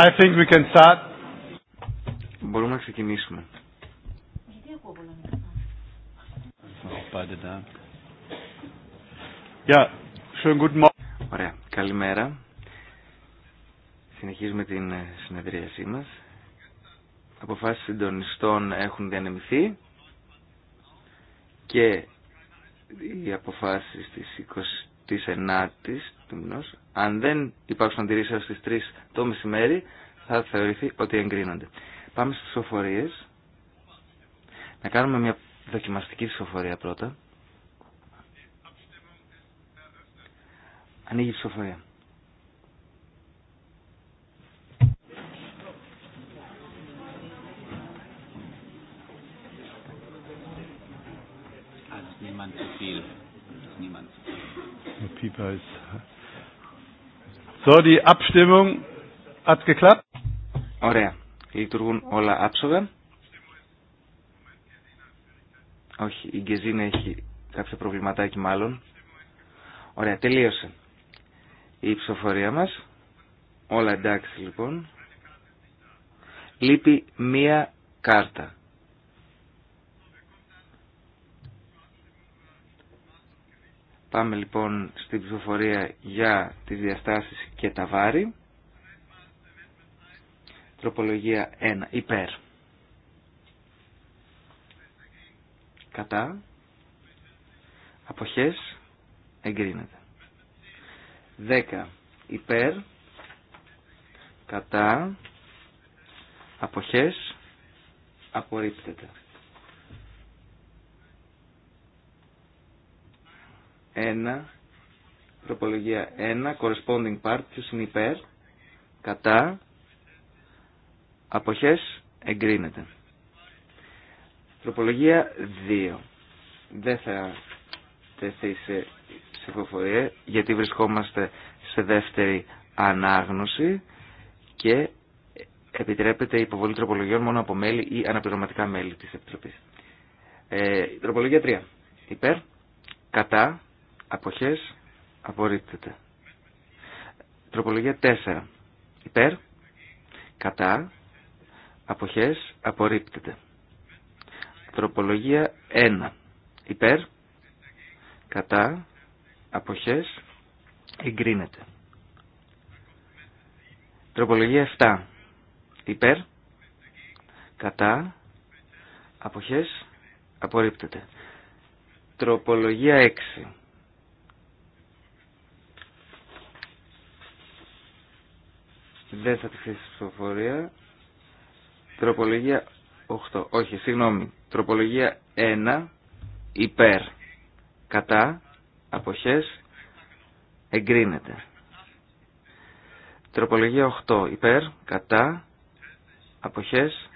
I think we can start. Μπορούμε να ξεκινήσουμε. Yeah. Ωραία. Καλημέρα. Συνεχίζουμε την ε, συνεδρίασή μας. Αποφάσεις συντονιστών έχουν διανεμηθεί και οι αποφάσεις της τη 9 του μηνό, αν δεν υπάρξουν αντιρρήσει στι 3 το μεσημέρι, θα θεωρηθεί ότι εγκρίνονται. Πάμε στι ψηφοφορίε. Να κάνουμε μια δοκιμαστική ψηφοφορία πρώτα. Ανοίγει η ψηφοφορία. niemand zu viel. Niemand Pieper ist. So, die Abstimmung hat geklappt. Ωραία. Λειτουργούν όλα άψογα. Όχι, η Γκεζίνα έχει κάποιο προβληματάκι μάλλον. Ωραία, τελείωσε η ψηφοφορία μας. Όλα εντάξει λοιπόν. Λείπει μία κάρτα. Πάμε λοιπόν στην ψηφοφορία για τις διαστάσεις και τα βάρη. Τροπολογία 1. Υπέρ. Κατά. Αποχές. Εγκρίνεται. 10. Υπέρ. Κατά. Αποχές. Απορρίπτεται. 1, τροπολογία 1, corresponding part, Ποιο είναι υπέρ, κατά, αποχές, εγκρίνεται. Τροπολογία 2. Δεν θα τεθεί σε ψηφοφορία, γιατί βρισκόμαστε σε δεύτερη ανάγνωση και επιτρέπεται η υποβολή τροπολογιών μόνο από μέλη ή αναπληρωματικά μέλη της Επιτροπής. Ε, τροπολογία 3. Υπέρ, κατά, Αποχές. Απορρίπτεται. Τροπολογία 4. Υπέρ. Κατά. Αποχές. Απορρίπτεται. Τροπολογία 1. Υπέρ. Κατά. Αποχές. Εγκρίνεται. Τροπολογία 7. Υπέρ. Κατά. Αποχές. Απορρίπτεται. Τροπολογία 6. Δεν θα τη χρήσει ψηφοφορία. Τροπολογία 8. Όχι, συγγνώμη. Τροπολογία 1. Υπέρ. Κατά. Αποχές. Εγκρίνεται. Τροπολογία 8. Υπέρ. Κατά. Αποχές.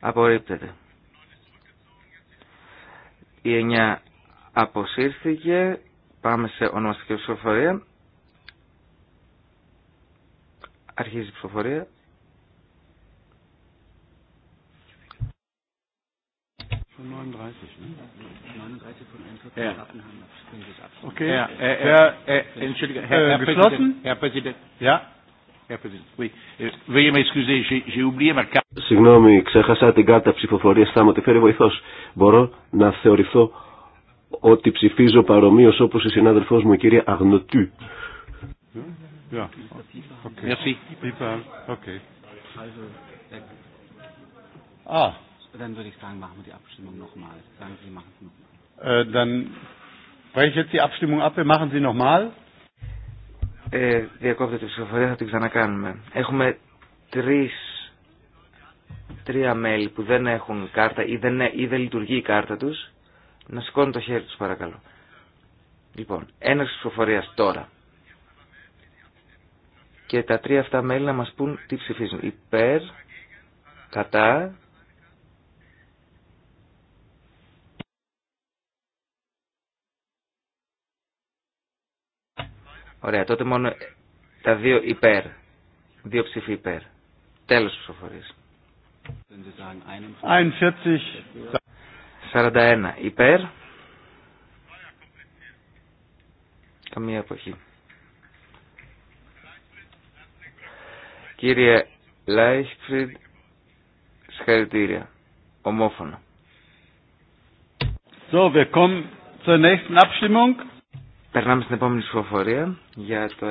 Απορρίπτεται. Η 9 αποσύρθηκε. Πάμε σε ονομαστική ψηφοφορία. Αρχίζει η ψηφοφορία. Συγγνώμη, ξέχασα την κάρτα ψηφοφορία. Θα μου τη φέρει βοηθό. Μπορώ να θεωρηθώ ότι ψηφίζω παρομοίω όπω η συνάδελφό μου η κυρία Αγνοτού. Ναι. Ah. Äh, ja, äh, τη ψηφοφορία, θα την ξανακάνουμε. Έχουμε τρεις, τρία μέλη που δεν έχουν κάρτα ή δεν, ή δεν λειτουργεί η δεν η λειτουργει η καρτα τους. Να σηκώνουν το χέρι τους παρακαλώ. Λοιπόν, ένας ψηφοφορίας τώρα και τα τρία αυτά μέλη να μας πούν τι ψηφίζουν. Υπέρ, κατά, Ωραία, τότε μόνο τα δύο υπέρ. Δύο ψηφί υπέρ. Τέλος της 41 υπέρ. Καμία εποχή. Κύριε Λάιχφριντ, συγχαρητήρια. Ομόφωνα. So, zur nächsten Abstimmung. Περνάμε στην επόμενη ψηφοφορία για το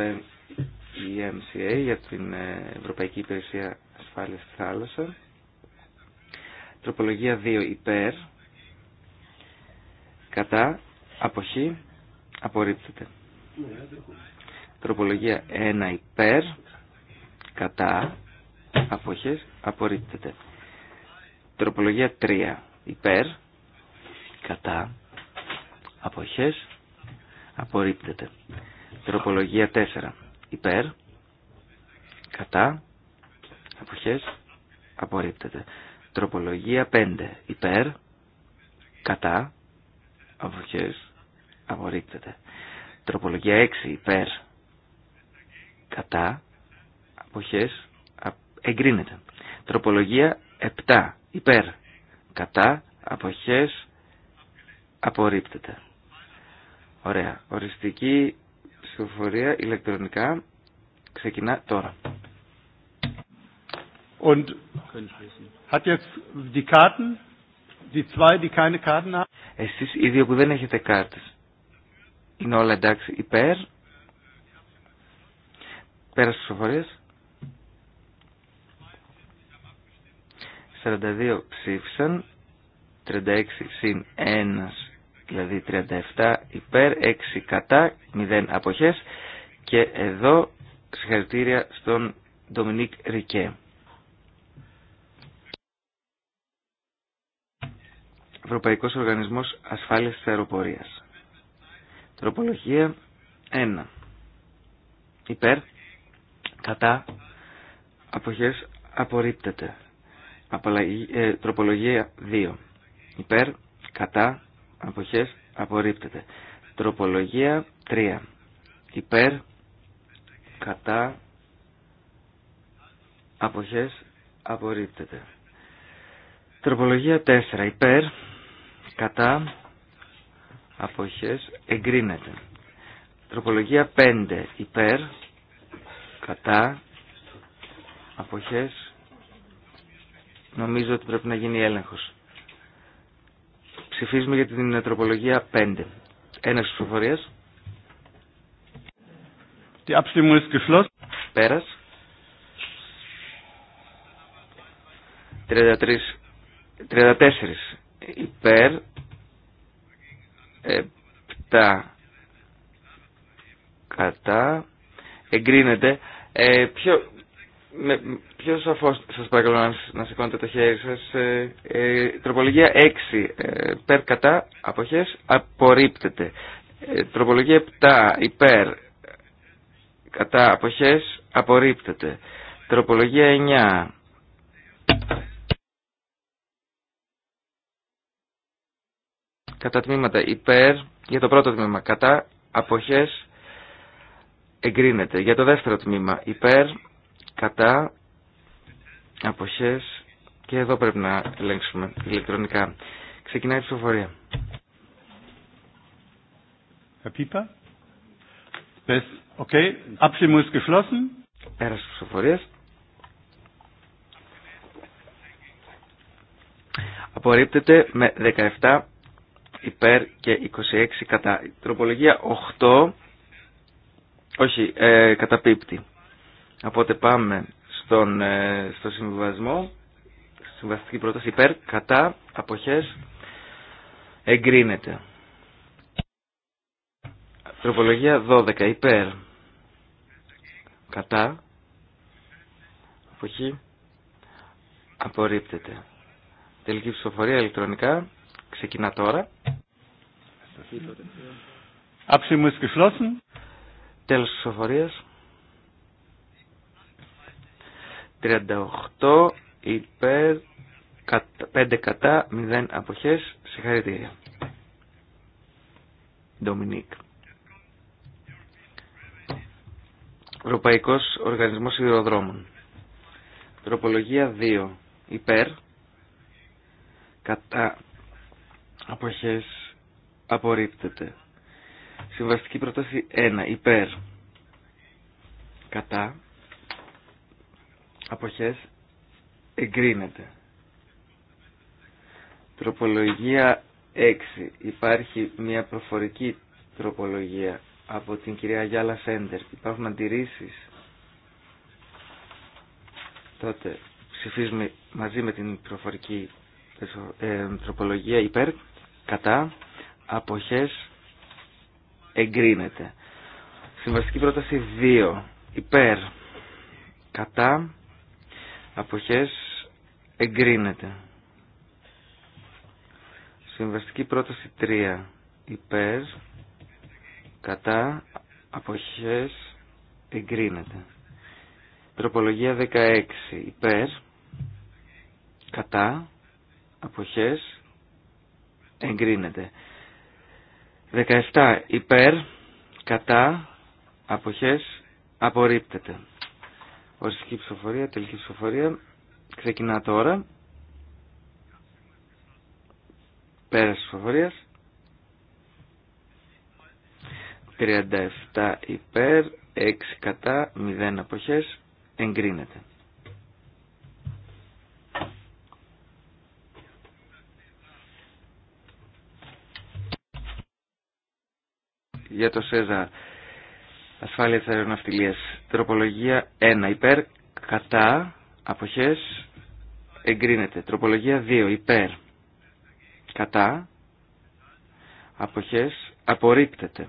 EMCA, για την ε, Ευρωπαϊκή Υπηρεσία Ασφάλειας στη Θάλασσα. Τροπολογία 2 υπέρ, κατά, αποχή, απορρίπτεται. Τροπολογία 1 υπέρ, κατά αποχές απορρίπτεται. Τροπολογία 3 υπέρ κατά αποχές απορρίπτεται. Τροπολογία 4 υπέρ κατά αποχές απορρίπτεται. Τροπολογία 5 υπέρ κατά αποχές απορρίπτεται. Τροπολογία 6 υπέρ κατά αποχές εγκρίνεται. Τροπολογία 7 υπέρ κατά απόχέ. απορρίπτεται. Ωραία. Οριστική ψηφοφορία ηλεκτρονικά ξεκινά τώρα. Und hat jetzt die Karten, die zwei, die keine Karten haben? οι δύο που δεν έχετε κάρτες, είναι όλα εντάξει υπέρ, Πέρασε τις ψηφοφορίας. 42 ψήφισαν, 36 συν 1, δηλαδή 37 υπέρ, 6 κατά, 0 αποχές και εδώ συγχαρητήρια στον Ντομινίκ Ρικέ. Ευρωπαϊκός Οργανισμός Ασφάλειας της Αεροπορίας. Τροπολογία 1. Υπέρ, κατά, αποχές απορρίπτεται ε, τροπολογία 2. Υπέρ, κατά, αποχές, απορρίπτεται. Τροπολογία 3. Υπέρ, κατά, αποχές, απορρίπτεται. Τροπολογία 4. Υπέρ, κατά, αποχές, εγκρίνεται. Τροπολογία 5. Υπέρ, κατά, αποχές, νομίζω ότι πρέπει να γίνει έλεγχος. Ψηφίζουμε για την τροπολογία 5. Ένας ψηφοφορίας. Die Abstimmung ist Πέρας. 33, 34 υπέρ, 7 ε, κατά, εγκρίνεται. Ε, πιο σαφώ σας παρακαλώ να, να σηκώνετε το χέρι σα. Ε, ε, τροπολογία 6. Ε, περ κατά αποχές απορρίπτεται. Ε, τροπολογία 7. Υπέρ κατά αποχές απορρίπτεται. Τροπολογία 9. Κατά τμήματα υπέρ, για το πρώτο τμήμα κατά, αποχές εγκρίνεται. Για το δεύτερο τμήμα υπέρ, κατά, αποχές και εδώ πρέπει να ελέγξουμε ηλεκτρονικά. Ξεκινάει η ψηφοφορία. Herr Pieper? Okay. ψηφοφορία. Απορρίπτεται με 17 υπέρ και 26 κατά. τροπολογία 8, όχι, ε, καταπίπτει. Οπότε πάμε στον, ε, στο συμβιβασμό. Συμβαστική πρόταση υπέρ, κατά, αποχές, εγκρίνεται. Τροπολογία 12 υπέρ, κατά, αποχή, απορρίπτεται. Τελική ψηφοφορία ηλεκτρονικά ξεκινά τώρα. Abstimmung μου geschlossen. Τέλος της ψηφοφορίας. 38 υπέρ 5 κατά 0 αποχές. Συγχαρητήρια. Ντομινίκ. Ευρωπαϊκός Οργανισμός Ιδεοδρόμων. Τροπολογία 2. Υπέρ. Κατά. Αποχές. Απορρίπτεται. Συμβαστική προτάση 1. Υπέρ. Κατά αποχές εγκρίνεται. Τροπολογία 6. Υπάρχει μια προφορική τροπολογία από την κυρία Γιάλα Σέντερ. Υπάρχουν αντιρρήσει. Τότε ψηφίζουμε μαζί με την προφορική ε, τροπολογία υπέρ, κατά, αποχές, εγκρίνεται. Συμβαστική πρόταση 2. Υπέρ, κατά, αποχές εγκρίνεται. Συμβαστική πρόταση 3. Υπέρ, κατά, αποχές, εγκρίνεται. Τροπολογία 16. Υπέρ, κατά, αποχές, εγκρίνεται. 17. Υπέρ, κατά, αποχές, απορρίπτεται. Οριστική ψηφοφορία, τελική ψηφοφορία. Ξεκινά τώρα. Πέραση ψηφοφορία. 37 υπέρ, 6 κατά, 0 αποχές. Εγκρίνεται. Για το ΣΕΖΑ ασφάλεια της αεροναυτιλίας. Τροπολογία 1 υπέρ, κατά, αποχές, εγκρίνεται. Τροπολογία 2 υπέρ, κατά, αποχές, απορρίπτεται.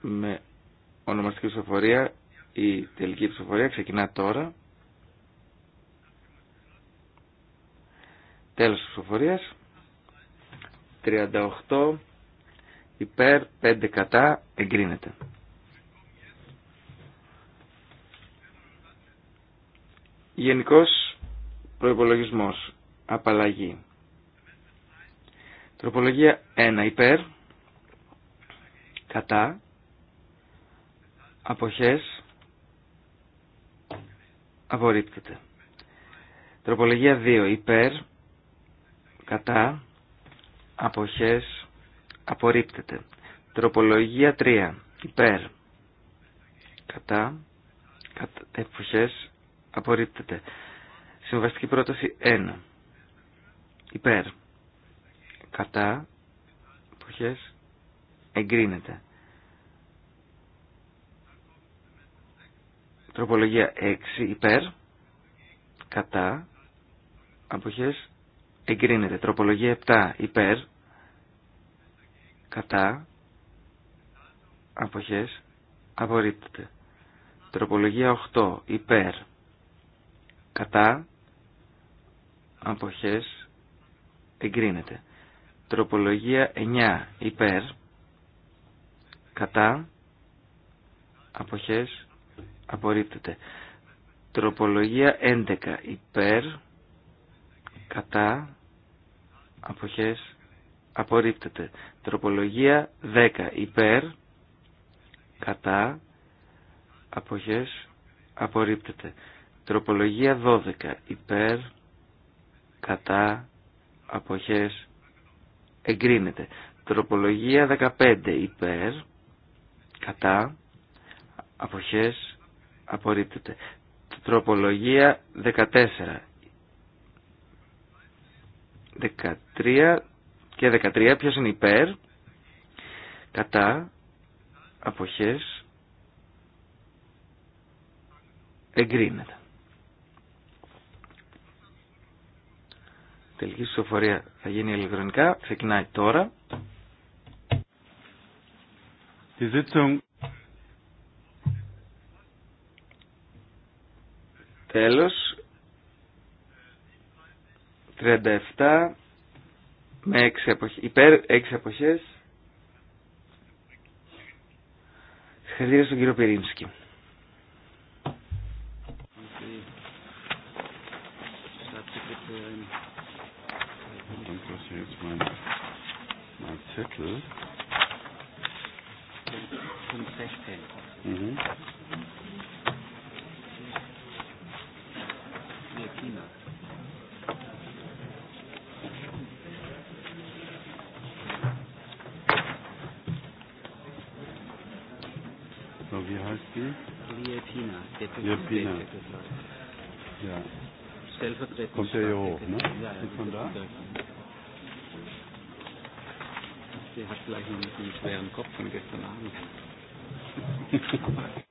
Με ονομαστική ψηφοφορία, η τελική ψηφοφορία ξεκινά τώρα. Τέλος της ψηφοφορίας. 38 υπέρ 5 κατά εγκρίνεται. Γενικός προϋπολογισμός, απαλλαγή. Τροπολογία 1 υπέρ, κατά, αποχές, απορρίπτεται. Τροπολογία 2 υπέρ, κατά, αποχές, απορρίπτεται. Τροπολογία 3. Υπέρ. Κατά. κατά εποχές απορρίπτεται. Συμβαστική πρόταση 1. Υπέρ. Κατά. Εποχές εγκρίνεται. Τροπολογία 6. Υπέρ. Κατά. Αποχές εγκρίνεται. Τροπολογία 7. Υπέρ κατά, αποχές, απορρίπτεται. Τροπολογία 8, υπέρ, κατά, αποχές, εγκρίνεται. Τροπολογία 9, υπέρ, κατά, αποχές, απορρίπτεται. Τροπολογία 11, υπέρ, κατά, αποχές, απορρίπτεται. Τροπολογία 10 υπέρ, κατά, αποχές, απορρίπτεται. Τροπολογία 12 υπέρ, κατά, αποχές, εγκρίνεται. Τροπολογία 15 υπέρ, κατά, αποχές, απορρίπτεται. Τροπολογία 14. 13 και 13 ποιος είναι υπέρ κατά αποχές εγκρίνεται. Τελική ψηφοφορία θα γίνει ηλεκτρονικά. Ξεκινάει τώρα. Τη Τέλος. 37 με έξι εποχές, υπέρ έξι εποχές. Συγχαρητήρια στον κύριο Πυρίνσκι. heißt die? Liepina. Liepina. Ja. Stellvertretend. Kommt ja hier hoch, ne? Ja, ja. Ist von da? Sie hat vielleicht noch einen schweren Kopf von gestern Abend.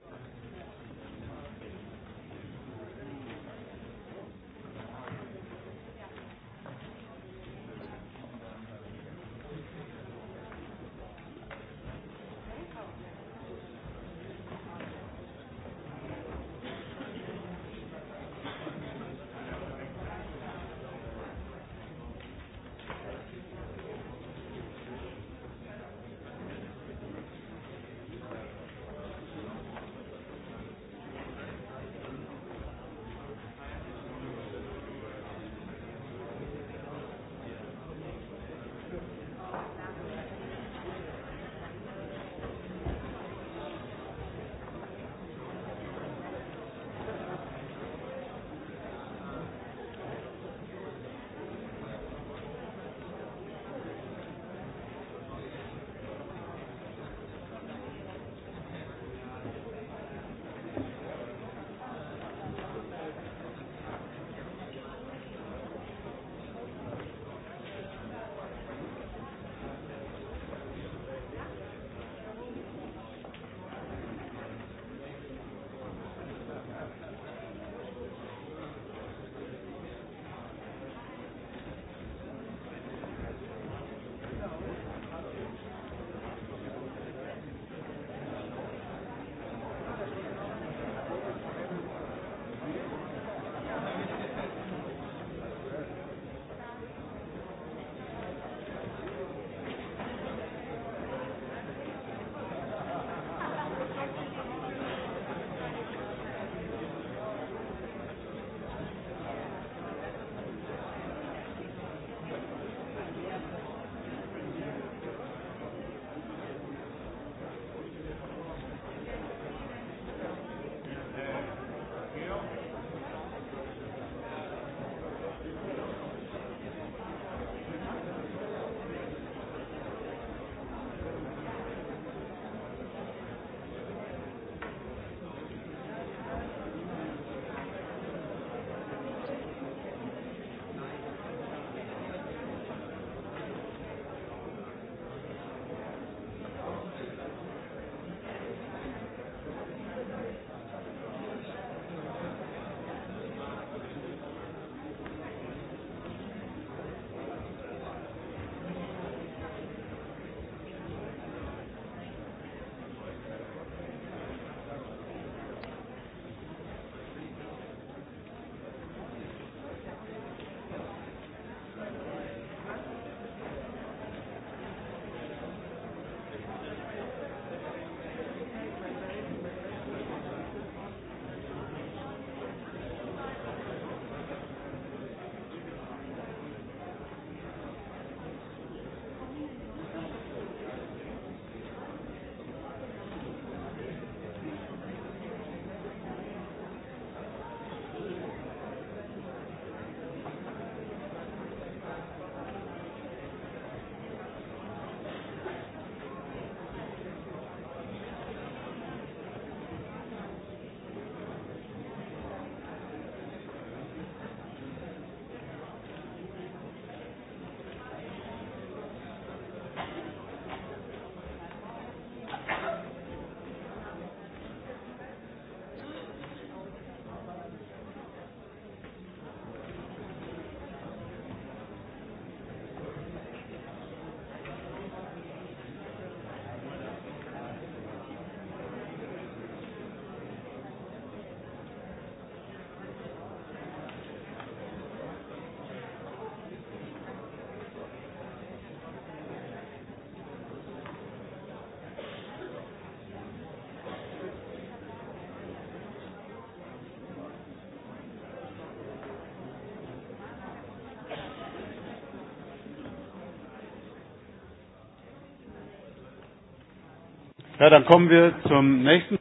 Ja, dann kommen wir zum nächsten.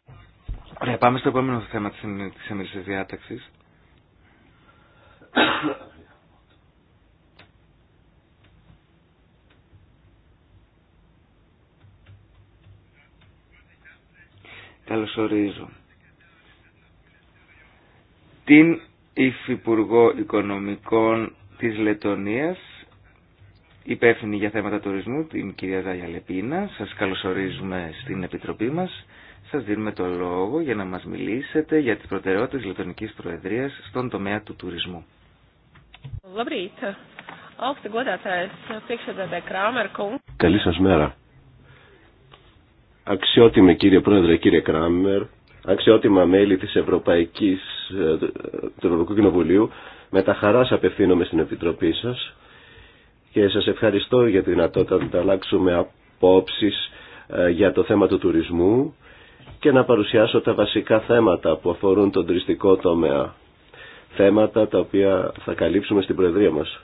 Ε, πάμε στο επόμενο θέμα της σημερινής διάταξης. Καλωσορίζω. Την Υφυπουργό Οικονομικών της Λετωνίας, υπεύθυνη για θέματα τουρισμού, την κυρία Ζάγια Λεπίνα. Σας καλωσορίζουμε στην Επιτροπή μας. Σα δίνουμε το λόγο για να μας μιλήσετε για τις προτεραιότητες Λετωνική Προεδρίας στον τομέα του τουρισμού. Καλή σας μέρα. Αξιότιμε κύριε Πρόεδρε, κύριε Κράμερ, αξιότιμα μέλη της Ευρωπαϊκής, ε, του Ευρωπαϊκού Κοινοβουλίου, με τα χαράς απευθύνομαι στην Επιτροπή σας και σας ευχαριστώ για τη δυνατότητα να αλλάξουμε απόψεις ε, για το θέμα του τουρισμού και να παρουσιάσω τα βασικά θέματα που αφορούν τον τουριστικό τομέα. Θέματα τα οποία θα καλύψουμε στην Προεδρία μας.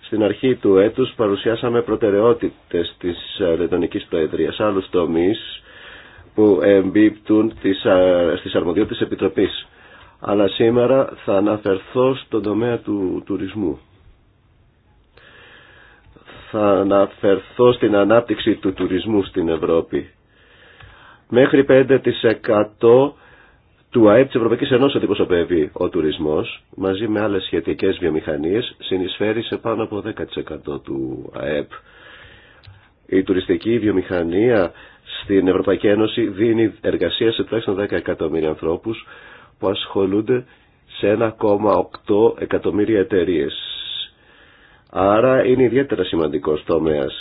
Στην αρχή του έτους παρουσιάσαμε προτεραιότητες της ε, Λετωνικής Προεδρίας, άλλους τομείς που εμπίπτουν ε, στις αρμοδιότητες Επιτροπής. Αλλά σήμερα θα αναφερθώ στον τομέα του τουρισμού θα αναφερθώ στην ανάπτυξη του τουρισμού στην Ευρώπη. Μέχρι 5% του ΑΕΠ της Ευρωπαϊκής Ενώσης αντιπροσωπεύει ο τουρισμός, μαζί με άλλες σχετικές βιομηχανίες, συνεισφέρει σε πάνω από 10% του ΑΕΠ. Η τουριστική βιομηχανία στην Ευρωπαϊκή Ένωση δίνει εργασία σε τουλάχιστον 10 εκατομμύρια ανθρώπους που ασχολούνται σε 1,8 εκατομμύρια εταιρείε. Άρα είναι ιδιαίτερα σημαντικός τομέας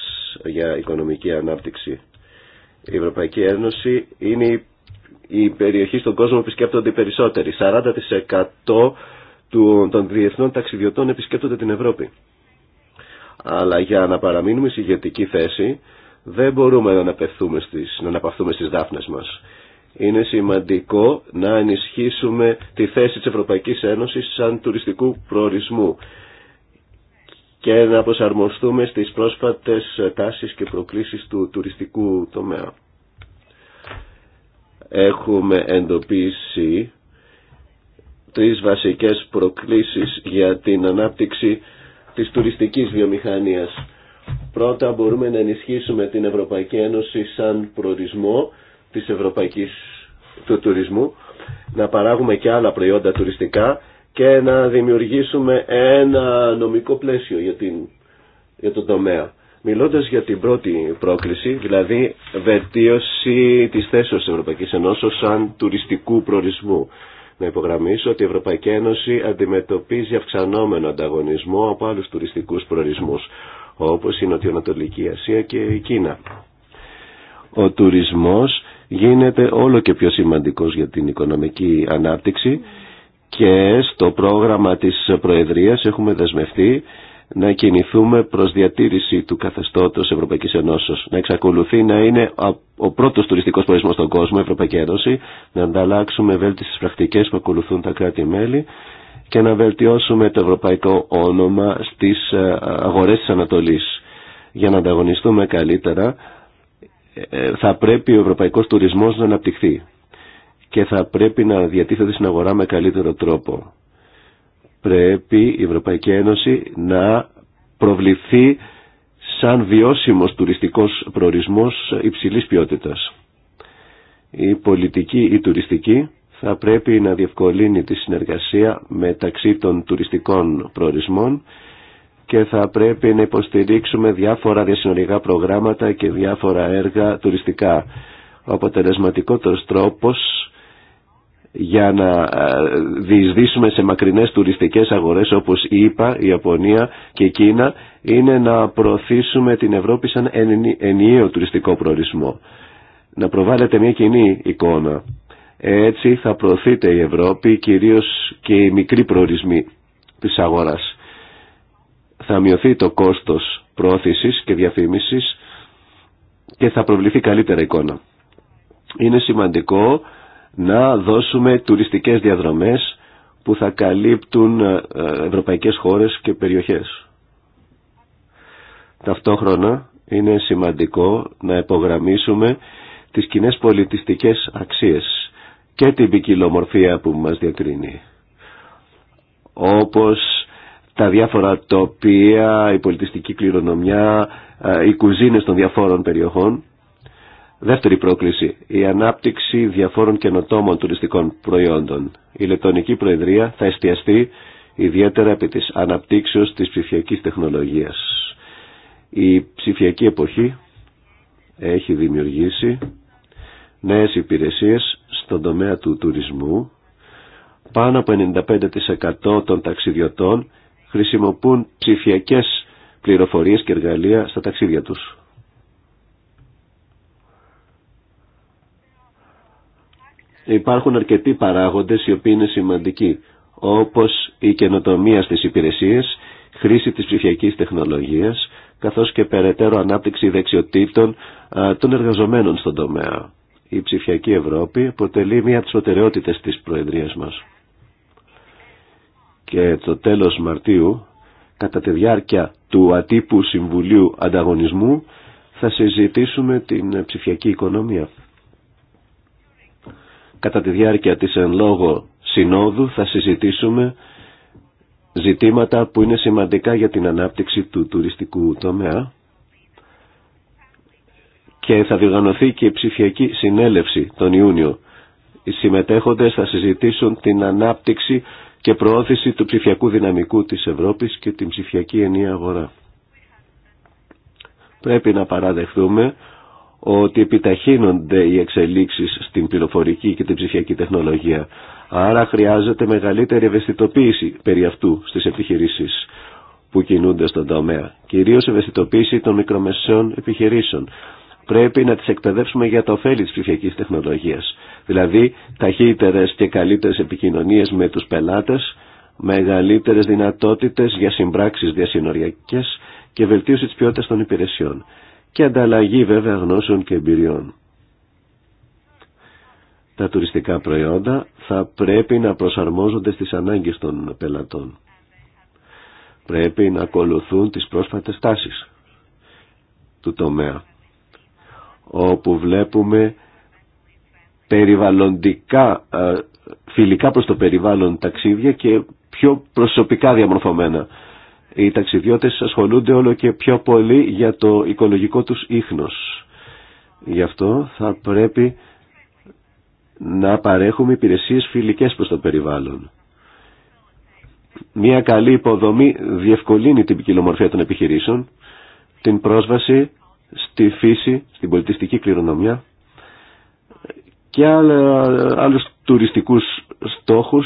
για οικονομική ανάπτυξη. Η Ευρωπαϊκή Ένωση είναι η περιοχή στον κόσμο που επισκέπτονται οι περισσότεροι. 40% των διεθνών ταξιδιωτών επισκέπτονται την Ευρώπη. Αλλά για να παραμείνουμε σε ηγετική θέση δεν μπορούμε να αναπαυθούμε στις, να αναπαυθούμε στις δάφνες μας. Είναι σημαντικό να ενισχύσουμε τη θέση της Ευρωπαϊκής Ένωσης σαν τουριστικού προορισμού και να προσαρμοστούμε στις πρόσφατες τάσεις και προκλήσεις του τουριστικού τομέα. Έχουμε εντοπίσει τρεις βασικές προκλήσεις για την ανάπτυξη της τουριστικής βιομηχανίας. Πρώτα μπορούμε να ενισχύσουμε την Ευρωπαϊκή Ένωση σαν προορισμό της Ευρωπαϊκής του τουρισμού, να παράγουμε και άλλα προϊόντα τουριστικά και να δημιουργήσουμε ένα νομικό πλαίσιο για, την, για τον τομέα. Μιλώντας για την πρώτη πρόκληση, δηλαδή βελτίωση της θέσεως της Ευρωπαϊκής Ενώσης σαν τουριστικού προορισμού. Να υπογραμμίσω ότι η Ευρωπαϊκή Ένωση αντιμετωπίζει αυξανόμενο ανταγωνισμό από άλλους τουριστικούς προορισμούς, όπως η Νοτιοανατολική Ασία και η Κίνα. Ο τουρισμός γίνεται όλο και πιο σημαντικός για την οικονομική ανάπτυξη και στο πρόγραμμα της Προεδρίας έχουμε δεσμευτεί να κινηθούμε προς διατήρηση του καθεστώτος Ευρωπαϊκής Ενώσεως. Να εξακολουθεί να είναι ο πρώτος τουριστικός προορισμός στον κόσμο, Ευρωπαϊκή Ένωση, να ανταλλάξουμε βέλτιστες πρακτικές που ακολουθούν τα κράτη-μέλη και να βελτιώσουμε το ευρωπαϊκό όνομα στις ε, αγορές της Ανατολής. Για να ανταγωνιστούμε καλύτερα ε, θα πρέπει ο ευρωπαϊκός τουρισμός να αναπτυχθεί και θα πρέπει να διατίθεται στην αγορά με καλύτερο τρόπο. Πρέπει η Ευρωπαϊκή Ένωση να προβληθεί σαν βιώσιμος τουριστικός προορισμός υψηλής ποιότητας. Η πολιτική ή τουριστική θα πρέπει να διευκολύνει τη συνεργασία μεταξύ των τουριστικών προορισμών και θα πρέπει να υποστηρίξουμε διάφορα διασυνοριακά προγράμματα και διάφορα έργα τουριστικά. Ο αποτελεσματικότερος τρόπος για να ε, διεισδύσουμε σε μακρινές τουριστικές αγορές όπως η ΙΠΑ, η Ιαπωνία και η Κίνα είναι να προωθήσουμε την Ευρώπη σαν ενιαίο τουριστικό προορισμό. Να προβάλλεται μια κοινή εικόνα. Έτσι θα προωθείται η Ευρώπη κυρίως και οι μικροί προορισμοί της αγοράς. Θα μειωθεί το κόστος προώθησης και διαφήμισης και θα προβληθεί καλύτερα εικόνα. Είναι σημαντικό να δώσουμε τουριστικές διαδρομές που θα καλύπτουν ε, ευρωπαϊκές χώρες και περιοχές. Ταυτόχρονα είναι σημαντικό να υπογραμμίσουμε τις κοινέ πολιτιστικές αξίες και την ποικιλομορφία που μας διακρίνει. Όπως τα διάφορα τοπία, η πολιτιστική κληρονομιά, ε, οι κουζίνες των διαφόρων περιοχών Δεύτερη πρόκληση, η ανάπτυξη διαφόρων καινοτόμων τουριστικών προϊόντων. Η Λεπτονική Προεδρία θα εστιαστεί ιδιαίτερα επί της αναπτύξεως της ψηφιακής τεχνολογίας. Η ψηφιακή εποχή έχει δημιουργήσει νέες υπηρεσίες στον τομέα του τουρισμού. Πάνω από 95% των ταξιδιωτών χρησιμοποιούν ψηφιακές πληροφορίες και εργαλεία στα ταξίδια τους. υπάρχουν αρκετοί παράγοντες οι οποίοι είναι σημαντικοί, όπως η καινοτομία στις υπηρεσίες, χρήση της ψηφιακής τεχνολογίας, καθώς και περαιτέρω ανάπτυξη δεξιοτήτων των εργαζομένων στον τομέα. Η ψηφιακή Ευρώπη αποτελεί μία από τι προτεραιότητε της Προεδρίας μας. Και το τέλος Μαρτίου, κατά τη διάρκεια του ατύπου Συμβουλίου Ανταγωνισμού, θα συζητήσουμε την ψηφιακή οικονομία. Κατά τη διάρκεια της εν λόγω συνόδου θα συζητήσουμε ζητήματα που είναι σημαντικά για την ανάπτυξη του τουριστικού τομέα και θα διοργανωθεί και η ψηφιακή συνέλευση τον Ιούνιο. Οι συμμετέχοντες θα συζητήσουν την ανάπτυξη και προώθηση του ψηφιακού δυναμικού της Ευρώπης και την ψηφιακή ενία αγορά. Πρέπει να παραδεχθούμε ότι επιταχύνονται οι εξελίξεις στην πληροφορική και την ψηφιακή τεχνολογία. Άρα χρειάζεται μεγαλύτερη ευαισθητοποίηση περί αυτού στις επιχειρήσεις που κινούνται στον τομέα. Κυρίως ευαισθητοποίηση των μικρομεσαίων επιχειρήσεων. Πρέπει να τις εκπαιδεύσουμε για τα ωφέλη της ψηφιακής τεχνολογίας. Δηλαδή ταχύτερες και καλύτερες επικοινωνίες με τους πελάτες, μεγαλύτερες δυνατότητες για συμπράξεις διασυνοριακές και βελτίωση της ποιότητας των υπηρεσιών και ανταλλαγή βέβαια γνώσεων και εμπειριών. Τα τουριστικά προϊόντα θα πρέπει να προσαρμόζονται στις ανάγκες των πελατών. Πρέπει να ακολουθούν τις πρόσφατες τάσεις του τομέα, όπου βλέπουμε περιβαλλοντικά, ε, φιλικά προς το περιβάλλον ταξίδια και πιο προσωπικά διαμορφωμένα. Οι ταξιδιώτες ασχολούνται όλο και πιο πολύ για το οικολογικό τους ίχνος. Γι' αυτό θα πρέπει να παρέχουμε υπηρεσίες φιλικές προς το περιβάλλον. Μια καλή υποδομή διευκολύνει την ποικιλομορφία των επιχειρήσεων, την πρόσβαση στη φύση, στην πολιτιστική κληρονομιά και άλλους τουριστικούς στόχους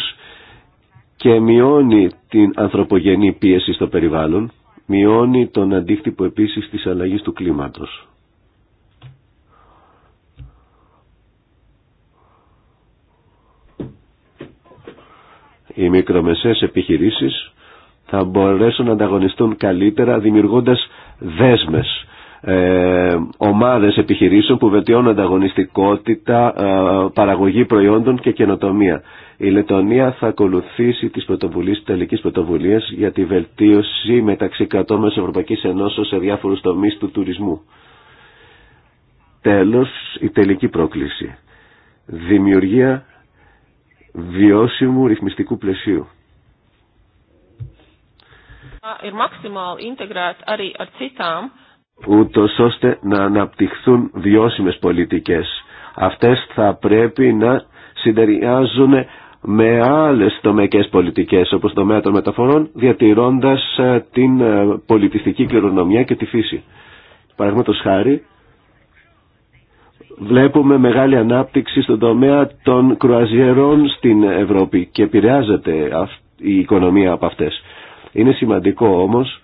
και μειώνει την ανθρωπογενή πίεση στο περιβάλλον, μειώνει τον αντίκτυπο επίσης της αλλαγής του κλίματος. Οι μικρομεσαίες επιχειρήσεις θα μπορέσουν να ανταγωνιστούν καλύτερα δημιουργώντας δέσμες ε, ομάδες επιχειρήσεων που βελτιώνουν ανταγωνιστικότητα, ε, παραγωγή προϊόντων και καινοτομία. Η Λετωνία θα ακολουθήσει τις πρωτοβουλίες, τελικές πρωτοβουλίας για τη βελτίωση μεταξύ κρατών Ευρωπαϊκής Ενώσεως σε διάφορους τομείς του τουρισμού. Τέλος, η τελική πρόκληση. Δημιουργία βιώσιμου ρυθμιστικού πλαισίου. Ir maksimāli integrēt arī ar citām ούτω ώστε να αναπτυχθούν βιώσιμες πολιτικές. Αυτές θα πρέπει να συντεριάζουν με άλλες τομεκές πολιτικές όπως το μέτρο των μεταφορών διατηρώντας ε, την ε, πολιτιστική κληρονομιά και τη φύση. Παραδείγματο χάρη βλέπουμε μεγάλη ανάπτυξη στον τομέα των κρουαζιερών στην Ευρώπη και επηρεάζεται η οικονομία από αυτές. Είναι σημαντικό όμως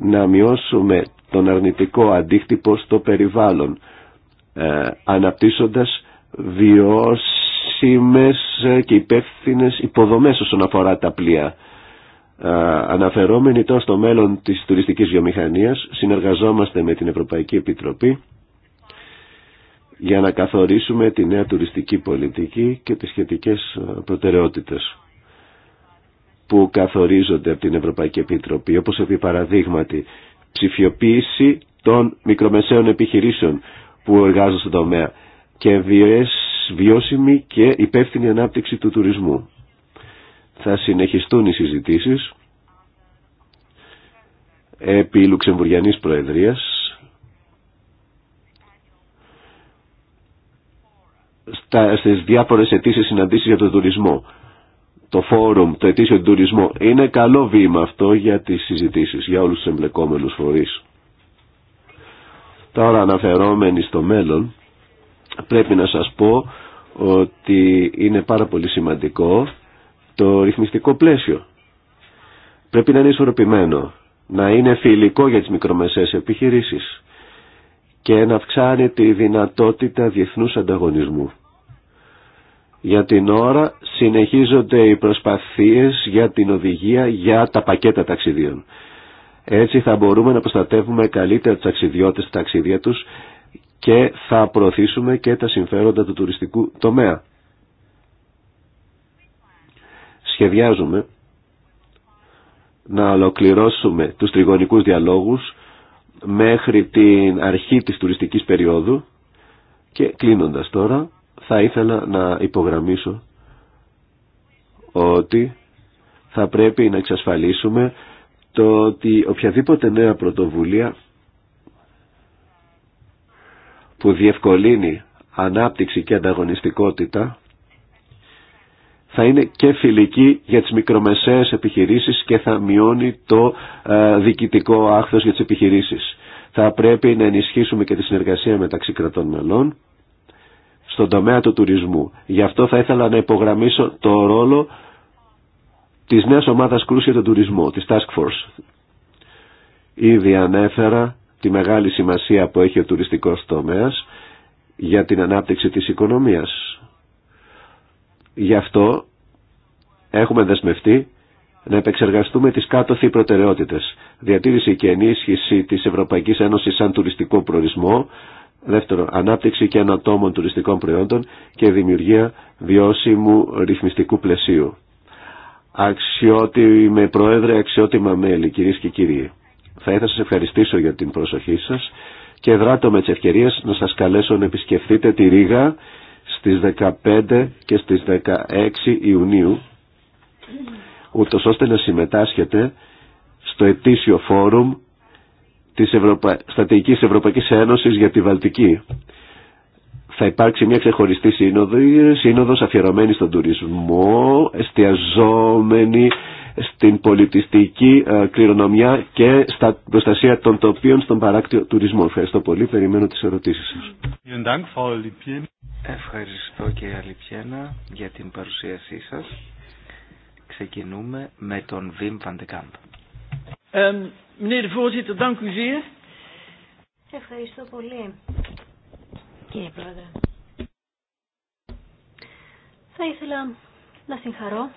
να μειώσουμε τον αρνητικό αντίκτυπο στο περιβάλλον, ε, αναπτύσσοντας βιώσιμες και υπεύθυνες υποδομές όσον αφορά τα πλοία. Ε, αναφερόμενοι τώρα στο μέλλον της τουριστικής βιομηχανίας, συνεργαζόμαστε με την Ευρωπαϊκή Επιτροπή για να καθορίσουμε τη νέα τουριστική πολιτική και τις σχετικές ε, προτεραιότητες που καθορίζονται από την Ευρωπαϊκή Επιτροπή, όπως επί ψηφιοποίηση των μικρομεσαίων επιχειρήσεων που εργάζονται στον τομέα και βιώσιμη και υπεύθυνη ανάπτυξη του τουρισμού. Θα συνεχιστούν οι συζητήσεις επί Λουξεμβουριανής Προεδρίας στα, στις διάφορες αιτήσεις συναντήσεις για τον τουρισμό το φόρουμ, το ετήσιο τουρισμό. Είναι καλό βήμα αυτό για τις συζητήσεις, για όλους τους εμπλεκόμενους φορείς. Τώρα αναφερόμενοι στο μέλλον, πρέπει να σας πω ότι είναι πάρα πολύ σημαντικό το ρυθμιστικό πλαίσιο. Πρέπει να είναι ισορροπημένο, να είναι φιλικό για τις μικρομεσαίες επιχειρήσεις και να αυξάνει τη δυνατότητα διεθνούς ανταγωνισμού. Για την ώρα συνεχίζονται οι προσπαθίες για την οδηγία για τα πακέτα ταξιδίων. Έτσι θα μπορούμε να προστατεύουμε καλύτερα τους ταξιδιώτες στα ταξίδια τους και θα προωθήσουμε και τα συμφέροντα του τουριστικού τομέα. Σχεδιάζουμε να ολοκληρώσουμε τους τριγωνικούς διαλόγους μέχρι την αρχή της τουριστικής περίοδου και κλείνοντας τώρα θα ήθελα να υπογραμμίσω ότι θα πρέπει να εξασφαλίσουμε το ότι οποιαδήποτε νέα πρωτοβουλία που διευκολύνει ανάπτυξη και ανταγωνιστικότητα θα είναι και φιλική για τις μικρομεσαίες επιχειρήσεις και θα μειώνει το ε, διοικητικό άχθος για τις επιχειρήσεις. Θα πρέπει να ενισχύσουμε και τη συνεργασία μεταξύ κρατών μελών στον τομέα του τουρισμού. Γι' αυτό θα ήθελα να υπογραμμίσω το ρόλο της νέας ομάδας κρούσης για τον τουρισμό, της Task Force. Ήδη ανέφερα τη μεγάλη σημασία που έχει ο τουριστικός τομέας για την ανάπτυξη της οικονομίας. Γι' αυτό έχουμε δεσμευτεί να επεξεργαστούμε τις κάτωθοι προτεραιότητες. Διατήρηση και ενίσχυση της Ευρωπαϊκής Ένωσης σαν τουριστικό προορισμό, Δεύτερο, ανάπτυξη και ανατόμων τουριστικών προϊόντων και δημιουργία βιώσιμου ρυθμιστικού πλαισίου. Αξιότιμη Πρόεδρε, αξιότιμα μέλη, κυρίε και κύριοι. Θα ήθελα να σας ευχαριστήσω για την προσοχή σας και δράτω με τι ευκαιρίε να σας καλέσω να επισκεφτείτε τη Ρήγα στις 15 και στις 16 Ιουνίου ούτω ώστε να συμμετάσχετε στο ετήσιο φόρουμ της Ευρωπα... Στατικής Ευρωπαϊκής Ένωσης για τη Βαλτική. Θα υπάρξει μια ξεχωριστή σύνοδο, σύνοδος αφιερωμένη στον τουρισμό, εστιαζόμενη στην πολιτιστική ε, κληρονομιά και στα προστασία των τοπίων στον παράκτιο τουρισμό. Ευχαριστώ πολύ. Περιμένω τις ερωτήσεις σας. Ευχαριστώ και Αλυπιένα για την παρουσίασή σας. Ξεκινούμε με τον Βιμ Βαντεκάμπ. Ehm, Ευχαριστώ πολύ, κύριε Πρόεδρε. Θα ήθελα να συγχαρώ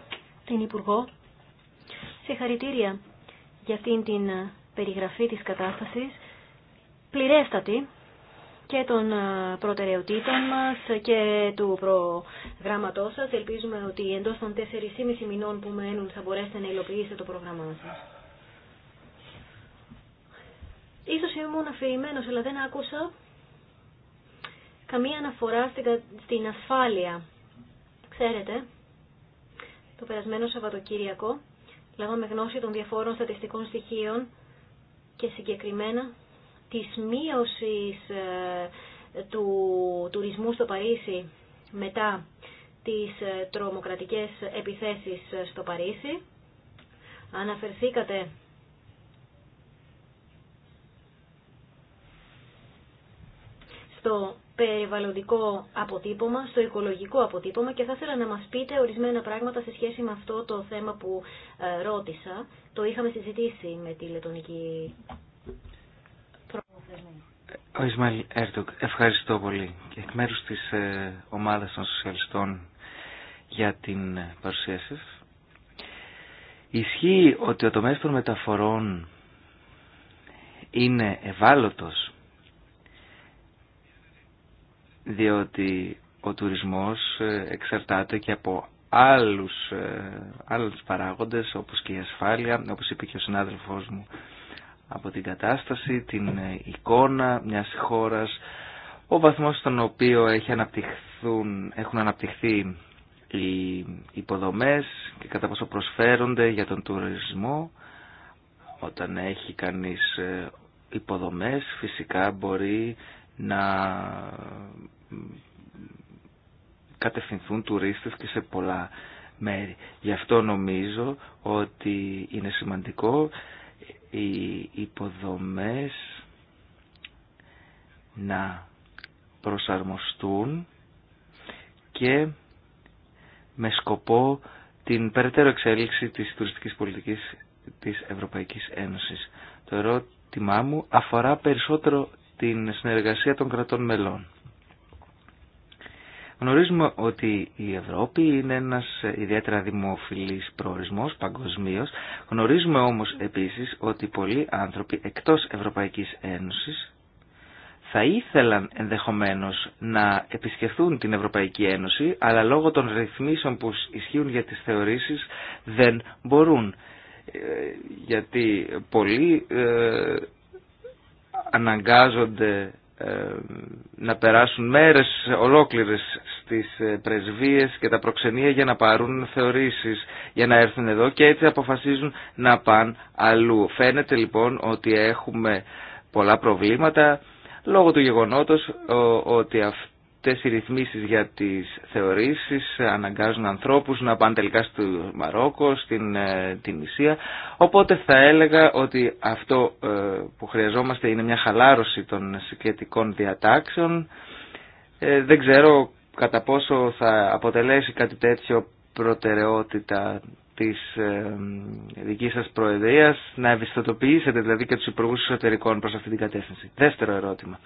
την Υπουργό. Συγχαρητήρια για αυτήν την ε, περιγραφή της κατάστασης, πληρέστατη και των ε, προτεραιοτήτων μας και του προγράμματός σας. Ελπίζουμε ότι εντός των 4,5 μηνών που μένουν θα μπορέσετε να υλοποιήσετε το πρόγραμμά σας. Ίσως ήμουν αφηρημένος, αλλά δεν άκουσα καμία αναφορά στην ασφάλεια. Ξέρετε, το περασμένο Σαββατοκύριακο λάβαμε γνώση των διαφόρων στατιστικών στοιχείων και συγκεκριμένα της μείωσης ε, του τουρισμού στο Παρίσι μετά τις ε, τρομοκρατικές επιθέσεις ε, στο Παρίσι. Αναφερθήκατε στο περιβαλλοντικό αποτύπωμα, στο οικολογικό αποτύπωμα και θα ήθελα να μας πείτε ορισμένα πράγματα σε σχέση με αυτό το θέμα που ε, ρώτησα. Το είχαμε συζητήσει με τη Λετωνική ο Ισμαήλ Έρτουκ, ευχαριστώ πολύ και εκ μέρους της ε, ομάδας των σοσιαλιστών για την παρουσία σας. Ισχύει ότι ο τομέας των μεταφορών είναι ευάλωτος διότι ο τουρισμός ε, εξαρτάται και από άλλους, ε, άλλους παράγοντες όπως και η ασφάλεια, όπως είπε και ο συνάδελφός μου, από την κατάσταση, την ε, εικόνα μιας χώρας, ο βαθμός στον οποίο έχει αναπτυχθούν, έχουν αναπτυχθεί οι υποδομές και κατά πόσο προσφέρονται για τον τουρισμό. Όταν έχει κανείς υποδομές φυσικά μπορεί να κατευθυνθούν τουρίστες και σε πολλά μέρη. Γι' αυτό νομίζω ότι είναι σημαντικό οι υποδομές να προσαρμοστούν και με σκοπό την περαιτέρω εξέλιξη της τουριστικής πολιτικής της Ευρωπαϊκής Ένωσης. Το ερώτημά μου αφορά περισσότερο την συνεργασία των κρατών μελών. Γνωρίζουμε ότι η Ευρώπη είναι ένας ιδιαίτερα δημοφιλής προορισμός παγκοσμίω. Γνωρίζουμε όμως επίσης ότι πολλοί άνθρωποι εκτός Ευρωπαϊκής Ένωσης θα ήθελαν ενδεχομένως να επισκεφθούν την Ευρωπαϊκή Ένωση, αλλά λόγω των ρυθμίσεων που ισχύουν για τις θεωρήσεις δεν μπορούν. Ε, γιατί πολλοί ε, αναγκάζονται να περάσουν μέρες ολόκληρες στις ε, πρεσβείες και τα προξενία για να πάρουν θεωρήσεις για να έρθουν εδώ και έτσι αποφασίζουν να πάνε αλλού. Φαίνεται λοιπόν ότι έχουμε πολλά προβλήματα λόγω του γεγονότος ότι αυτό αυτές οι ρυθμίσεις για τις θεωρήσεις αναγκάζουν ανθρώπους να πάνε τελικά στο Μαρόκο, στην ε, την Ισία. Οπότε θα έλεγα ότι αυτό ε, που χρειαζόμαστε είναι μια χαλάρωση των συγκεκριτικών διατάξεων. Ε, δεν ξέρω κατά πόσο θα αποτελέσει κάτι τέτοιο προτεραιότητα της δικής σας προεδρίας να ευαισθητοποιήσετε δηλαδή και τους υπουργούς εσωτερικών προς αυτή την κατεύθυνση. Δεύτερο ερώτημα.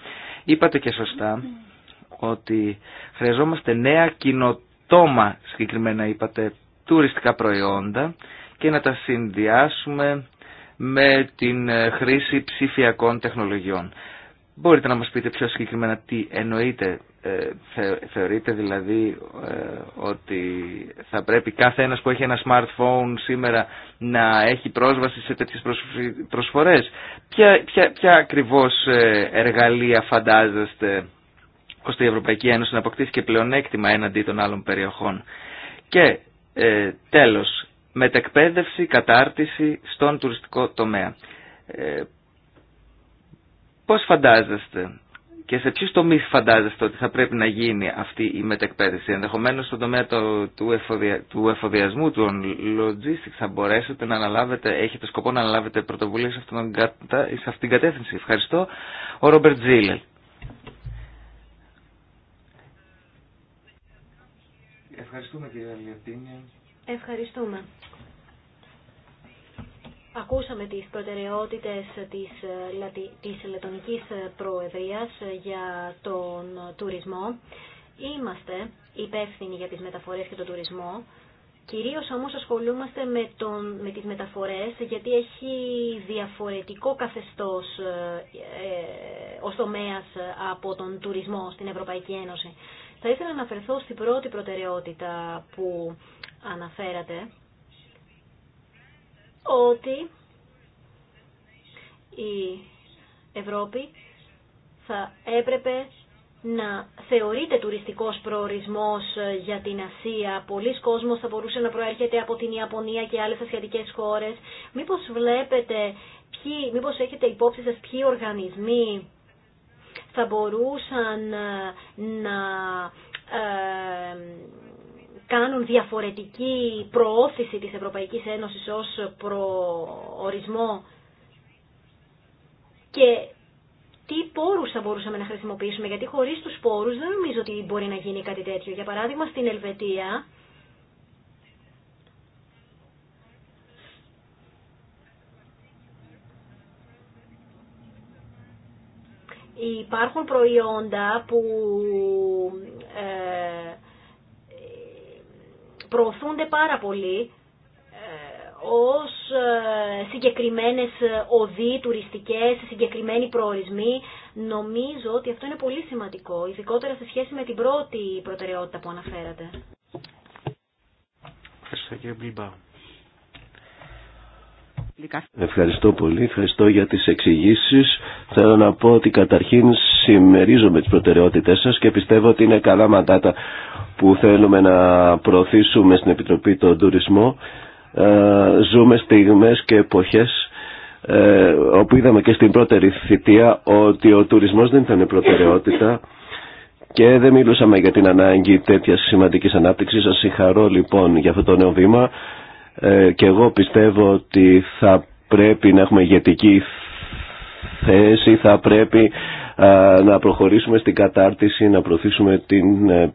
Είπατε και σωστά ότι χρειαζόμαστε νέα κοινοτόμα συγκεκριμένα είπατε τουριστικά προϊόντα και να τα συνδυάσουμε με την ε, χρήση ψηφιακών τεχνολογιών. Μπορείτε να μας πείτε πιο συγκεκριμένα τι εννοείτε. Ε, θεωρείτε δηλαδή ε, ότι θα πρέπει κάθε ένας που έχει ένα smartphone σήμερα να έχει πρόσβαση σε τέτοιες προσφορές. Ποια, ποια, ακριβώς εργαλεία φαντάζεστε ώστε η Ευρωπαϊκή Ένωση να αποκτήσει και πλεονέκτημα έναντι των άλλων περιοχών. Και ε, τέλος, μετεκπαίδευση, κατάρτιση στον τουριστικό τομέα. Ε, πώς φαντάζεστε και σε ποιους τομείς φαντάζεστε ότι θα πρέπει να γίνει αυτή η μετεκπαίδευση. Ενδεχομένως στον τομέα του, του εφοδιασμού, του logistics θα μπορέσετε να αναλάβετε, έχετε σκοπό να αναλάβετε πρωτοβουλία σε, αυτήν την κατεύθυνση. Ευχαριστώ. Ο Ρόμπερτ Τζίλελ. Ευχαριστούμε κύριε Λιωτίνη. Ευχαριστούμε. Ακούσαμε τις προτεραιότητες της, ε, της Λετωνικής ε, Προεδρίας ε, για τον τουρισμό. Είμαστε υπεύθυνοι για τις μεταφορές και τον τουρισμό. Κυρίως όμως ασχολούμαστε με, τον, με τις μεταφορές γιατί έχει διαφορετικό καθεστώς ε, ως από τον τουρισμό στην Ευρωπαϊκή Ένωση. Θα ήθελα να αναφερθώ στην πρώτη προτεραιότητα που αναφέρατε, ότι η Ευρώπη θα έπρεπε να θεωρείται τουριστικός προορισμός για την Ασία. Πολλοί κόσμος θα μπορούσε να προέρχεται από την Ιαπωνία και άλλες ασιατικές χώρες. Μήπως βλέπετε, ποιοι, μήπως έχετε υπόψη σας ποιοι οργανισμοί θα μπορούσαν ε, να ε, κάνουν διαφορετική προώθηση της Ευρωπαϊκής Ένωσης ως προορισμό και τι πόρους θα μπορούσαμε να χρησιμοποιήσουμε, γιατί χωρίς τους πόρους δεν νομίζω ότι μπορεί να γίνει κάτι τέτοιο. Για παράδειγμα, στην Ελβετία υπάρχουν προϊόντα που ε, προωθούνται πάρα πολύ ε, ως ε, συγκεκριμένες οδοί τουριστικές, συγκεκριμένοι προορισμοί. Νομίζω ότι αυτό είναι πολύ σημαντικό, ειδικότερα σε σχέση με την πρώτη προτεραιότητα που αναφέρατε. Ευχαριστώ κύριε Ευχαριστώ πολύ. Ευχαριστώ για τις εξηγήσει. Θέλω να πω ότι καταρχήν συμμερίζομαι τις προτεραιότητές σας και πιστεύω ότι είναι καλά μαντάτα που θέλουμε να προωθήσουμε στην Επιτροπή τον τουρισμό. Ε, ζούμε στιγμές και εποχές ε, όπου είδαμε και στην πρώτερη θητεία ότι ο τουρισμός δεν ήταν προτεραιότητα και δεν μιλούσαμε για την ανάγκη τέτοια σημαντική ανάπτυξη. Σα συγχαρώ λοιπόν για αυτό το νέο βήμα ε, και εγώ πιστεύω ότι θα πρέπει να έχουμε ηγετική θέση, θα πρέπει να προχωρήσουμε στην κατάρτιση, να προωθήσουμε την ε,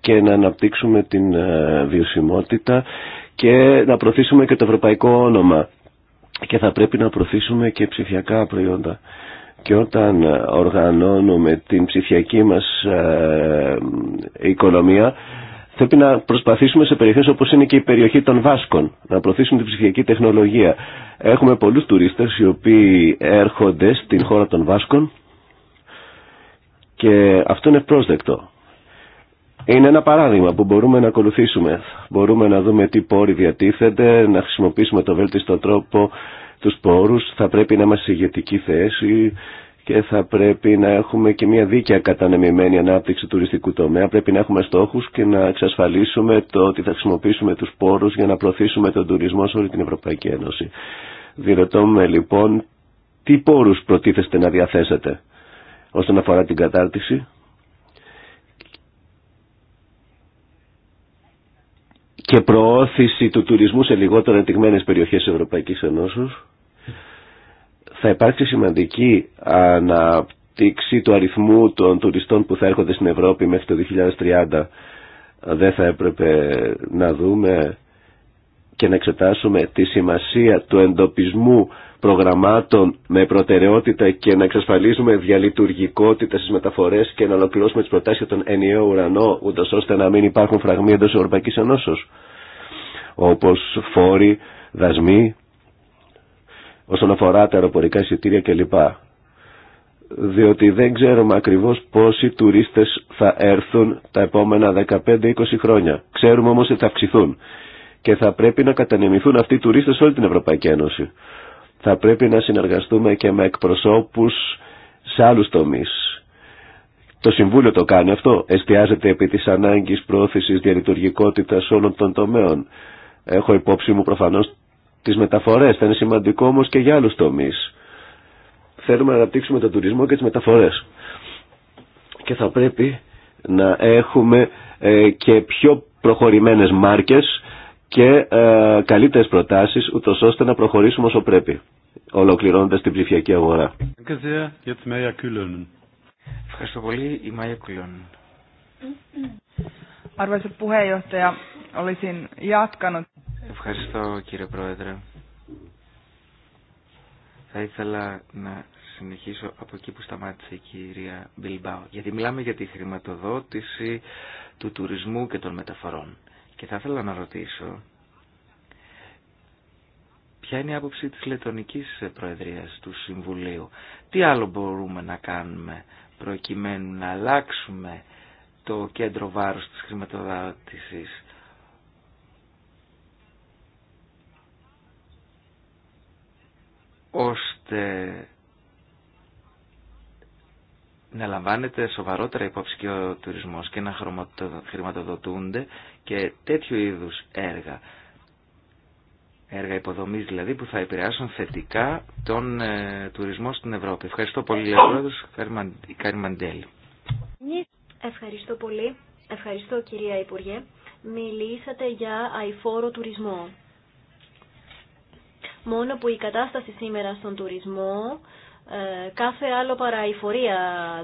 και να αναπτύξουμε την ε, βιωσιμότητα και να προωθήσουμε και το ευρωπαϊκό όνομα και θα πρέπει να προωθήσουμε και ψηφιακά προϊόντα. Και όταν ε, οργανώνουμε την ψηφιακή μας ε, οικονομία Πρέπει να προσπαθήσουμε σε περιοχέ όπω είναι και η περιοχή των Βάσκων να προωθήσουμε την ψηφιακή τεχνολογία. Έχουμε πολλού τουρίστε οι οποίοι έρχονται στην χώρα των Βάσκων και αυτό είναι πρόσδεκτο. Είναι ένα παράδειγμα που μπορούμε να ακολουθήσουμε. Μπορούμε να δούμε τι πόροι διατίθενται, να χρησιμοποιήσουμε το βέλτιστο τρόπο τους πόρους. Θα πρέπει να είμαστε σε ηγετική θέση και θα πρέπει να έχουμε και μια δίκαια κατανεμημένη ανάπτυξη τουριστικού τομέα. Πρέπει να έχουμε στόχους και να εξασφαλίσουμε το ότι θα χρησιμοποιήσουμε τους πόρους για να προωθήσουμε τον τουρισμό σε όλη την Ευρωπαϊκή Ένωση. Διερωτώμε λοιπόν τι πόρους προτίθεστε να διαθέσετε όσον αφορά την κατάρτιση. και προώθηση του τουρισμού σε λιγότερο ενδειγμένες περιοχές της Ευρωπαϊκής Ενώσεως θα υπάρξει σημαντική αναπτύξη του αριθμού των τουριστών που θα έρχονται στην Ευρώπη μέχρι το 2030. Δεν θα έπρεπε να δούμε και να εξετάσουμε τη σημασία του εντοπισμού προγραμμάτων με προτεραιότητα και να εξασφαλίσουμε διαλειτουργικότητα στις μεταφορές και να ολοκληρώσουμε τις προτάσεις για τον ενιαίο ουρανό, ούτως ώστε να μην υπάρχουν φραγμοί εντός Ευρωπαϊκής Ενώσεως, όπως φόροι, δασμοί, όσον αφορά τα αεροπορικά εισιτήρια κλπ. Διότι δεν ξέρουμε ακριβώς πόσοι τουρίστες θα έρθουν τα επόμενα 15-20 χρόνια. Ξέρουμε όμως ότι θα αυξηθούν και θα πρέπει να κατανεμηθούν αυτοί οι τουρίστες σε όλη την Ευρωπαϊκή Ένωση. Θα πρέπει να συνεργαστούμε και με εκπροσώπους σε άλλους τομείς. Το Συμβούλιο το κάνει αυτό. Εστιάζεται επί της ανάγκης πρόθεσης διαλειτουργικότητας όλων των τομέων. Έχω υπόψη μου προφανώς τις μεταφορές. Θα είναι σημαντικό όμως και για άλλους τομείς. Θέλουμε να αναπτύξουμε τον τουρισμό και τις μεταφορές. Και θα πρέπει να έχουμε ε, και πιο προχωρημένες μάρκες και ε, καλύτερες προτάσεις ούτως ώστε να προχωρήσουμε όσο πρέπει ολοκληρώνοντας την ψηφιακή αγορά. Ευχαριστώ πολύ. Η Ευχαριστώ κύριε Πρόεδρε. Θα ήθελα να συνεχίσω από εκεί που σταμάτησε η κυρία Μπιλμπάου. Γιατί μιλάμε για τη χρηματοδότηση του τουρισμού και των μεταφορών. Και θα ήθελα να ρωτήσω ποια είναι η άποψη της Λετωνικής Προεδρίας του Συμβουλίου. Τι άλλο μπορούμε να κάνουμε προκειμένου να αλλάξουμε το κέντρο βάρους της χρηματοδότησης ώστε να λαμβάνεται σοβαρότερα υπόψη και ο τουρισμός και να χρηματοδοτούνται και τέτοιου είδους έργα. Έργα υποδομής δηλαδή που θα επηρεάσουν θετικά τον ε, τουρισμό στην Ευρώπη. Ευχαριστώ πολύ, Καριμαντέλη. Ευχαριστώ πολύ. Ευχαριστώ, κυρία Υπουργέ. Μιλήσατε για αηφόρο τουρισμό μόνο που η κατάσταση σήμερα στον τουρισμό ε, κάθε άλλο παρά φορεία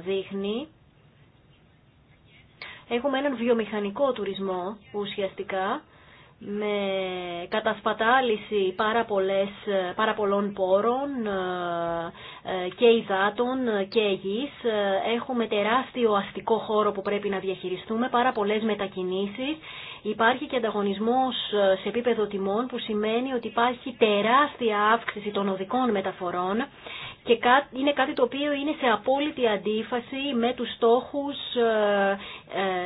δείχνει. Έχουμε έναν βιομηχανικό τουρισμό ουσιαστικά με κατασπατάληση πάρα, πολλών πόρων ε, ε, και υδάτων ε, και γης. Έχουμε τεράστιο αστικό χώρο που πρέπει να διαχειριστούμε, πάρα πολλές μετακινήσεις. Υπάρχει και ανταγωνισμός σε επίπεδο τιμών που σημαίνει ότι υπάρχει τεράστια αύξηση των οδικών μεταφορών και είναι κάτι το οποίο είναι σε απόλυτη αντίφαση με τους στόχους ε,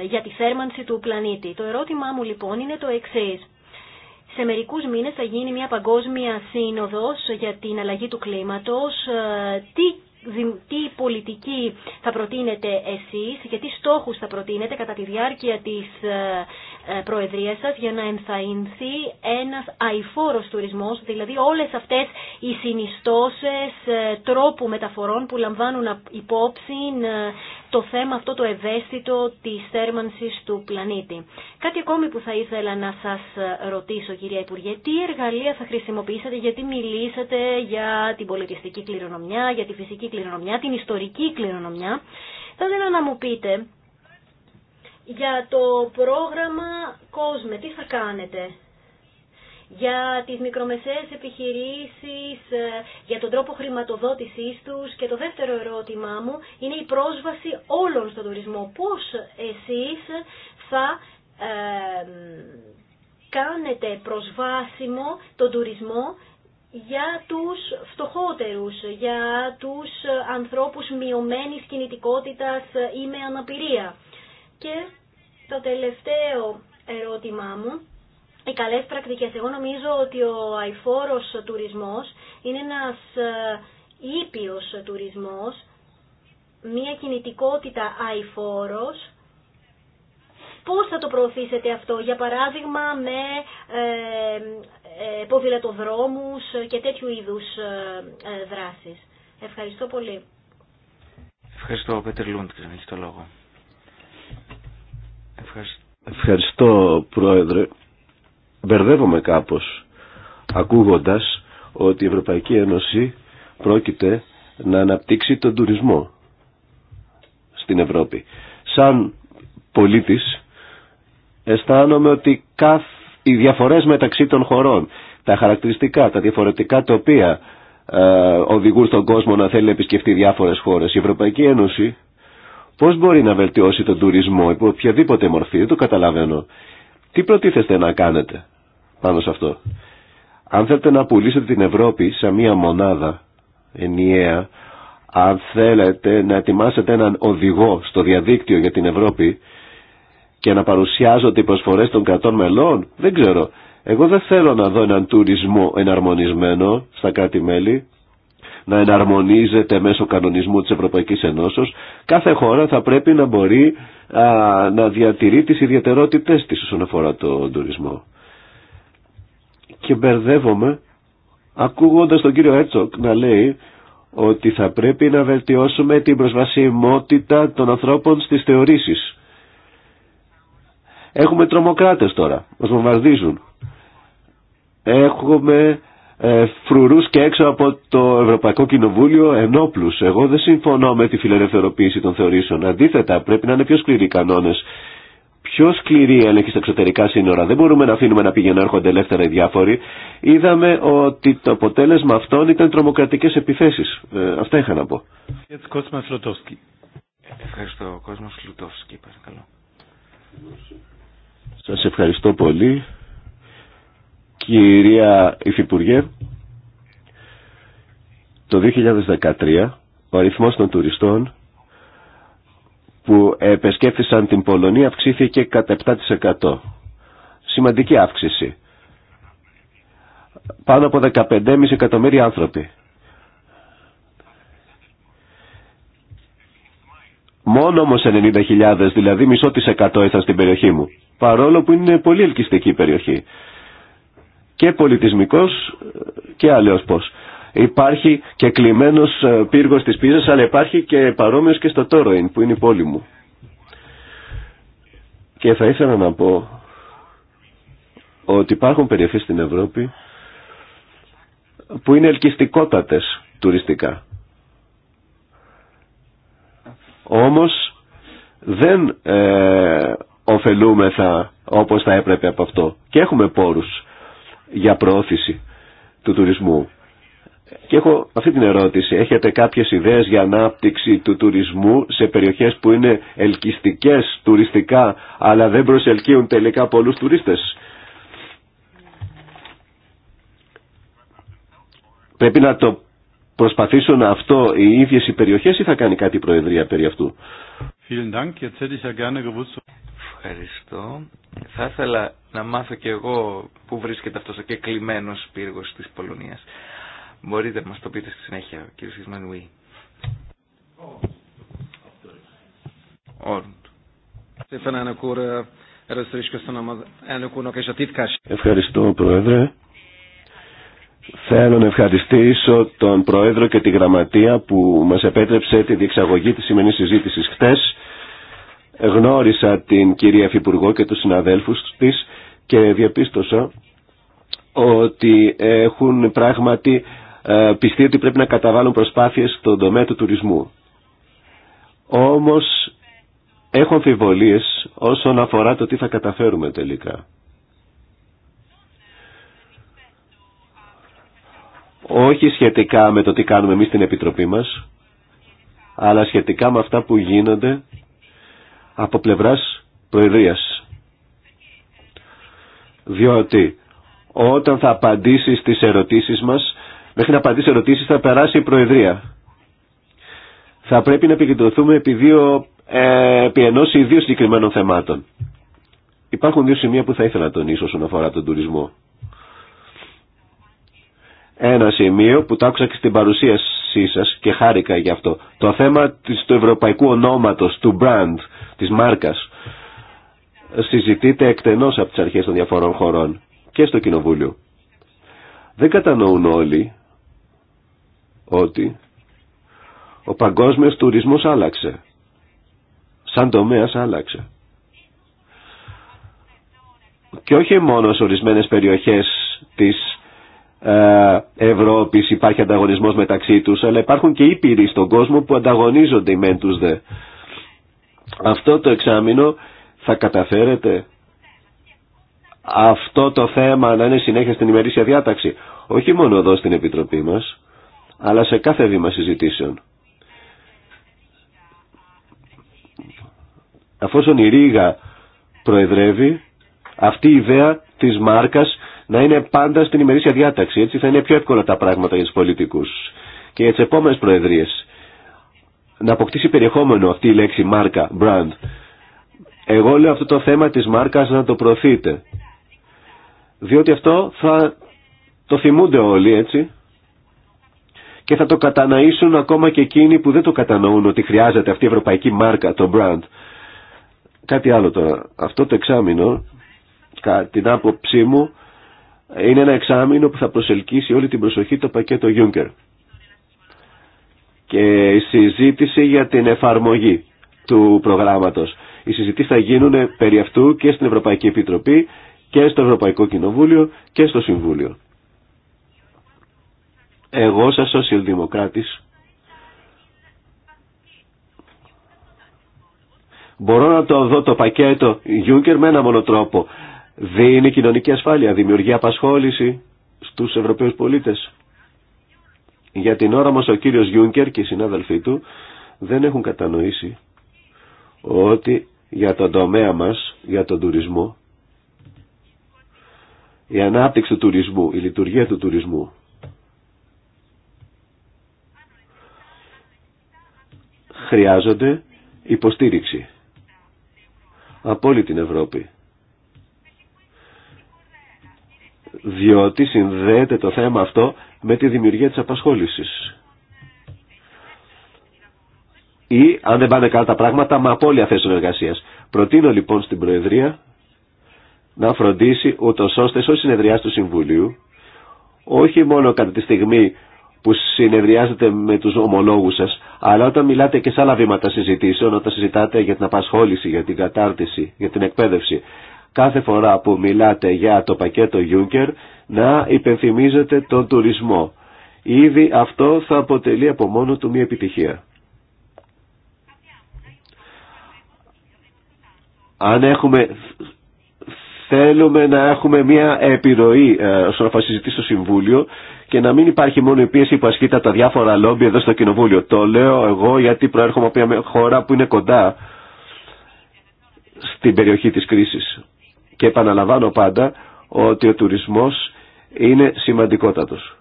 ε, για τη θέρμανση του πλανήτη. Το ερώτημά μου λοιπόν είναι το εξής. Σε μερικούς μήνες θα γίνει μια παγκόσμια σύνοδος για την αλλαγή του κλίματος. Ε, τι τι πολιτική θα προτείνετε εσείς και τι στόχους θα προτείνετε κατά τη διάρκεια της ε, προεδρία σας για να ενθαϊνθεί ένας αιφόρος τουρισμός, δηλαδή όλες αυτές οι συνιστώσεις ε, τρόπου μεταφορών που λαμβάνουν υπόψη ε, το θέμα αυτό το ευαίσθητο της θέρμανσης του πλανήτη. Κάτι ακόμη που θα ήθελα να σας ρωτήσω κυρία Υπουργέ, τι εργαλεία θα χρησιμοποιήσατε γιατί μιλήσατε για την πολιτιστική κληρονομιά, για τη φυσική κληρονομιά, την ιστορική κληρονομιά. Θα ήθελα να μου πείτε για το πρόγραμμα COSME. Τι θα κάνετε για τις μικρομεσαίες επιχειρήσεις, ε, για τον τρόπο χρηματοδότησής τους και το δεύτερο ερώτημά μου είναι η πρόσβαση όλων στον τουρισμό. Πώς εσείς θα ε, κάνετε προσβάσιμο τον τουρισμό για τους φτωχότερους, για τους ανθρώπους μειωμένη κινητικότητας ή με αναπηρία. Και το τελευταίο ερώτημά μου οι καλές πρακτικές. Εγώ νομίζω ότι ο αηφόρος τουρισμός είναι ένας ε, ήπιος τουρισμός, μία κινητικότητα αηφόρος. Πώς θα το προωθήσετε αυτό, για παράδειγμα με ε, ε ποδηλατοδρόμους και τέτοιου είδους ε, ε, δράσεις. Ευχαριστώ πολύ. Ευχαριστώ, Πέτερ να έχει το λόγο. Ευχαριστώ. Πρόεδρε. Μπερδεύομαι κάπως ακούγοντας ότι η Ευρωπαϊκή Ένωση πρόκειται να αναπτύξει τον τουρισμό στην Ευρώπη. Σαν πολίτης αισθάνομαι ότι καθ... οι διαφορές μεταξύ των χωρών, τα χαρακτηριστικά, τα διαφορετικά τοπία ε, οδηγούν στον κόσμο να θέλει να επισκεφτεί διάφορες χώρες. Η Ευρωπαϊκή Ένωση Πώς μπορεί να βελτιώσει τον τουρισμό υπό οποιαδήποτε μορφή, δεν το καταλαβαίνω. Τι προτίθεστε να κάνετε πάνω σε αυτό. Αν θέλετε να πουλήσετε την Ευρώπη σαν μία μονάδα ενιαία, αν θέλετε να ετοιμάσετε έναν οδηγό στο διαδίκτυο για την Ευρώπη και να παρουσιάζονται οι προσφορές των κρατών μελών, δεν ξέρω. Εγώ δεν θέλω να δω έναν τουρισμό εναρμονισμένο στα κάτι μελη να εναρμονίζεται μέσω κανονισμού της Ευρωπαϊκής Ενώσεως. Κάθε χώρα θα πρέπει να μπορεί να διατηρεί τις ιδιαιτερότητες της όσον αφορά τον τουρισμό. Και μπερδεύομαι ακούγοντας τον κύριο Έτσοκ να λέει ότι θα πρέπει να βελτιώσουμε την προσβασιμότητα των ανθρώπων στις θεωρήσεις. Έχουμε τρομοκράτες τώρα, μας βομβαρδίζουν. Έχουμε ε, φρουρούς και έξω από το Ευρωπαϊκό Κοινοβούλιο ενόπλους. Εγώ δεν συμφωνώ με τη φιλελευθερωποίηση των θεωρήσεων. Αντίθετα, πρέπει να είναι πιο σκληροί οι κανόνες. Πιο σκληρή έλεγχη στα εξωτερικά σύνορα. Δεν μπορούμε να αφήνουμε να πηγαίνουν έρχονται ελεύθερα οι διάφοροι. Είδαμε ότι το αποτέλεσμα αυτών ήταν τρομοκρατικές επιθέσεις. Ε, αυτά είχα να πω. Ευχαριστώ, Σας ευχαριστώ πολύ. Κυρία Υφυπουργέ, το 2013 ο αριθμός των τουριστών που επεσκέφθησαν την Πολωνία αυξήθηκε κατά 7%. Σημαντική αύξηση. Πάνω από 15,5 εκατομμύρια άνθρωποι. Μόνο όμως 90.000, δηλαδή μισό της εκατό ήρθαν στην περιοχή μου. Παρόλο που είναι πολύ ελκυστική περιοχή και πολιτισμικός και άλλος πώς. Υπάρχει και κλειμένος ε, πύργος της πίζας, αλλά υπάρχει και παρόμοιος και στο Τόροιν που είναι η πόλη μου. Και θα ήθελα να πω ότι υπάρχουν περιοχές στην Ευρώπη που είναι ελκυστικότατες τουριστικά. Όμως δεν ε, ωφελούμεθα όπως θα έπρεπε από αυτό. Και έχουμε πόρους για προώθηση του τουρισμού. Και έχω αυτή την ερώτηση. Έχετε κάποιες ιδέες για ανάπτυξη του τουρισμού σε περιοχές που είναι ελκυστικές τουριστικά αλλά δεν προσελκύουν τελικά πολλούς τουρίστες. Πρέπει να το προσπαθήσουν αυτό οι ίδιες οι περιοχές ή θα κάνει κάτι η Προεδρία περί αυτού. Ευχαριστώ. Θα ήθελα να μάθω και εγώ πού βρίσκεται αυτός ο κεκλειμένος πύργος της Πολωνίας. Μπορείτε να μας το πείτε στη συνέχεια, κύριε Σισμανουή. Ευχαριστώ, Πρόεδρε. Θέλω να ευχαριστήσω τον Πρόεδρο και τη Γραμματεία που μας επέτρεψε τη διεξαγωγή της σημερινής συζήτησης χτες Γνώρισα την κυρία φυπουργό και τους συναδέλφους της και διαπίστωσα ότι έχουν πράγματι ε, πιστεί ότι πρέπει να καταβάλουν προσπάθειες στον τομέα του τουρισμού. Όμως έχω αμφιβολίες όσον αφορά το τι θα καταφέρουμε τελικά. Όχι σχετικά με το τι κάνουμε εμείς στην Επιτροπή μας, αλλά σχετικά με αυτά που γίνονται από πλευράς Προεδρίας. Διότι όταν θα απαντήσει στις ερωτήσεις μας, μέχρι να απαντήσει ερωτήσεις θα περάσει η Προεδρία. Θα πρέπει να επικεντρωθούμε επί, δύο, ε, ενός ή δύο συγκεκριμένων θεμάτων. Υπάρχουν δύο σημεία που θα ήθελα να τονίσω όσον αφορά τον τουρισμό. Ένα σημείο που το άκουσα και στην παρουσίασή σας και χάρηκα γι' αυτό. Το θέμα του ευρωπαϊκού ονόματος, του brand, της μάρκας συζητείται εκτενώς από τις αρχές των διαφορών χωρών και στο Κοινοβούλιο. Δεν κατανοούν όλοι ότι ο παγκόσμιος τουρισμός άλλαξε. Σαν τομέας άλλαξε. Και όχι μόνο σε ορισμένες περιοχές της ε, Ευρώπης υπάρχει ανταγωνισμός μεταξύ τους, αλλά υπάρχουν και ήπειροι στον κόσμο που ανταγωνίζονται οι μεν τους δε αυτό το εξάμεινο θα καταφέρετε αυτό το θέμα να είναι συνέχεια στην ημερήσια διάταξη. Όχι μόνο εδώ στην Επιτροπή μας, αλλά σε κάθε βήμα συζητήσεων. Αφόσον η Ρήγα προεδρεύει, αυτή η ιδέα της μάρκας να είναι πάντα στην ημερήσια διάταξη. Έτσι θα είναι πιο εύκολα τα πράγματα για τους πολιτικούς και για τις επόμενες προεδρίες να αποκτήσει περιεχόμενο αυτή η λέξη μάρκα, brand. Εγώ λέω αυτό το θέμα της μάρκας να το προωθείτε. Διότι αυτό θα το θυμούνται όλοι έτσι και θα το καταναήσουν ακόμα και εκείνοι που δεν το κατανοούν ότι χρειάζεται αυτή η ευρωπαϊκή μάρκα, το brand. Κάτι άλλο τώρα. Αυτό το εξάμεινο, την άποψή μου, είναι ένα εξάμεινο που θα προσελκύσει όλη την προσοχή το πακέτο Juncker και η συζήτηση για την εφαρμογή του προγράμματος. Οι συζητήσεις θα γίνουν περί αυτού και στην Ευρωπαϊκή Επιτροπή και στο Ευρωπαϊκό Κοινοβούλιο και στο Συμβούλιο. Εγώ σαν σοσιαλδημοκράτης μπορώ να το δω το πακέτο Juncker με ένα μόνο τρόπο. Δίνει κοινωνική ασφάλεια, δημιουργεί απασχόληση στους Ευρωπαίους πολίτες. Για την ώρα μας ο κύριος Γιούνκερ και οι συνάδελφοί του δεν έχουν κατανοήσει ότι για τον τομέα μας, για τον τουρισμό, η ανάπτυξη του τουρισμού, η λειτουργία του τουρισμού, χρειάζονται υποστήριξη από όλη την Ευρώπη. Διότι συνδέεται το θέμα αυτό με τη δημιουργία της απασχόλησης. Ή, αν δεν πάνε καλά τα πράγματα, με απώλεια θέσεων εργασία. Προτείνω λοιπόν στην Προεδρία να φροντίσει ούτω ώστε όσοι συνεδριάσει του Συμβουλίου, όχι μόνο κατά τη στιγμή που συνεδριάζετε με τους ομολόγους σας, αλλά όταν μιλάτε και σε άλλα βήματα συζητήσεων, όταν συζητάτε για την απασχόληση, για την κατάρτιση, για την εκπαίδευση, κάθε φορά που μιλάτε για το πακέτο Juncker να υπενθυμίζετε τον τουρισμό. Ήδη αυτό θα αποτελεί από μόνο του μια επιτυχία. Αν έχουμε, θέλουμε να έχουμε μια επιρροή ε, όσον στο Συμβούλιο και να μην υπάρχει μόνο η πίεση που ασκείται από τα διάφορα λόμπι εδώ στο Κοινοβούλιο. Το λέω εγώ γιατί προέρχομαι από μια χώρα που είναι κοντά στην περιοχή της κρίσης και επαναλαμβάνω πάντα ότι ο τουρισμός είναι σημαντικότατος.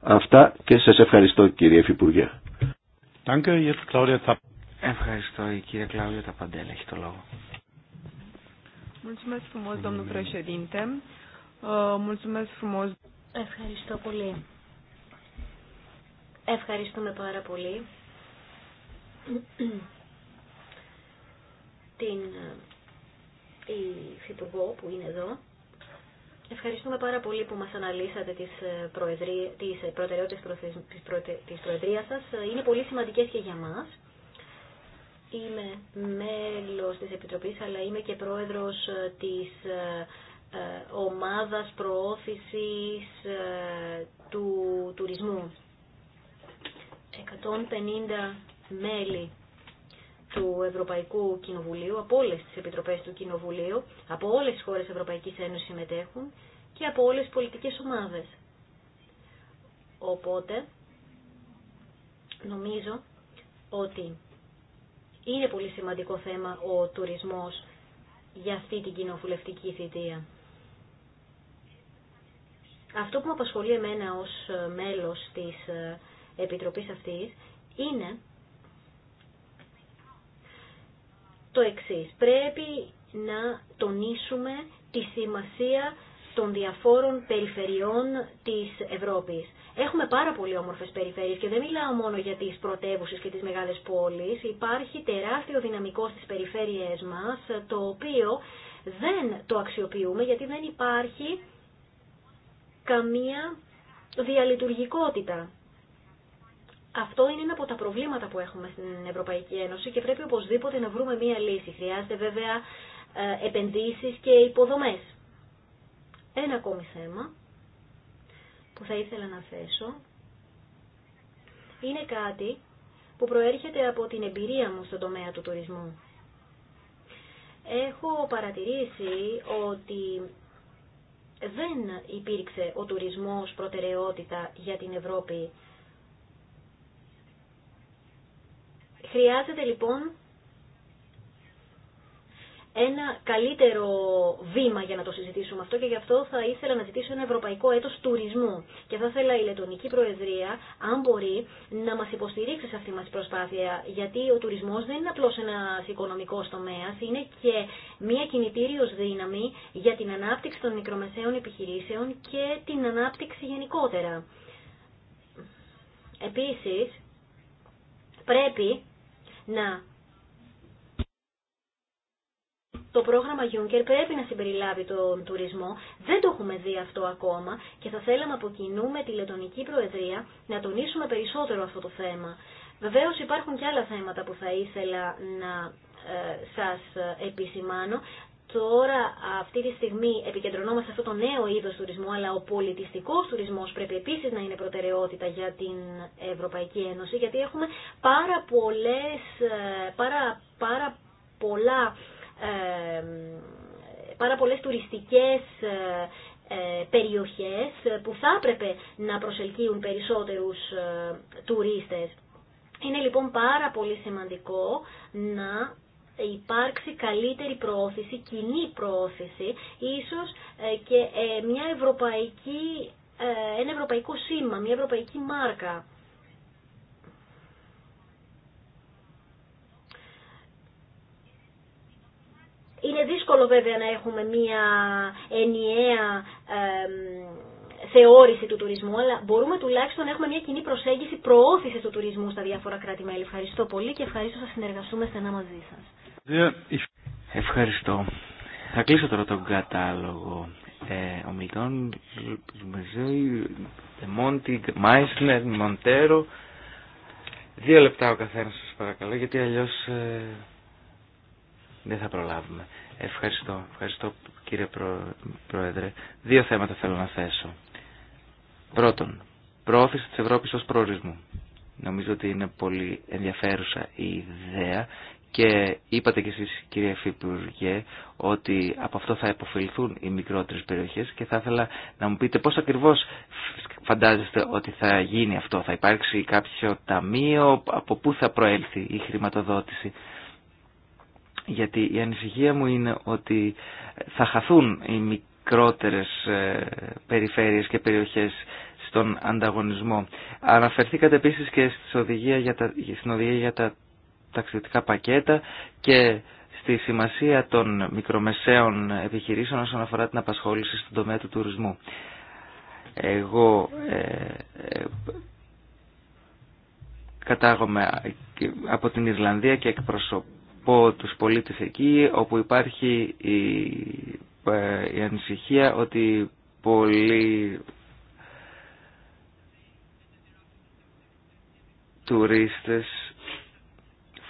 Αυτά και σας ευχαριστώ κύριε Υφυπουργέ. Ευχαριστώ η κυρία Κλάουδια Ταπαντέλα, έχει το λόγο. Ευχαριστώ πολύ. Ευχαριστούμε πάρα πολύ την ε, Φυπουργό που είναι εδώ. Ευχαριστούμε πάρα πολύ που μας αναλύσατε τις, ε, προεδρί, τις ε, προτεραιότητες της Προεδρίας σας. Είναι πολύ σημαντικές και για μας. Είμαι μέλος της Επιτροπής, αλλά είμαι και πρόεδρος της ομάδας προώθησης του τουρισμού. 150 μέλη του Ευρωπαϊκού Κοινοβουλίου, από όλες τις επιτροπές του Κοινοβουλίου, από όλες τι χώρες Ευρωπαϊκής Ένωση συμμετέχουν και από όλες τι πολιτικές ομάδες. Οπότε, νομίζω ότι είναι πολύ σημαντικό θέμα ο τουρισμός για αυτή την κοινοβουλευτική θητεία. Αυτό που με απασχολεί εμένα ως μέλος της ε, Επιτροπής αυτής είναι το εξής. Πρέπει να τονίσουμε τη σημασία των διαφόρων περιφερειών της Ευρώπης. Έχουμε πάρα πολύ όμορφες περιφέρειες και δεν μιλάω μόνο για τις πρωτεύουσες και τις μεγάλες πόλεις. Υπάρχει τεράστιο δυναμικό στις περιφέρειές μας, το οποίο δεν το αξιοποιούμε γιατί δεν υπάρχει καμία διαλειτουργικότητα. Αυτό είναι ένα από τα προβλήματα που έχουμε στην Ευρωπαϊκή Ένωση και πρέπει οπωσδήποτε να βρούμε μία λύση. Χρειάζεται βέβαια ε, επενδύσεις και υποδομές. Ένα ακόμη θέμα που θα ήθελα να θέσω είναι κάτι που προέρχεται από την εμπειρία μου στον τομέα του τουρισμού. Έχω παρατηρήσει ότι δεν υπήρξε ο τουρισμός προτεραιότητα για την Ευρώπη Χρειάζεται λοιπόν ένα καλύτερο βήμα για να το συζητήσουμε αυτό και γι' αυτό θα ήθελα να ζητήσω ένα ευρωπαϊκό έτος τουρισμού. Και θα ήθελα η Λετωνική Προεδρία, αν μπορεί, να μας υποστηρίξει σε αυτή μας προσπάθεια, γιατί ο τουρισμός δεν είναι απλώς ένας οικονομικός τομέας, είναι και μια κινητήριος δύναμη για την ανάπτυξη των μικρομεσαίων επιχειρήσεων και την ανάπτυξη γενικότερα. Επίσης, πρέπει να το πρόγραμμα Juncker πρέπει να συμπεριλάβει τον τουρισμό. Δεν το έχουμε δει αυτό ακόμα και θα θέλαμε από κοινού με τη Λετωνική Προεδρία να τονίσουμε περισσότερο αυτό το θέμα. Βεβαίως υπάρχουν και άλλα θέματα που θα ήθελα να ε, σας ε, επισημάνω. Τώρα, αυτή τη στιγμή, επικεντρωνόμαστε σε αυτό το νέο είδο τουρισμού, αλλά ο πολιτιστικό τουρισμό πρέπει επίση να είναι προτεραιότητα για την Ευρωπαϊκή Ένωση, γιατί έχουμε πάρα, πολλές, ε, πάρα, πάρα πολλά. Ε, πάρα πολλές τουριστικές ε, περιοχές που θα έπρεπε να προσελκύουν περισσότερους τουρίστες. Είναι λοιπόν πάρα πολύ σημαντικό να υπάρξει καλύτερη προώθηση, κοινή προώθηση, ίσως ε, και ε, μια ευρωπαϊκή, ε, ένα ευρωπαϊκό σήμα, μια ευρωπαϊκή μάρκα. Είναι δύσκολο βέβαια να έχουμε μια ενιαία θεώρηση του τουρισμού, αλλά μπορούμε τουλάχιστον να έχουμε μια κοινή προσέγγιση προώθηση του τουρισμού στα διάφορα κράτη-μέλη. Ευχαριστώ πολύ και ευχαριστώ να συνεργαστούμε στενά μαζί σας. Ευχαριστώ. Θα κλείσω τώρα τον κατάλογο ε, ομιλητών. Μόντι, Μάισνερ, Μοντέρο. Δύο λεπτά ο καθένας σας παρακαλώ, γιατί αλλιώς ε, δεν θα προλάβουμε. Ευχαριστώ, ευχαριστώ κύριε Πρόεδρε. Δύο θέματα θέλω να θέσω. Πρώτον, προώθηση της Ευρώπης ως προορισμού. Νομίζω ότι είναι πολύ ενδιαφέρουσα η ιδέα και είπατε κι εσείς κύριε Φυπουργέ ότι από αυτό θα επωφεληθούν οι μικρότερες περιοχές και θα ήθελα να μου πείτε πώς ακριβώς φαντάζεστε ότι θα γίνει αυτό. Θα υπάρξει κάποιο ταμείο, από πού θα προέλθει η χρηματοδότηση. Γιατί η ανησυχία μου είναι ότι θα χαθούν οι μικρότερες ε, περιφέρειες και περιοχές στον ανταγωνισμό. Αναφερθήκατε επίσης και στην οδηγία για τα, στην οδηγία για τα ταξιδιωτικά πακέτα και στη σημασία των μικρομεσαίων επιχειρήσεων όσον αφορά την απασχόληση στον τομέα του τουρισμού. Εγώ ε, ε κατάγομαι από την Ιρλανδία και εκπροσωπώ τους πολίτες εκεί όπου υπάρχει η, ε, η ανησυχία ότι πολλοί τουρίστες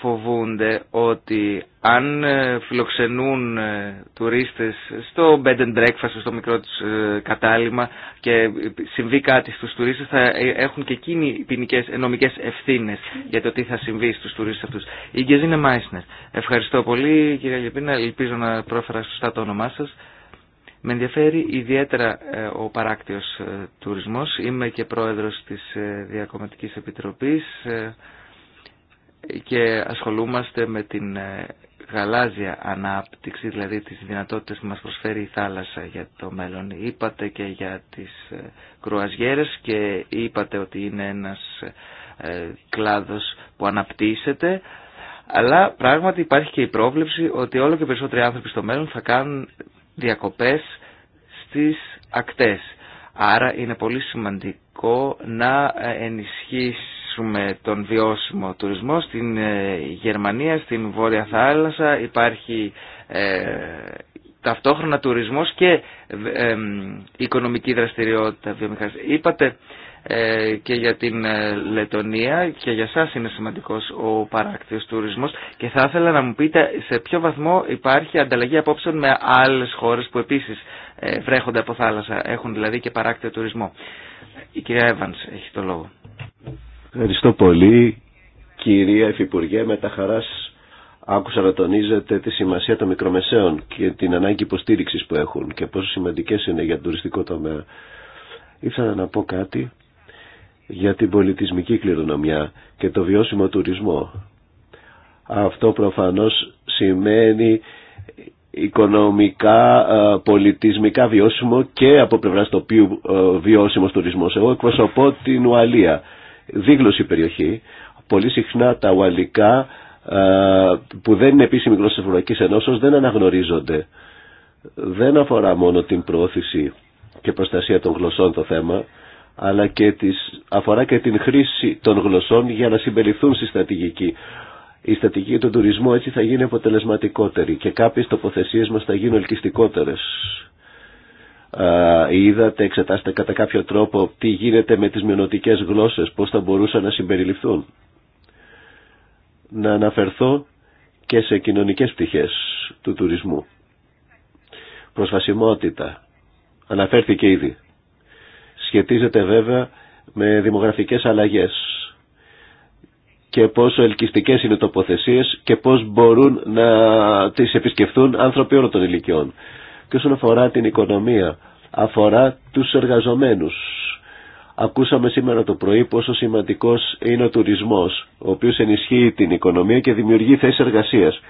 φοβούνται ότι αν ε, φιλοξενούν ε, τουρίστες στο bed and breakfast, στο μικρό τους ε, κατάλημα και συμβεί κάτι στους τουρίστες θα έχουν και εκείνοι ποινικές, νομικές ευθύνες για το τι θα συμβεί στους τουρίστες αυτούς. Η Γκεζίνε Μάισνερ. Ευχαριστώ πολύ κυρία Λεπίνα, ελπίζω να πρόφερα σωστά το όνομά σας. Με ενδιαφέρει ιδιαίτερα ο παράκτιος τουρισμός. Είμαι και πρόεδρος της Διακομματικής Επιτροπής και ασχολούμαστε με την ε, γαλάζια ανάπτυξη, δηλαδή τις δυνατότητες που μας προσφέρει η θάλασσα για το μέλλον. Είπατε και για τις ε, κρουαζιέρες και είπατε ότι είναι ένας ε, κλάδος που αναπτύσσεται, αλλά πράγματι υπάρχει και η πρόβλεψη ότι όλο και περισσότεροι άνθρωποι στο μέλλον θα κάνουν διακοπές στις ακτές. Άρα είναι πολύ σημαντικό να ενισχύσει προωθήσουμε τον βιώσιμο τουρισμό στην ε, Γερμανία, στην Βόρεια Θάλασσα. Υπάρχει ε, ταυτόχρονα τουρισμός και ε, ε, οικονομική δραστηριότητα βιομηχανία. Είπατε ε, και για την ε, Λετωνία και για σας είναι σημαντικός ο παράκτιος τουρισμός και θα ήθελα να μου πείτε σε ποιο βαθμό υπάρχει ανταλλαγή απόψεων με άλλες χώρες που επίσης βρέχονται από θάλασσα, έχουν δηλαδή και παράκτη τουρισμό. Η κυρία Εύανς έχει το λόγο. Ευχαριστώ πολύ κυρία Υφυπουργέ. Με τα χαράς άκουσα να τονίζετε τη σημασία των μικρομεσαίων και την ανάγκη υποστήριξη που έχουν και πόσο σημαντικές είναι για τον τουριστικό τομέα. Ήθελα να πω κάτι για την πολιτισμική κληρονομιά και το βιώσιμο τουρισμό. Αυτό προφανώς σημαίνει οικονομικά, ε, πολιτισμικά βιώσιμο και από πλευρά τοπίου ε, βιώσιμος τουρισμός. Εγώ εκπροσωπώ την Ουαλία δίγλωση περιοχή. Πολύ συχνά τα ουαλικά ε, που δεν είναι επίσημη γλώσσα της Ευρωπαϊκής Ενώσεως δεν αναγνωρίζονται. Δεν αφορά μόνο την προώθηση και προστασία των γλωσσών το θέμα, αλλά και τις, αφορά και την χρήση των γλωσσών για να συμπεριθούν στη στρατηγική. Η στρατηγική του τουρισμού έτσι θα γίνει αποτελεσματικότερη και κάποιες τοποθεσίες μας θα γίνουν ελκυστικότερες είδατε, εξετάστε κατά κάποιο τρόπο τι γίνεται με τις μειονοτικές γλώσσες, πώς θα μπορούσαν να συμπεριληφθούν. Να αναφερθώ και σε κοινωνικές πτυχές του τουρισμού. Προσβασιμότητα. Αναφέρθηκε ήδη. Σχετίζεται βέβαια με δημογραφικές αλλαγές και πόσο ελκυστικές είναι τοποθεσίες και πώς μπορούν να τις επισκεφθούν άνθρωποι όλων των ηλικιών και όσον αφορά την οικονομία, αφορά τους εργαζομένους. Ακούσαμε σήμερα το πρωί πόσο σημαντικός είναι ο τουρισμός, ο οποίος ενισχύει την οικονομία και δημιουργεί θέσεις εργασίας.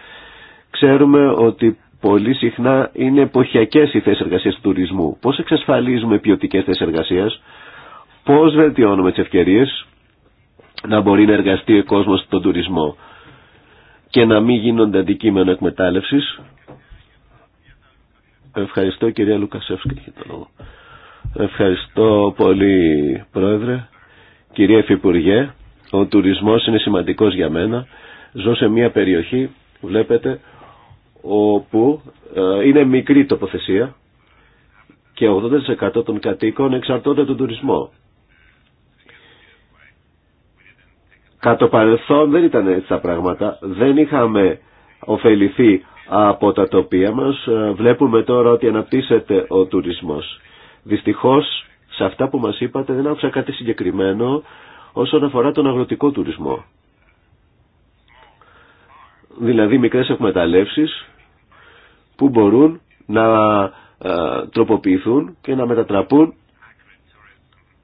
Ξέρουμε ότι πολύ συχνά είναι εποχιακές οι θέσεις εργασίας του τουρισμού. Πώς εξασφαλίζουμε ποιοτικέ θέσεις εργασίας, πώς βελτιώνουμε τις ευκαιρίες να μπορεί να εργαστεί ο κόσμος στον τουρισμό και να μην γίνονται αντικείμενο εκμετάλλευση. Ευχαριστώ κυρία Λουκασεύσκα Ευχαριστώ πολύ πρόεδρε. Κυρία Υφυπουργέ, ο τουρισμός είναι σημαντικός για μένα. Ζω σε μια περιοχή, βλέπετε, όπου ε, είναι μικρή τοποθεσία και 80% των κατοίκων εξαρτώνται τον τουρισμό. Κατ' παρελθόν δεν ήταν έτσι τα πράγματα. Δεν είχαμε ωφεληθεί από τα τοπία μας. Ε, βλέπουμε τώρα ότι αναπτύσσεται ο τουρισμός. Δυστυχώς σε αυτά που μας είπατε δεν άκουσα κάτι συγκεκριμένο όσον αφορά τον αγροτικό τουρισμό. Δηλαδή μικρές εκμεταλλεύσεις που μπορούν να ε, τροποποιηθούν και να μετατραπούν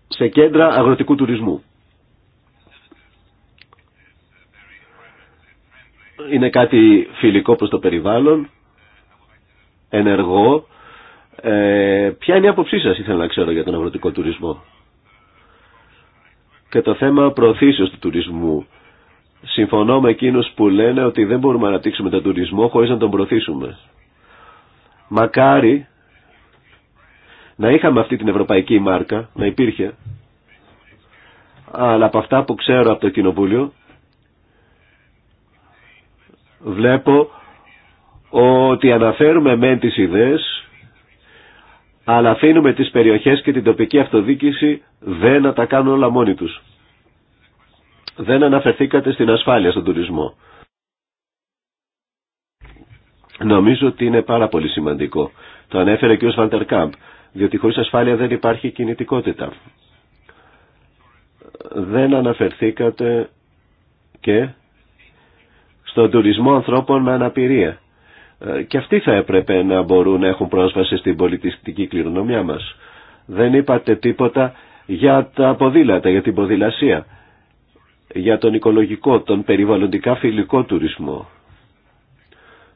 σε κέντρα αγροτικού τουρισμού. είναι κάτι φιλικό προς το περιβάλλον, ενεργό. Ε, ποια είναι η άποψή σας ήθελα να ξέρω για τον αγροτικό τουρισμό. Και το θέμα προωθήσεως του τουρισμού. Συμφωνώ με εκείνους που λένε ότι δεν μπορούμε να αναπτύξουμε τον τουρισμό χωρίς να τον προωθήσουμε. Μακάρι να είχαμε αυτή την ευρωπαϊκή μάρκα, να υπήρχε, αλλά από αυτά που ξέρω από το Κοινοβούλιο, βλέπω ότι αναφέρουμε μεν τις ιδέες, αλλά αφήνουμε τις περιοχές και την τοπική αυτοδίκηση δεν να τα κάνουν όλα μόνοι τους. Δεν αναφερθήκατε στην ασφάλεια στον τουρισμό. Νομίζω ότι είναι πάρα πολύ σημαντικό. Το ανέφερε και ο Σβαντερ Κάμπ, διότι χωρίς ασφάλεια δεν υπάρχει κινητικότητα. Δεν αναφερθήκατε και στον τουρισμό ανθρώπων με αναπηρία. Ε, και αυτοί θα έπρεπε να μπορούν να έχουν πρόσβαση στην πολιτιστική κληρονομιά μας. Δεν είπατε τίποτα για τα ποδήλατα, για την ποδηλασία, για τον οικολογικό, τον περιβαλλοντικά φιλικό τουρισμό.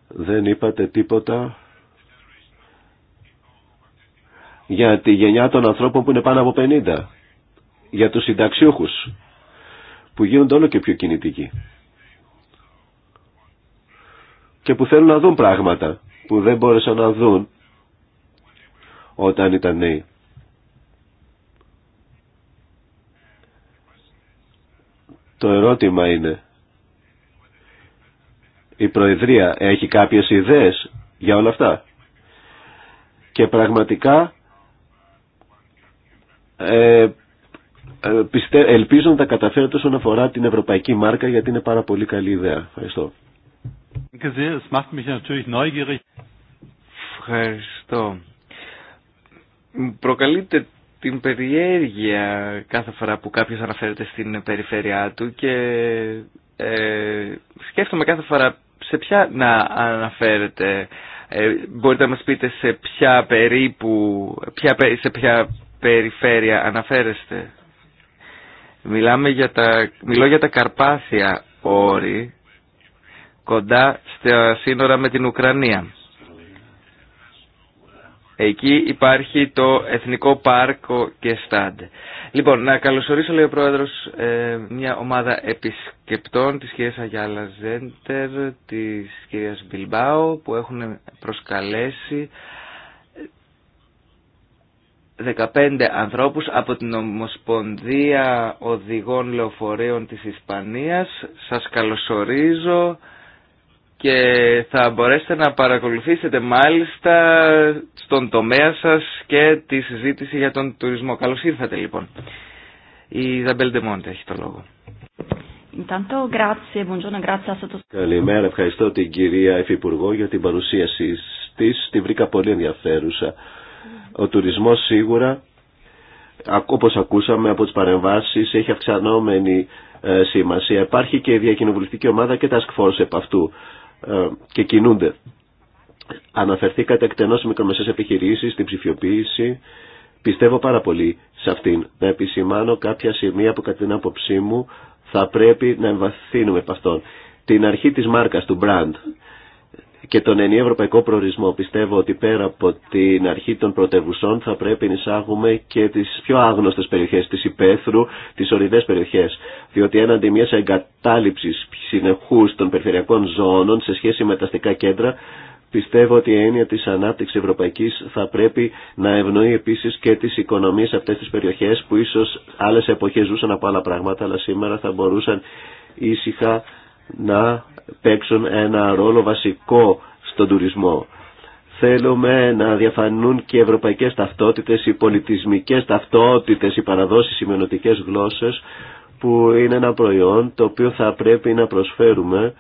Δεν είπατε τίποτα για τη γενιά των ανθρώπων που είναι πάνω από 50, για τους συνταξιούχους, που γίνονται όλο και πιο κινητικοί και που θέλουν να δουν πράγματα που δεν μπόρεσαν να δουν όταν ήταν νέοι. Το ερώτημα είναι η Προεδρία έχει κάποιες ιδέες για όλα αυτά και πραγματικά ε, ε ελπίζω να τα καταφέρετε όσον αφορά την ευρωπαϊκή μάρκα γιατί είναι πάρα πολύ καλή ιδέα. Ευχαριστώ. Ευχαριστώ. Προκαλείται την περιέργεια κάθε φορά που κάποιος αναφέρεται στην περιφέρειά του και ε, σκέφτομαι κάθε φορά σε ποια να αναφέρεται. Ε, μπορείτε να μας πείτε σε ποια περίπου, σε ποια περιφέρεια αναφέρεστε. Μιλάμε για τα, μιλώ για τα Καρπάθια όρη κοντά στα σύνορα με την Ουκρανία. Εκεί υπάρχει το Εθνικό Πάρκο και Στάντ. Λοιπόν, να καλωσορίσω, λέει ο Πρόεδρος, ε, μια ομάδα επισκεπτών της κυρίας Αγιάλα Ζέντερ, της κυρίας Μπιλμπάου, που έχουν προσκαλέσει 15 ανθρώπους από την Ομοσπονδία Οδηγών Λεωφορείων της Ισπανίας. Σας καλωσορίζω και θα μπορέσετε να παρακολουθήσετε μάλιστα στον τομέα σας και τη συζήτηση για τον τουρισμό. Καλώς ήρθατε λοιπόν. Η Ζαμπέλ Ντεμόντε έχει το λόγο. Καλημέρα, ευχαριστώ την κυρία Υφυπουργό για την παρουσίαση της. Τη βρήκα πολύ ενδιαφέρουσα. Ο τουρισμός σίγουρα, όπως ακούσαμε από τις παρεμβάσεις, έχει αυξανόμενη ε, σημασία. Υπάρχει και η διακοινοβουλευτική ομάδα και τα σκφόρς επ' αυτού. Ε, και κινούνται. Αναφερθήκατε εκτενώς σε μικρομεσαίες επιχειρήσεις, στην ψηφιοποίηση. Πιστεύω πάρα πολύ σε αυτήν. Να επισημάνω κάποια σημεία που κατά την άποψή μου θα πρέπει να εμβαθύνουμε από αυτόν. Την αρχή της μάρκας, του brand και τον ενιαίο ευρωπαϊκό προορισμό. Πιστεύω ότι πέρα από την αρχή των πρωτευουσών θα πρέπει να εισάγουμε και τι πιο άγνωστέ περιοχέ, τη υπαίθρου, τι ορειδές περιοχέ, Διότι έναντι μια εγκατάλειψη συνεχού των περιφερειακών ζώνων σε σχέση με τα αστικά κέντρα, Πιστεύω ότι η έννοια τη ανάπτυξη Ευρωπαϊκή θα πρέπει να ευνοεί επίση και τις οικονομίες αυτέ τι περιοχές που ίσω άλλε εποχε ζούσαν από άλλα πράγματα αλλά σήμερα θα μπορούσαν ήσυχα να παίξουν ένα ρόλο βασικό στον τουρισμό. Θέλουμε να διαφανούν και οι ευρωπαϊκές ταυτότητες, οι πολιτισμικές ταυτότητες, οι παραδόσεις, οι μενοτικές γλώσσες που είναι ένα προϊόν το οποίο θα πρέπει να προσφέρουμε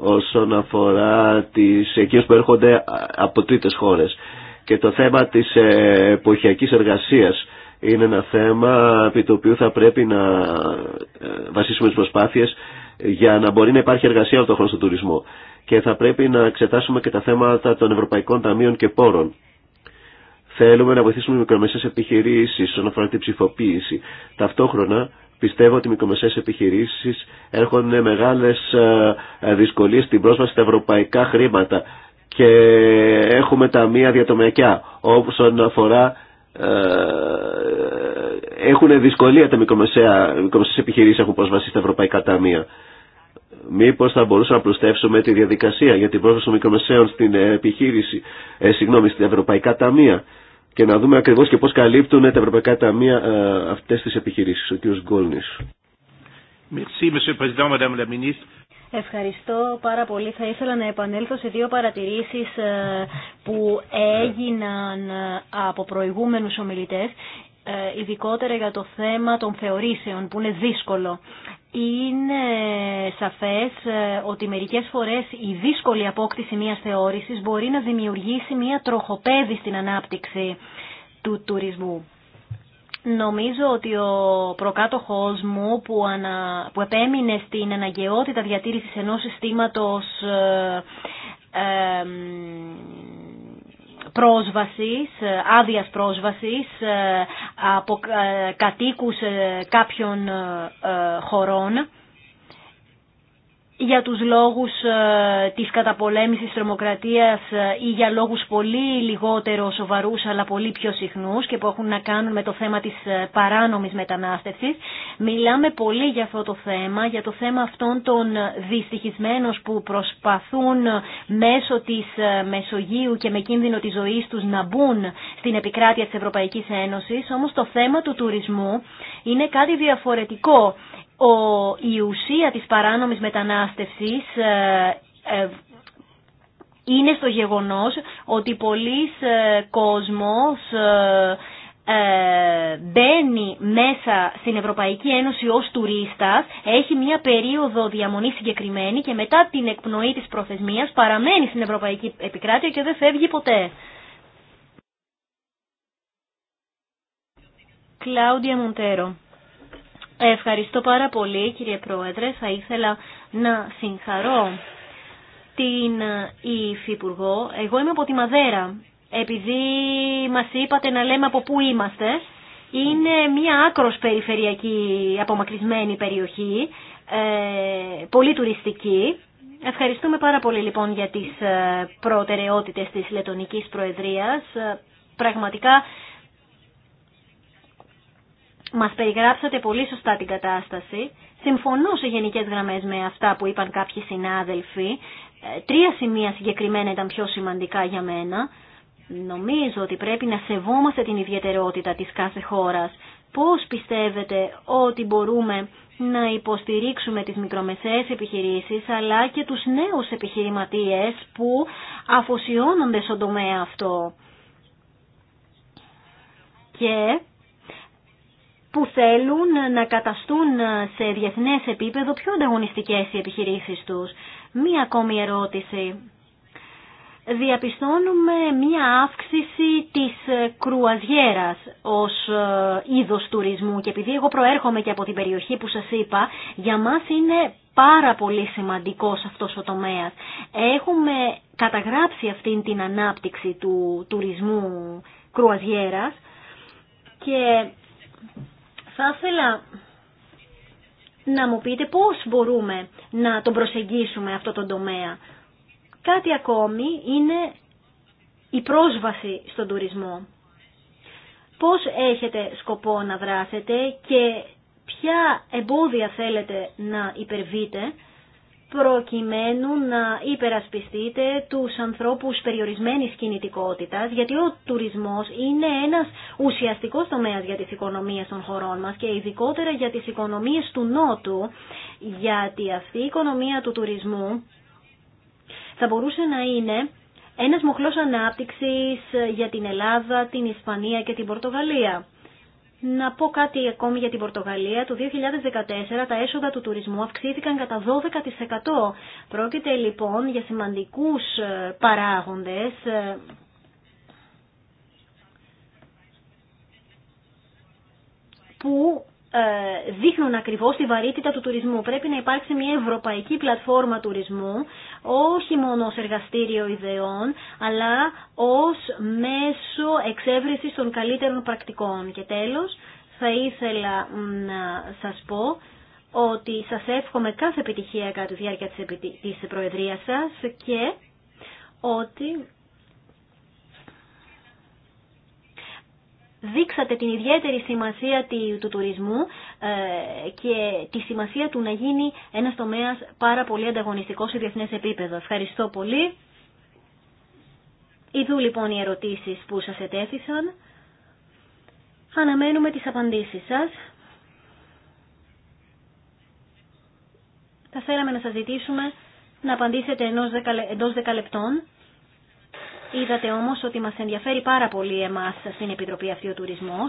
όσον αφορά τις, εκείνους που έρχονται από τρίτες χώρες. Και το θέμα της εποχιακής εργασίας είναι ένα θέμα επί το οποίο θα πρέπει να ε, βασίσουμε τις προσπάθειες για να μπορεί να υπάρχει εργασία όλο τον χρόνο στον τουρισμό. Και θα πρέπει να εξετάσουμε και τα θέματα των Ευρωπαϊκών Ταμείων και Πόρων. Θέλουμε να βοηθήσουμε μικρομεσαίες επιχειρήσεις όσον αφορά την ψηφοποίηση. Ταυτόχρονα πιστεύω ότι οι μικρομεσαίες επιχειρήσεις έχουν μεγάλες ε, δυσκολίες στην πρόσβαση στα ευρωπαϊκά χρήματα και έχουμε ταμεία διατομιακά όσον αφορά ε, έχουν δυσκολία τα μικρομεσαία, μικρομεσαίες επιχειρήσεις έχουν πρόσβαση στα ευρωπαϊκά ταμεία μήπως θα μπορούσαμε να προστεύσουμε τη διαδικασία για την πρόσβαση των μικρομεσαίων στην ε, επιχείρηση, ε, συγγνώμη, στην Ευρωπαϊκά Ταμεία και να δούμε ακριβώς και πώς καλύπτουν τα Ευρωπαϊκά Ταμεία ε, αυτές τις επιχειρήσεις. Ο κ. Γκόλνης. Ευχαριστώ πάρα πολύ. Θα ήθελα να επανέλθω σε δύο παρατηρήσεις ε, που έγιναν ε, από προηγούμενους ομιλητές ειδικότερα για το θέμα των θεωρήσεων που είναι δύσκολο είναι σαφές ε, ότι μερικές φορές η δύσκολη απόκτηση μιας θεώρησης μπορεί να δημιουργήσει μια τροχοπέδη στην ανάπτυξη του τουρισμού. Νομίζω ότι ο προκάτοχός μου που, ανα... που επέμεινε στην αναγκαιότητα διατήρησης ενός συστήματος ε, ε, πρόσβασης, ε, άδειας πρόσβασης ε, από ε, κατοίκους κάποιων χωρών για τους λόγους ε, της καταπολέμησης τρομοκρατίας ε, ή για λόγους πολύ λιγότερο σοβαρούς αλλά πολύ πιο συχνούς και που έχουν να κάνουν με το θέμα της ε, παράνομης μετανάστευσης. Μιλάμε πολύ για αυτό το θέμα, για το θέμα αυτών των δυστυχισμένων που προσπαθούν μέσω της Μεσογείου και με κίνδυνο της ζωής τους να μπουν στην επικράτεια της Ευρωπαϊκής Ένωσης. Όμως το θέμα του τουρισμού είναι κάτι διαφορετικό ο, η ουσία της παράνομης μετανάστευσης ε, ε, είναι στο γεγονός ότι πολλοί ε, κόσμος μπαίνει μέσα στην Ευρωπαϊκή Ένωση ως τουρίστας, έχει μια περίοδο διαμονή συγκεκριμένη και μετά την εκπνοή της προθεσμίας παραμένει στην Ευρωπαϊκή Επικράτεια και δεν φεύγει ποτέ. Κλάουντια Μοντέρο Ευχαριστώ πάρα πολύ κύριε Πρόεδρε. Θα ήθελα να συγχαρώ την ε, Υφυπουργό. Εγώ είμαι από τη Μαδέρα. Επειδή μας είπατε να λέμε από πού είμαστε, είναι μια άκρος περιφερειακή απομακρυσμένη περιοχή, ε, πολύ τουριστική. Ευχαριστούμε πάρα πολύ λοιπόν για τις ε, προτεραιότητες της Λετωνικής Προεδρίας. Πραγματικά μας περιγράψατε πολύ σωστά την κατάσταση. Συμφωνώ σε γενικές γραμμές με αυτά που είπαν κάποιοι συνάδελφοι. Ε, τρία σημεία συγκεκριμένα ήταν πιο σημαντικά για μένα. Νομίζω ότι πρέπει να σεβόμαστε την ιδιαιτερότητα της κάθε χώρας. Πώς πιστεύετε ότι μπορούμε να υποστηρίξουμε τις μικρομεσαίες επιχειρήσεις αλλά και τους νέους επιχειρηματίες που αφοσιώνονται στον τομέα αυτό. Και που θέλουν να καταστούν σε διεθνές επίπεδο πιο ανταγωνιστικές οι επιχειρήσεις τους. Μία ακόμη ερώτηση. Διαπιστώνουμε μία αύξηση της κρουαζιέρας ως ε, είδος τουρισμού και επειδή εγώ προέρχομαι και από την περιοχή που σας είπα, για μας είναι πάρα πολύ σημαντικός αυτός ο τομέας. Έχουμε καταγράψει αυτήν την ανάπτυξη του τουρισμού κρουαζιέρας και θα ήθελα να μου πείτε πώς μπορούμε να τον προσεγγίσουμε αυτό τον τομέα. Κάτι ακόμη είναι η πρόσβαση στον τουρισμό. Πώς έχετε σκοπό να δράσετε και ποια εμπόδια θέλετε να υπερβείτε προκειμένου να υπερασπιστείτε τους ανθρώπους περιορισμένης κινητικότητας, γιατί ο τουρισμός είναι ένας ουσιαστικός τομέας για τις οικονομίες των χωρών μας και ειδικότερα για τις οικονομίες του Νότου, γιατί αυτή η οικονομία του τουρισμού θα μπορούσε να είναι ένας μοχλός ανάπτυξης για την Ελλάδα, την Ισπανία και την Πορτογαλία. Να πω κάτι ακόμη για την Πορτογαλία. Το 2014 τα έσοδα του τουρισμού αυξήθηκαν κατά 12%. Πρόκειται λοιπόν για σημαντικούς ε, παράγοντες ε, που ε, δείχνουν ακριβώς τη βαρύτητα του τουρισμού. Πρέπει να υπάρξει μια ευρωπαϊκή πλατφόρμα τουρισμού, όχι μόνο ως εργαστήριο ιδεών, αλλά ως μέσο εξέβρισης των καλύτερων πρακτικών. Και τέλος, θα ήθελα να σας πω ότι σας εύχομαι κάθε επιτυχία κατά τη διάρκεια της Προεδρίας σας και ότι δείξατε την ιδιαίτερη σημασία του τουρισμού ε, και τη σημασία του να γίνει ένας τομέας πάρα πολύ ανταγωνιστικό σε διεθνές επίπεδο. Ευχαριστώ πολύ. Ιδού λοιπόν οι ερωτήσεις που σας ετέθησαν. Αναμένουμε τις απαντήσεις σας. Θα θέλαμε να σας ζητήσουμε να απαντήσετε εντός 10 Είδατε όμως ότι μας ενδιαφέρει πάρα πολύ εμά στην Επιτροπή αυτή ο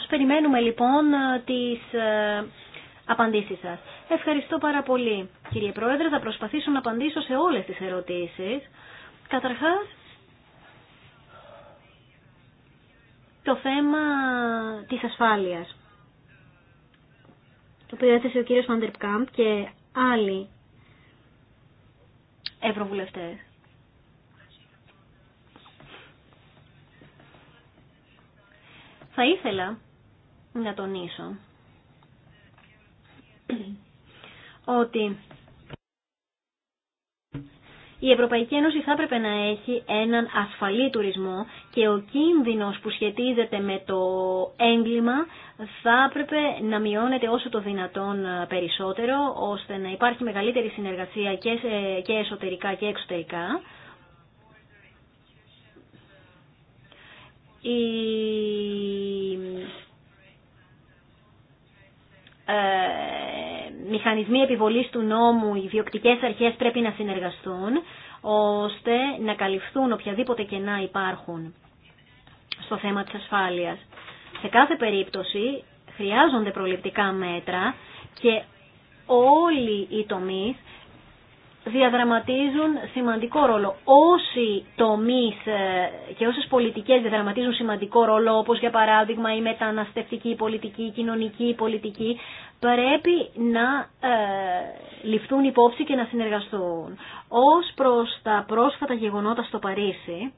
Περιμένουμε λοιπόν ε, τις ε, απαντήσεις σας. Ευχαριστώ πάρα πολύ. Κύριε Πρόεδρε, θα προσπαθήσω να απαντήσω σε όλες τις ερωτήσεις. Καταρχάς, το θέμα της ασφάλειας, το οποίο έθεσε ο κύριος Φαντερκάμπ και άλλοι ευρωβουλευτές. Θα ήθελα να τονίσω ότι η Ευρωπαϊκή Ένωση θα έπρεπε να έχει έναν ασφαλή τουρισμό και ο κίνδυνος που σχετίζεται με το έγκλημα θα έπρεπε να μειώνεται όσο το δυνατόν περισσότερο ώστε να υπάρχει μεγαλύτερη συνεργασία και εσωτερικά και εξωτερικά η ε, μηχανισμοί επιβολής του νόμου, οι διοκτικές αρχές πρέπει να συνεργαστούν ώστε να καλυφθούν οποιαδήποτε κενά υπάρχουν στο θέμα της ασφάλειας. Σε κάθε περίπτωση χρειάζονται προληπτικά μέτρα και όλοι οι τομείς διαδραματίζουν σημαντικό ρόλο. Όσοι τομείς ε, και όσες πολιτικές διαδραματίζουν σημαντικό ρόλο, όπως για παράδειγμα η μεταναστευτική πολιτική, η κοινωνική πολιτική, πρέπει να ε, ληφθούν υπόψη και να συνεργαστούν. Ω προ τα πρόσφατα γεγονότα στο Παρίσι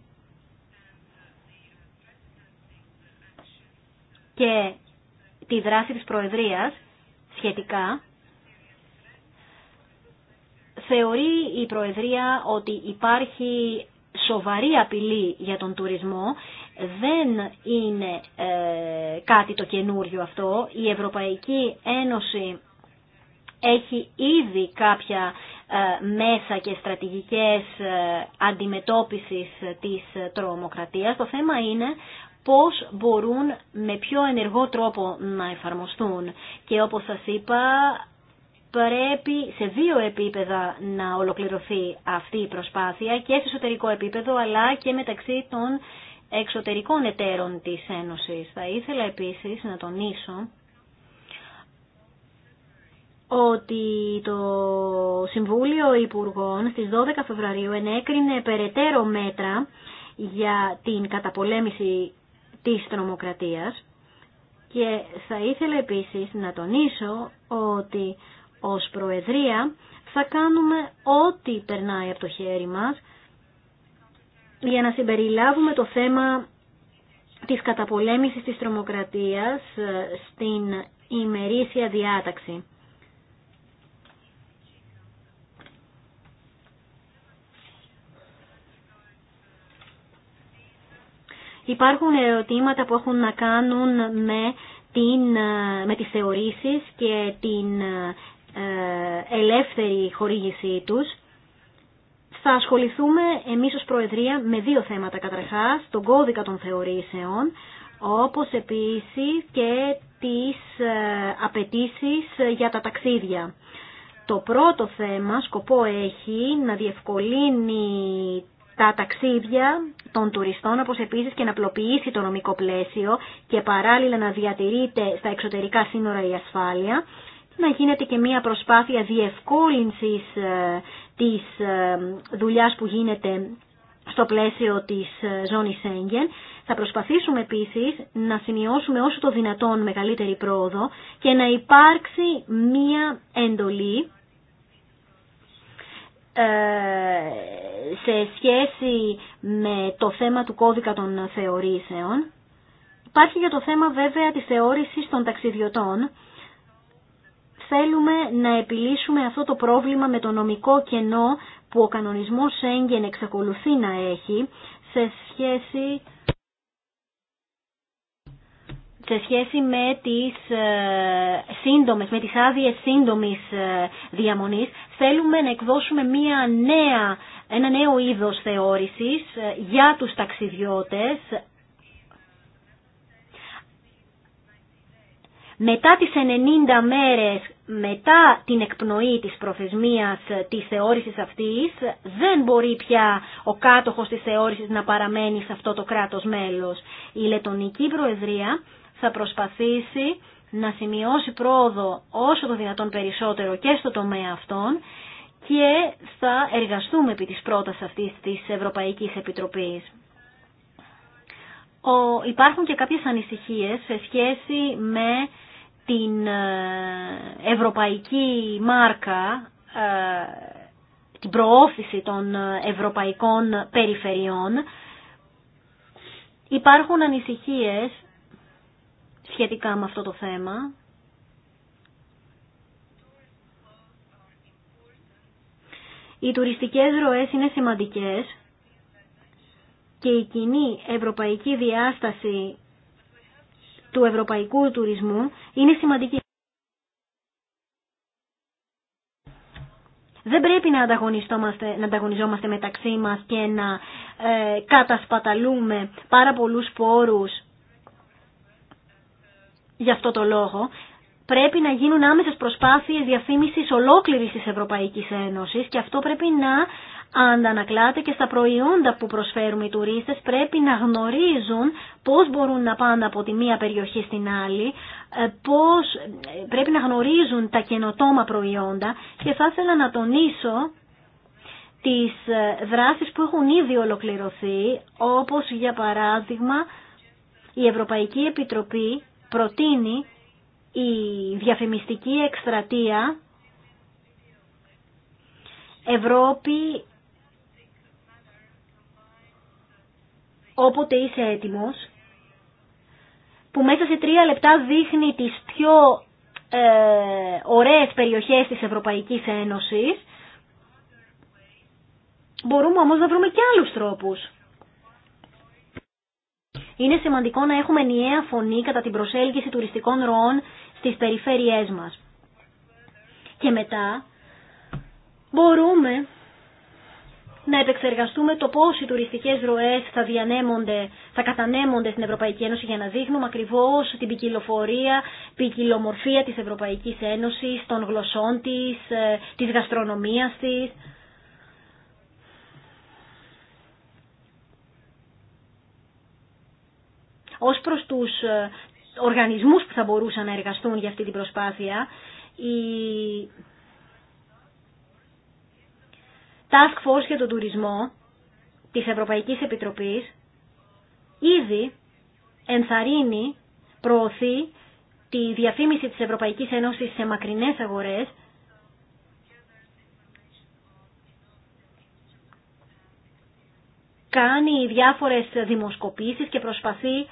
και τη δράση της Προεδρίας σχετικά, θεωρεί η Προεδρία ότι υπάρχει σοβαρή απειλή για τον τουρισμό. Δεν είναι ε, κάτι το καινούριο αυτό. Η Ευρωπαϊκή Ένωση έχει ήδη κάποια ε, μέσα και στρατηγικές ε, αντιμετώπισης της τρομοκρατίας. Το θέμα είναι πώς μπορούν με πιο ενεργό τρόπο να εφαρμοστούν. Και όπως σας είπα, πρέπει σε δύο επίπεδα να ολοκληρωθεί αυτή η προσπάθεια και σε εσωτερικό επίπεδο αλλά και μεταξύ των εξωτερικών εταίρων της Ένωσης. Θα ήθελα επίσης να τονίσω ότι το Συμβούλιο Υπουργών στις 12 Φεβρουαρίου ενέκρινε περαιτέρω μέτρα για την καταπολέμηση της τρομοκρατίας και θα ήθελα επίσης να τονίσω ότι ως Προεδρία θα κάνουμε ό,τι περνάει από το χέρι μας για να συμπεριλάβουμε το θέμα της καταπολέμησης της τρομοκρατίας στην ημερήσια διάταξη. Υπάρχουν ερωτήματα που έχουν να κάνουν με, την, με τις θεωρήσεις και την ε, ελεύθερη χορήγησή τους. Θα ασχοληθούμε εμείς ως Προεδρία με δύο θέματα καταρχάς, τον κώδικα των θεωρήσεων, όπως επίσης και τις ε, απαιτήσει για τα ταξίδια. Το πρώτο θέμα σκοπό έχει να διευκολύνει τα ταξίδια των τουριστών, όπως επίσης και να απλοποιήσει το νομικό πλαίσιο και παράλληλα να διατηρείται στα εξωτερικά σύνορα η ασφάλεια να γίνεται και μία προσπάθεια διευκόλυνσης ε, της ε, δουλειάς που γίνεται στο πλαίσιο της ε, ζώνης Σέγγεν. Θα προσπαθήσουμε επίσης να σημειώσουμε όσο το δυνατόν μεγαλύτερη πρόοδο και να υπάρξει μία εντολή σε σχέση με το θέμα του κώδικα των θεωρήσεων. Υπάρχει για το θέμα βέβαια της θεώρησης των ταξιδιωτών θέλουμε να επιλύσουμε αυτό το πρόβλημα με το νομικό κενό που ο κανονισμός Σέγγεν εξακολουθεί να έχει σε σχέση σε σχέση με τις ε, σύντομες, με τις άδειες σύντομης ε, διαμονής, θέλουμε να εκδώσουμε μια νέα, ένα νέο είδος θεώρησης ε, για τους ταξιδιώτες μετά τις 90 μέρες μετά την εκπνοή της προθεσμίας της θεώρησης αυτής δεν μπορεί πια ο κάτοχος της θεώρησης να παραμένει σε αυτό το κράτος μέλος. Η Λετωνική Προεδρία θα προσπαθήσει να σημειώσει πρόοδο όσο το δυνατόν περισσότερο και στο τομέα αυτών και θα εργαστούμε επί της πρότασης αυτής της Ευρωπαϊκής Επιτροπής. Ο, υπάρχουν και κάποιες ανησυχίες σε σχέση με την ε, ευρωπαϊκή μάρκα, ε, την προώθηση των ε, ευρωπαϊκών περιφερειών, υπάρχουν ανησυχίες σχετικά με αυτό το θέμα. Οι τουριστικές ροές είναι σημαντικές και η κοινή ευρωπαϊκή διάσταση του ευρωπαϊκού τουρισμού είναι σημαντική. Δεν πρέπει να, ανταγωνιζόμαστε, να ανταγωνιζόμαστε μεταξύ μας και να ε, κατασπαταλούμε πάρα πολλούς πόρους για αυτό το λόγο πρέπει να γίνουν άμεσες προσπάθειες διαφήμιση ολόκληρη της Ευρωπαϊκής Ένωση. και αυτό πρέπει να αντανακλάται και στα προϊόντα που προσφέρουμε οι τουρίστε, πρέπει να γνωρίζουν πώς μπορούν να πάνε από τη μία περιοχή στην άλλη, ε, πώς ε, πρέπει να γνωρίζουν τα καινοτόμα προϊόντα και θα ήθελα να τονίσω τις ε, δράσεις που έχουν ήδη ολοκληρωθεί, όπως για παράδειγμα η Ευρωπαϊκή Επιτροπή προτείνει η διαφημιστική εκστρατεία Ευρώπη όποτε είσαι έτοιμος που μέσα σε τρία λεπτά δείχνει τις πιο ε, ωραίες περιοχές της Ευρωπαϊκής Ένωσης μπορούμε όμως να βρούμε και άλλους τρόπους είναι σημαντικό να έχουμε ενιαία φωνή κατά την προσέλκυση τουριστικών ροών στις περιφέρειές μας. Και μετά μπορούμε να επεξεργαστούμε το πώς οι τουριστικές ροές θα, διανέμονται, θα κατανέμονται στην Ευρωπαϊκή Ένωση για να δείχνουμε ακριβώς την ποικιλοφορία, ποικιλομορφία της Ευρωπαϊκής Ένωσης, των γλωσσών της, ε, της γαστρονομίας της. ως προς τους ε, οργανισμούς που θα μπορούσαν να εργαστούν για αυτή την προσπάθεια. Η Task Force για τον τουρισμό της Ευρωπαϊκής Επιτροπής ήδη ενθαρρύνει, προωθεί τη διαφήμιση της Ευρωπαϊκής Ένωσης σε μακρινές αγορές κάνει διάφορες δημοσκοπήσεις και προσπαθεί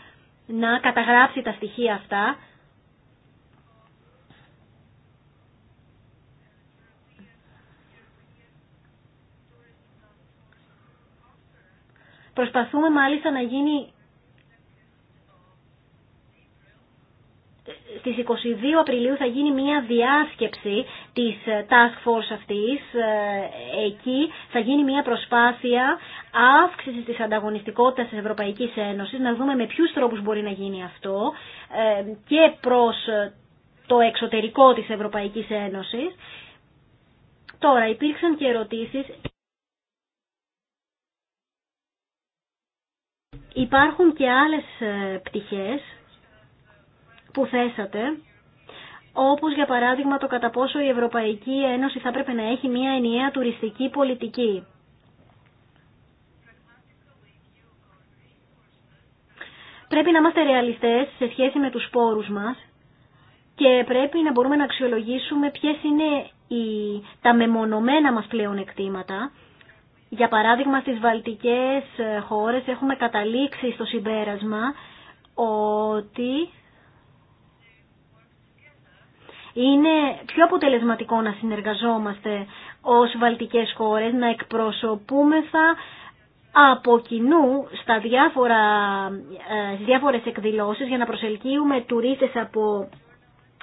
να καταγράψει τα στοιχεία αυτά. Προσπαθούμε μάλιστα να γίνει στις 22 Απριλίου θα γίνει μια διάσκεψη της Task Force αυτής. Ε, εκεί θα γίνει μια προσπάθεια αύξησης της ανταγωνιστικότητας της Ευρωπαϊκής Ένωσης, να δούμε με ποιους τρόπους μπορεί να γίνει αυτό ε, και προς το εξωτερικό της Ευρωπαϊκής Ένωσης. Τώρα υπήρξαν και ερωτήσεις. Υπάρχουν και άλλες ε, πτυχές που θέσατε, όπως για παράδειγμα το κατά πόσο η Ευρωπαϊκή Ένωση θα πρέπει να έχει μια ενιαία τουριστική πολιτική. Πρέπει να είμαστε ρεαλιστές σε σχέση με τους πόρους μας και πρέπει να μπορούμε να αξιολογήσουμε ποιες είναι οι, τα μεμονωμένα μας πλέον εκτήματα. Για παράδειγμα στις βαλτικές ε, χώρες έχουμε καταλήξει στο συμπέρασμα ότι είναι πιο αποτελεσματικό να συνεργαζόμαστε ως βαλτικές χώρες, να εκπροσωπούμεθα από κοινού στα διάφορα, ε, διάφορες εκδηλώσεις για να προσελκύουμε τουρίστες από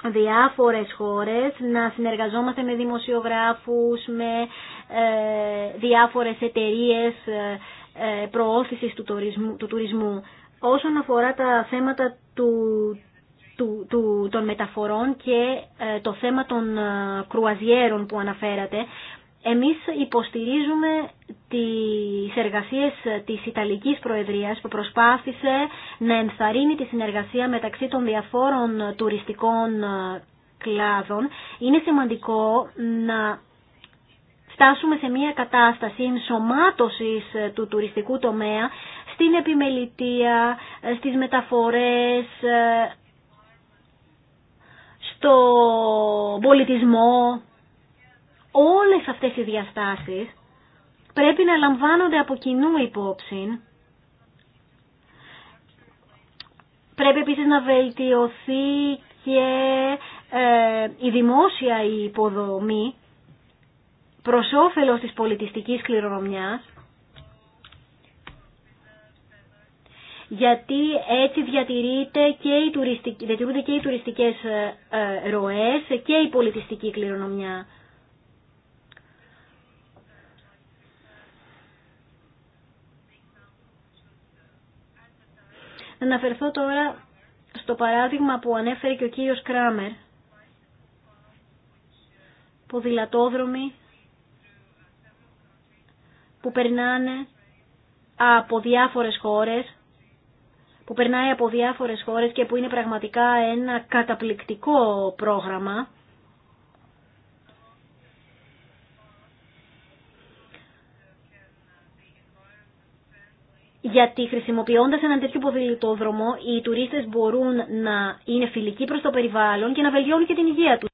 διάφορες χώρες, να συνεργαζόμαστε με δημοσιογράφους, με ε, διάφορες εταιρείες ε, προώθησης του τουρισμού, του τουρισμού. Όσον αφορά τα θέματα του του, των μεταφορών και ε, το θέμα των ε, κρουαζιέρων που αναφέρατε. Εμείς υποστηρίζουμε τις εργασίες της Ιταλικής Προεδρίας που προσπάθησε να ενθαρρύνει τη συνεργασία μεταξύ των διαφόρων τουριστικών ε, κλάδων. Είναι σημαντικό να φτάσουμε σε μια κατάσταση ενσωμάτωσης του τουριστικού τομέα στην επιμελητία, στις μεταφορές, στο πολιτισμό, όλες αυτές οι διαστάσεις πρέπει να λαμβάνονται από κοινού υπόψη. Πρέπει επίσης να βελτιωθεί και ε, η δημόσια υποδομή προς όφελος της πολιτιστικής κληρονομιάς γιατί έτσι διατηρείται και οι διατηρούνται και οι τουριστικές ε, ε, ροές και η πολιτιστική κληρονομιά. Να αναφερθώ τώρα στο παράδειγμα που ανέφερε και ο κύριος Κράμερ. Ποδηλατόδρομοι που περνάνε από διάφορες χώρες που περνάει από διάφορες χώρες και που είναι πραγματικά ένα καταπληκτικό πρόγραμμα. Γιατί χρησιμοποιώντας έναν τέτοιο ποδηλητόδρομο, οι τουρίστες μπορούν να είναι φιλικοί προς το περιβάλλον και να βελτιώνουν και την υγεία τους.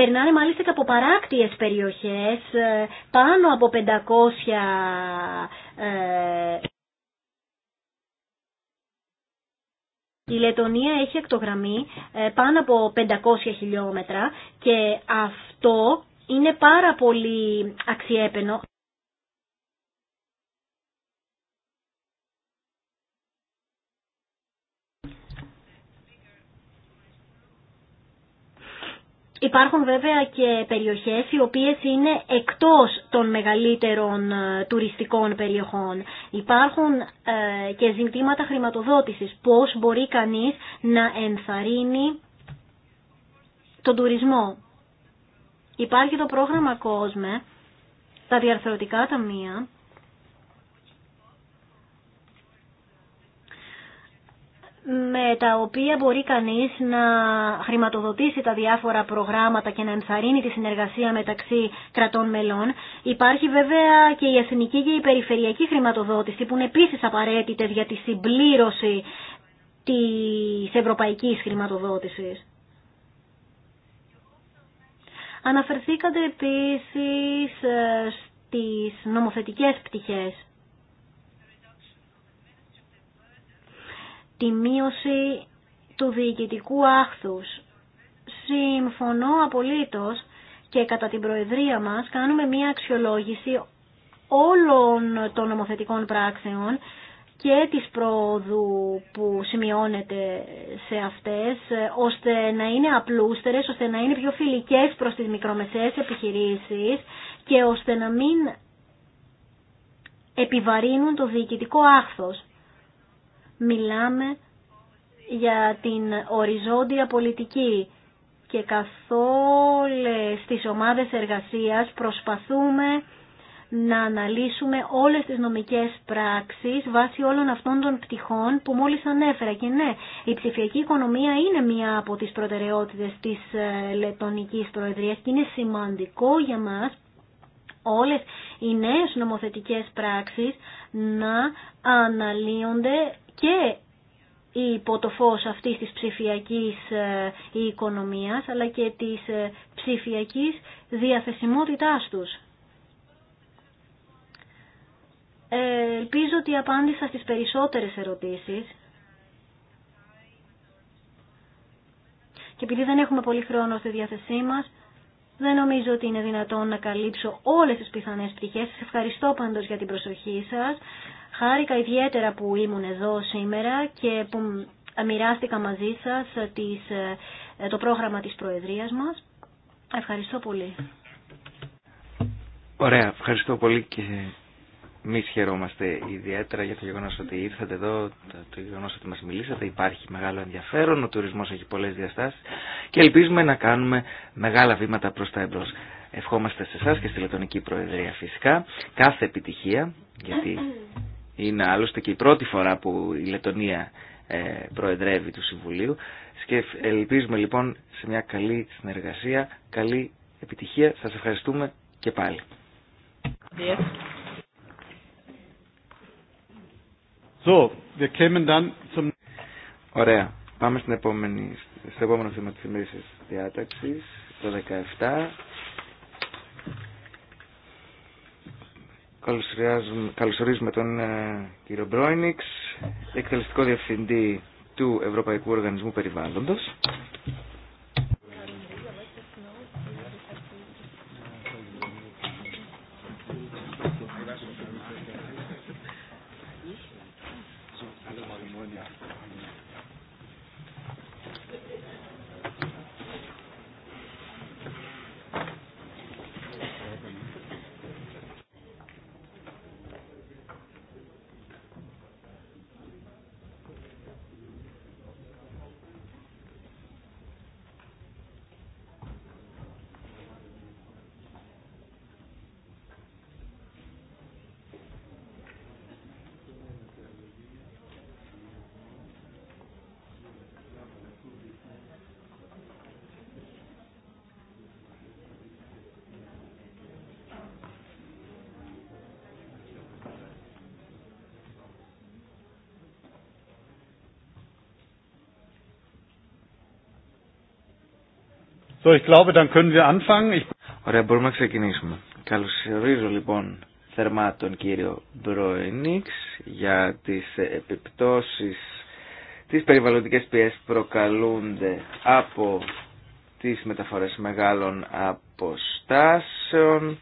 περνάνε μάλιστα και από παράκτιες περιοχές, ε, πάνω από 500... Ε, Η Λετωνία έχει εκτογραμμή ε, πάνω από 500 χιλιόμετρα και αυτό είναι πάρα πολύ αξιέπαινο. Υπάρχουν βέβαια και περιοχές οι οποίες είναι εκτός των μεγαλύτερων ε, τουριστικών περιοχών. Υπάρχουν ε, και ζητήματα χρηματοδότησης. Πώς μπορεί κανείς να ενθαρρύνει τον τουρισμό. Υπάρχει το πρόγραμμα COSME, τα διαρθρωτικά ταμεία, με τα οποία μπορεί κανείς να χρηματοδοτήσει τα διάφορα προγράμματα και να ενθαρρύνει τη συνεργασία μεταξύ κρατών μελών. Υπάρχει βέβαια και η εθνική και η περιφερειακή χρηματοδότηση που είναι επίσης απαραίτητες για τη συμπλήρωση της ευρωπαϊκής χρηματοδότησης. Αναφερθήκατε επίσης ε, στις νομοθετικές πτυχές τη μείωση του διοικητικού άχθους. Συμφωνώ απολύτως και κατά την Προεδρία μας κάνουμε μία αξιολόγηση όλων των νομοθετικών πράξεων και της πρόοδου που σημειώνεται σε αυτές, ώστε να είναι απλούστερες, ώστε να είναι πιο φιλικές προς τις μικρομεσαίες επιχειρήσεις και ώστε να μην επιβαρύνουν το διοικητικό άχθος μιλάμε για την οριζόντια πολιτική και καθόλες όλες τις ομάδες εργασίας προσπαθούμε να αναλύσουμε όλες τις νομικές πράξεις βάσει όλων αυτών των πτυχών που μόλις ανέφερα. Και ναι, η ψηφιακή οικονομία είναι μία από τις προτεραιότητες της ε, Λετωνικής Προεδρίας και είναι σημαντικό για μας όλες οι νέες νομοθετικές πράξεις να αναλύονται και υπό το φως αυτής της ψηφιακής ε, οικονομίας αλλά και της ε, ψηφιακής διαθεσιμότητάς τους. Ε, ελπίζω ότι απάντησα στις περισσότερες ερωτήσεις. Και επειδή δεν έχουμε πολύ χρόνο στη διάθεσή μας, δεν νομίζω ότι είναι δυνατόν να καλύψω όλες τις πιθανές πτυχές. Σας ευχαριστώ πάντως για την προσοχή σας. Χάρηκα ιδιαίτερα που ήμουν εδώ σήμερα και που μοιράστηκα μαζί σας ε, το πρόγραμμα της Προεδρίας μας. Ευχαριστώ πολύ. Ωραία, ευχαριστώ πολύ και εμεί χαιρόμαστε ιδιαίτερα για το γεγονό ότι ήρθατε εδώ, το γεγονό ότι μα μιλήσατε. Υπάρχει μεγάλο ενδιαφέρον, ο τουρισμό έχει πολλέ διαστάσει και ελπίζουμε να κάνουμε μεγάλα βήματα προ τα εμπρό. Ευχόμαστε σε εσά και στη Λετωνική Προεδρία φυσικά κάθε επιτυχία, γιατί είναι άλλωστε και η πρώτη φορά που η Λετωνία ε, προεδρεύει του Συμβουλίου ελπίζουμε λοιπόν σε μια καλή συνεργασία, καλή επιτυχία. Σας ευχαριστούμε και πάλι. So, dann zum... Ωραία. Πάμε στην επόμενη, στο επόμενο θέμα της ημέρησης διάταξης, το 17. Καλωσορίζουμε τον ε, κύριο Μπρόινιξ, εκτελεστικό διευθυντή του Ευρωπαϊκού Οργανισμού Περιβάλλοντος So, ich glaube, dann können wir anfangen. Ωραία, μπορούμε να ξεκινήσουμε. Καλωσορίζω λοιπόν θερμά τον κύριο Μπροενίξ για τις επιπτώσεις τις περιβαλλοντικές πιέσεις προκαλούνται από τις μεταφορές μεγάλων αποστάσεων.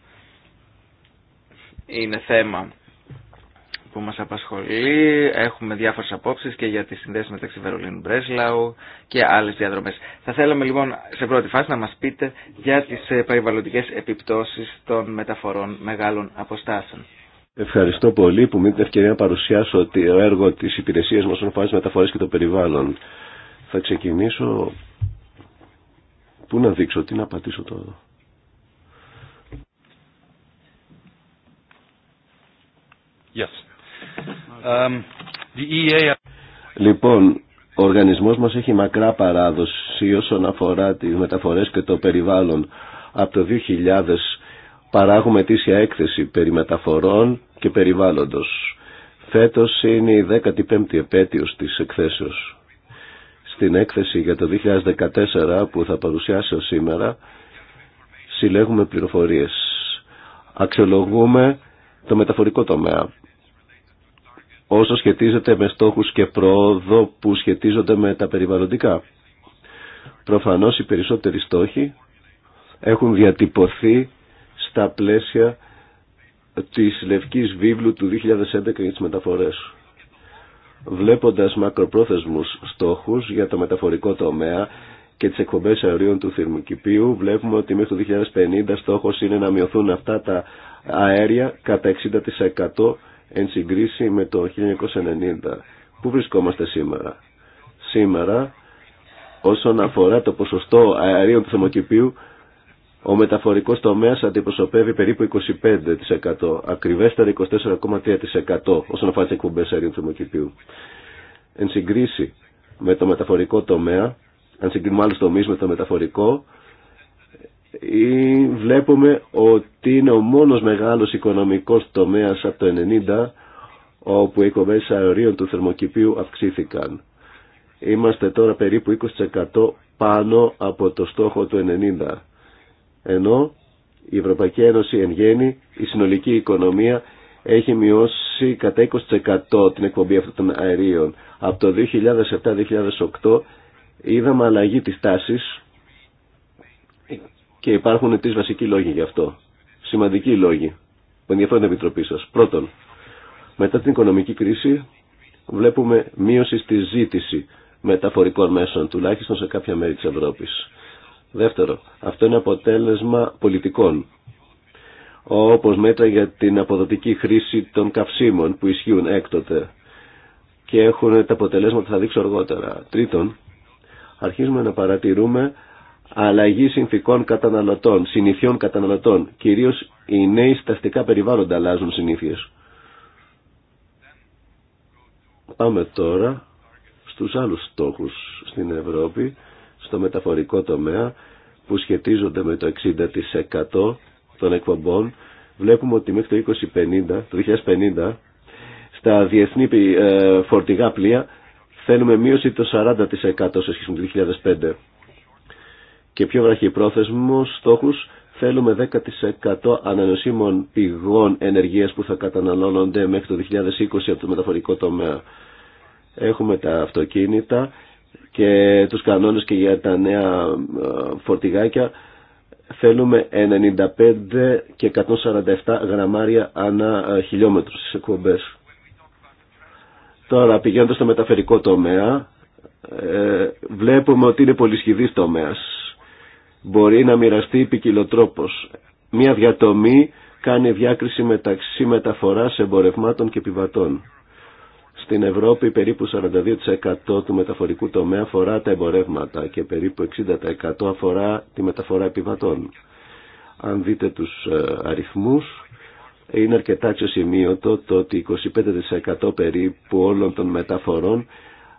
Είναι θέμα που μας απασχολεί. Έχουμε διάφορες απόψεις και για τις συνδέσεις μεταξύ Βερολίνου Μπρέσλαου και άλλες διαδρομές. Θα θέλαμε λοιπόν σε πρώτη φάση να μας πείτε για τις ε, περιβαλλοντικές επιπτώσεις των μεταφορών μεγάλων αποστάσεων. Ευχαριστώ πολύ που μείνετε την ευκαιρία να παρουσιάσω το έργο της υπηρεσίας μας όσον μεταφορές και το περιβάλλον. Θα ξεκινήσω... Πού να δείξω, τι να πατήσω το... Yes. Um, e λοιπόν, ο οργανισμός μας έχει μακρά παράδοση όσον αφορά τις μεταφορές και το περιβάλλον. Από το 2000 παράγουμε τήσια έκθεση περί μεταφορών και περιβάλλοντος. Φέτος είναι η 15η επέτειος της εκθέσεως. Στην έκθεση για το 2014 που θα παρουσιάσω σήμερα συλλέγουμε πληροφορίες. Αξιολογούμε το μεταφορικό τομέα όσο σχετίζεται με στόχους και πρόοδο που σχετίζονται με τα περιβαλλοντικά. Προφανώς οι περισσότεροι στόχοι έχουν διατυπωθεί στα πλαίσια της Λευκής Βίβλου του 2011 για τις μεταφορές. Βλέποντας μακροπρόθεσμους στόχους για το μεταφορικό τομέα και τις εκπομπές αερίων του θερμοκηπίου, βλέπουμε ότι μέχρι το 2050 στόχος είναι να μειωθούν αυτά τα αέρια κατά 60% εν συγκρίση με το 1990. Πού βρισκόμαστε σήμερα. Σήμερα, όσον αφορά το ποσοστό αερίων του θερμοκηπίου, ο μεταφορικός τομέας αντιπροσωπεύει περίπου 25%, ακριβέστερα 24,3% όσον αφορά τις εκπομπές αερίων του θερμοκηπίου. Εν συγκρίση με το μεταφορικό τομέα, αν συγκρίνουμε άλλους τομείς με το μεταφορικό, ή βλέπουμε ότι είναι ο μόνος μεγάλος οικονομικός τομέας από το 90 όπου οι κομμές αερίων του θερμοκηπίου αυξήθηκαν. Είμαστε τώρα περίπου 20% πάνω από το στόχο του 90. Ενώ η Ευρωπαϊκή Ένωση εν γέννη, η συνολική οικονομία έχει μειώσει κατά 20% την εκπομπή αυτών των αερίων. Από το 2007-2008 είδαμε αλλαγή της τάσης και υπάρχουν τρει βασικοί λόγοι γι' αυτό. Σημαντικοί λόγοι που ενδιαφέρουν την Επιτροπή σα. Πρώτον, μετά την οικονομική κρίση βλέπουμε μείωση στη ζήτηση μεταφορικών μέσων, τουλάχιστον σε κάποια μέρη της Ευρώπης. Δεύτερο, αυτό είναι αποτέλεσμα πολιτικών, όπως μέτρα για την αποδοτική χρήση των καυσίμων που ισχύουν έκτοτε και έχουν τα αποτελέσματα που θα δείξω αργότερα. Τρίτον, αρχίζουμε να παρατηρούμε αλλαγή συνθήκων καταναλωτών, συνηθιών καταναλωτών. Κυρίως οι νέοι σταστικά περιβάλλοντα αλλάζουν συνήθειες. Πάμε τώρα στους άλλους στόχους στην Ευρώπη, στο μεταφορικό τομέα, που σχετίζονται με το 60% των εκπομπών. Βλέπουμε ότι μέχρι το 2050, το 2050 στα διεθνή ε, φορτηγά πλοία θέλουμε μείωση το 40% σε σχέση με το 2005 και πιο βραχυπρόθεσμος στόχου θέλουμε 10% ανανεωσίμων πηγών ενεργείας που θα καταναλώνονται μέχρι το 2020 από το μεταφορικό τομέα. Έχουμε τα αυτοκίνητα και τους κανόνες και για τα νέα ε, φορτηγάκια θέλουμε 95 και 147 γραμμάρια ανά ε, χιλιόμετρο στις εκπομπές. Τώρα πηγαίνοντας στο μεταφορικό τομέα, ε, βλέπουμε ότι είναι πολυσχηδής τομέας μπορεί να μοιραστεί επικοιλωτρόπως. Μία διατομή κάνει διάκριση μεταξύ μεταφοράς εμπορευμάτων και επιβατών. Στην Ευρώπη περίπου 42% του μεταφορικού τομέα αφορά τα εμπορεύματα και περίπου 60% αφορά τη μεταφορά επιβατών. Αν δείτε τους ε, αριθμούς, είναι αρκετά αξιοσημείωτο το ότι 25% περίπου όλων των μεταφορών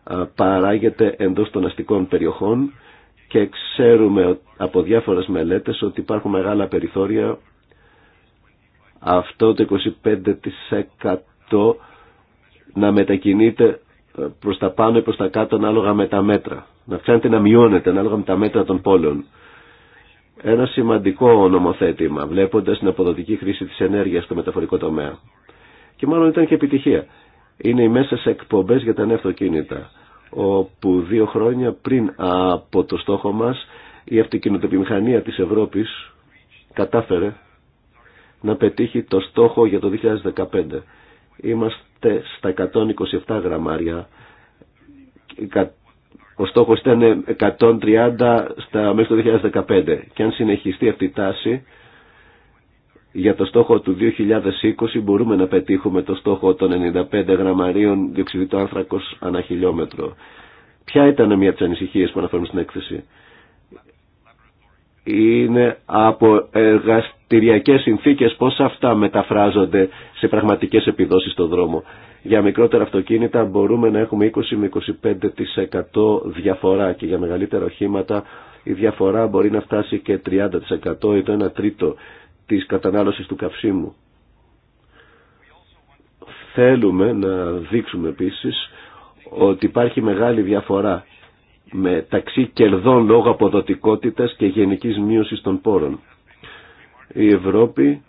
ε, παράγεται εντός των αστικών περιοχών και ξέρουμε από διάφορες μελέτες ότι υπάρχουν μεγάλα περιθώρια αυτό το 25% να μετακινείται ε, προς τα πάνω ή προς τα κάτω ανάλογα με τα μέτρα. Να αυξάνεται να μειώνεται ανάλογα με τα μέτρα των πόλεων. Ένα σημαντικό νομοθέτημα βλέποντας την αποδοτική χρήση της ενέργειας στο μεταφορικό τομέα. Και μάλλον ήταν και επιτυχία. Είναι οι μέσες εκπομπές για τα νέα όπου δύο χρόνια πριν από το στόχο μας η αυτοκινητοπιμηχανία της Ευρώπης κατάφερε να πετύχει το στόχο για το 2015. Είμαστε στα 127 γραμμάρια. Ο στόχος ήταν 130 στα, μέχρι το 2015. Και αν συνεχιστεί αυτή η τάση για το στόχο του 2020 μπορούμε να πετύχουμε το στόχο των 95 γραμμαρίων διοξιδιτού άνθρακος ανά χιλιόμετρο. Ποια ήταν μια από τις ανησυχίες που αναφέρουμε στην έκθεση. Είναι από εργαστηριακές συνθήκες πώς αυτά μεταφράζονται σε πραγματικές επιδόσεις στον δρόμο. Για μικρότερα αυτοκίνητα μπορούμε να έχουμε 20 με 25% διαφορά και για μεγαλύτερα οχήματα η διαφορά μπορεί να φτάσει και 30% ή το 1 τρίτο της κατανάλωσης του καυσίμου. Θέλουμε να δείξουμε επίσης ότι υπάρχει μεγάλη διαφορά μεταξύ κερδών λόγω αποδοτικότητας και γενικής μείωσης των πόρων. Η Ευρώπη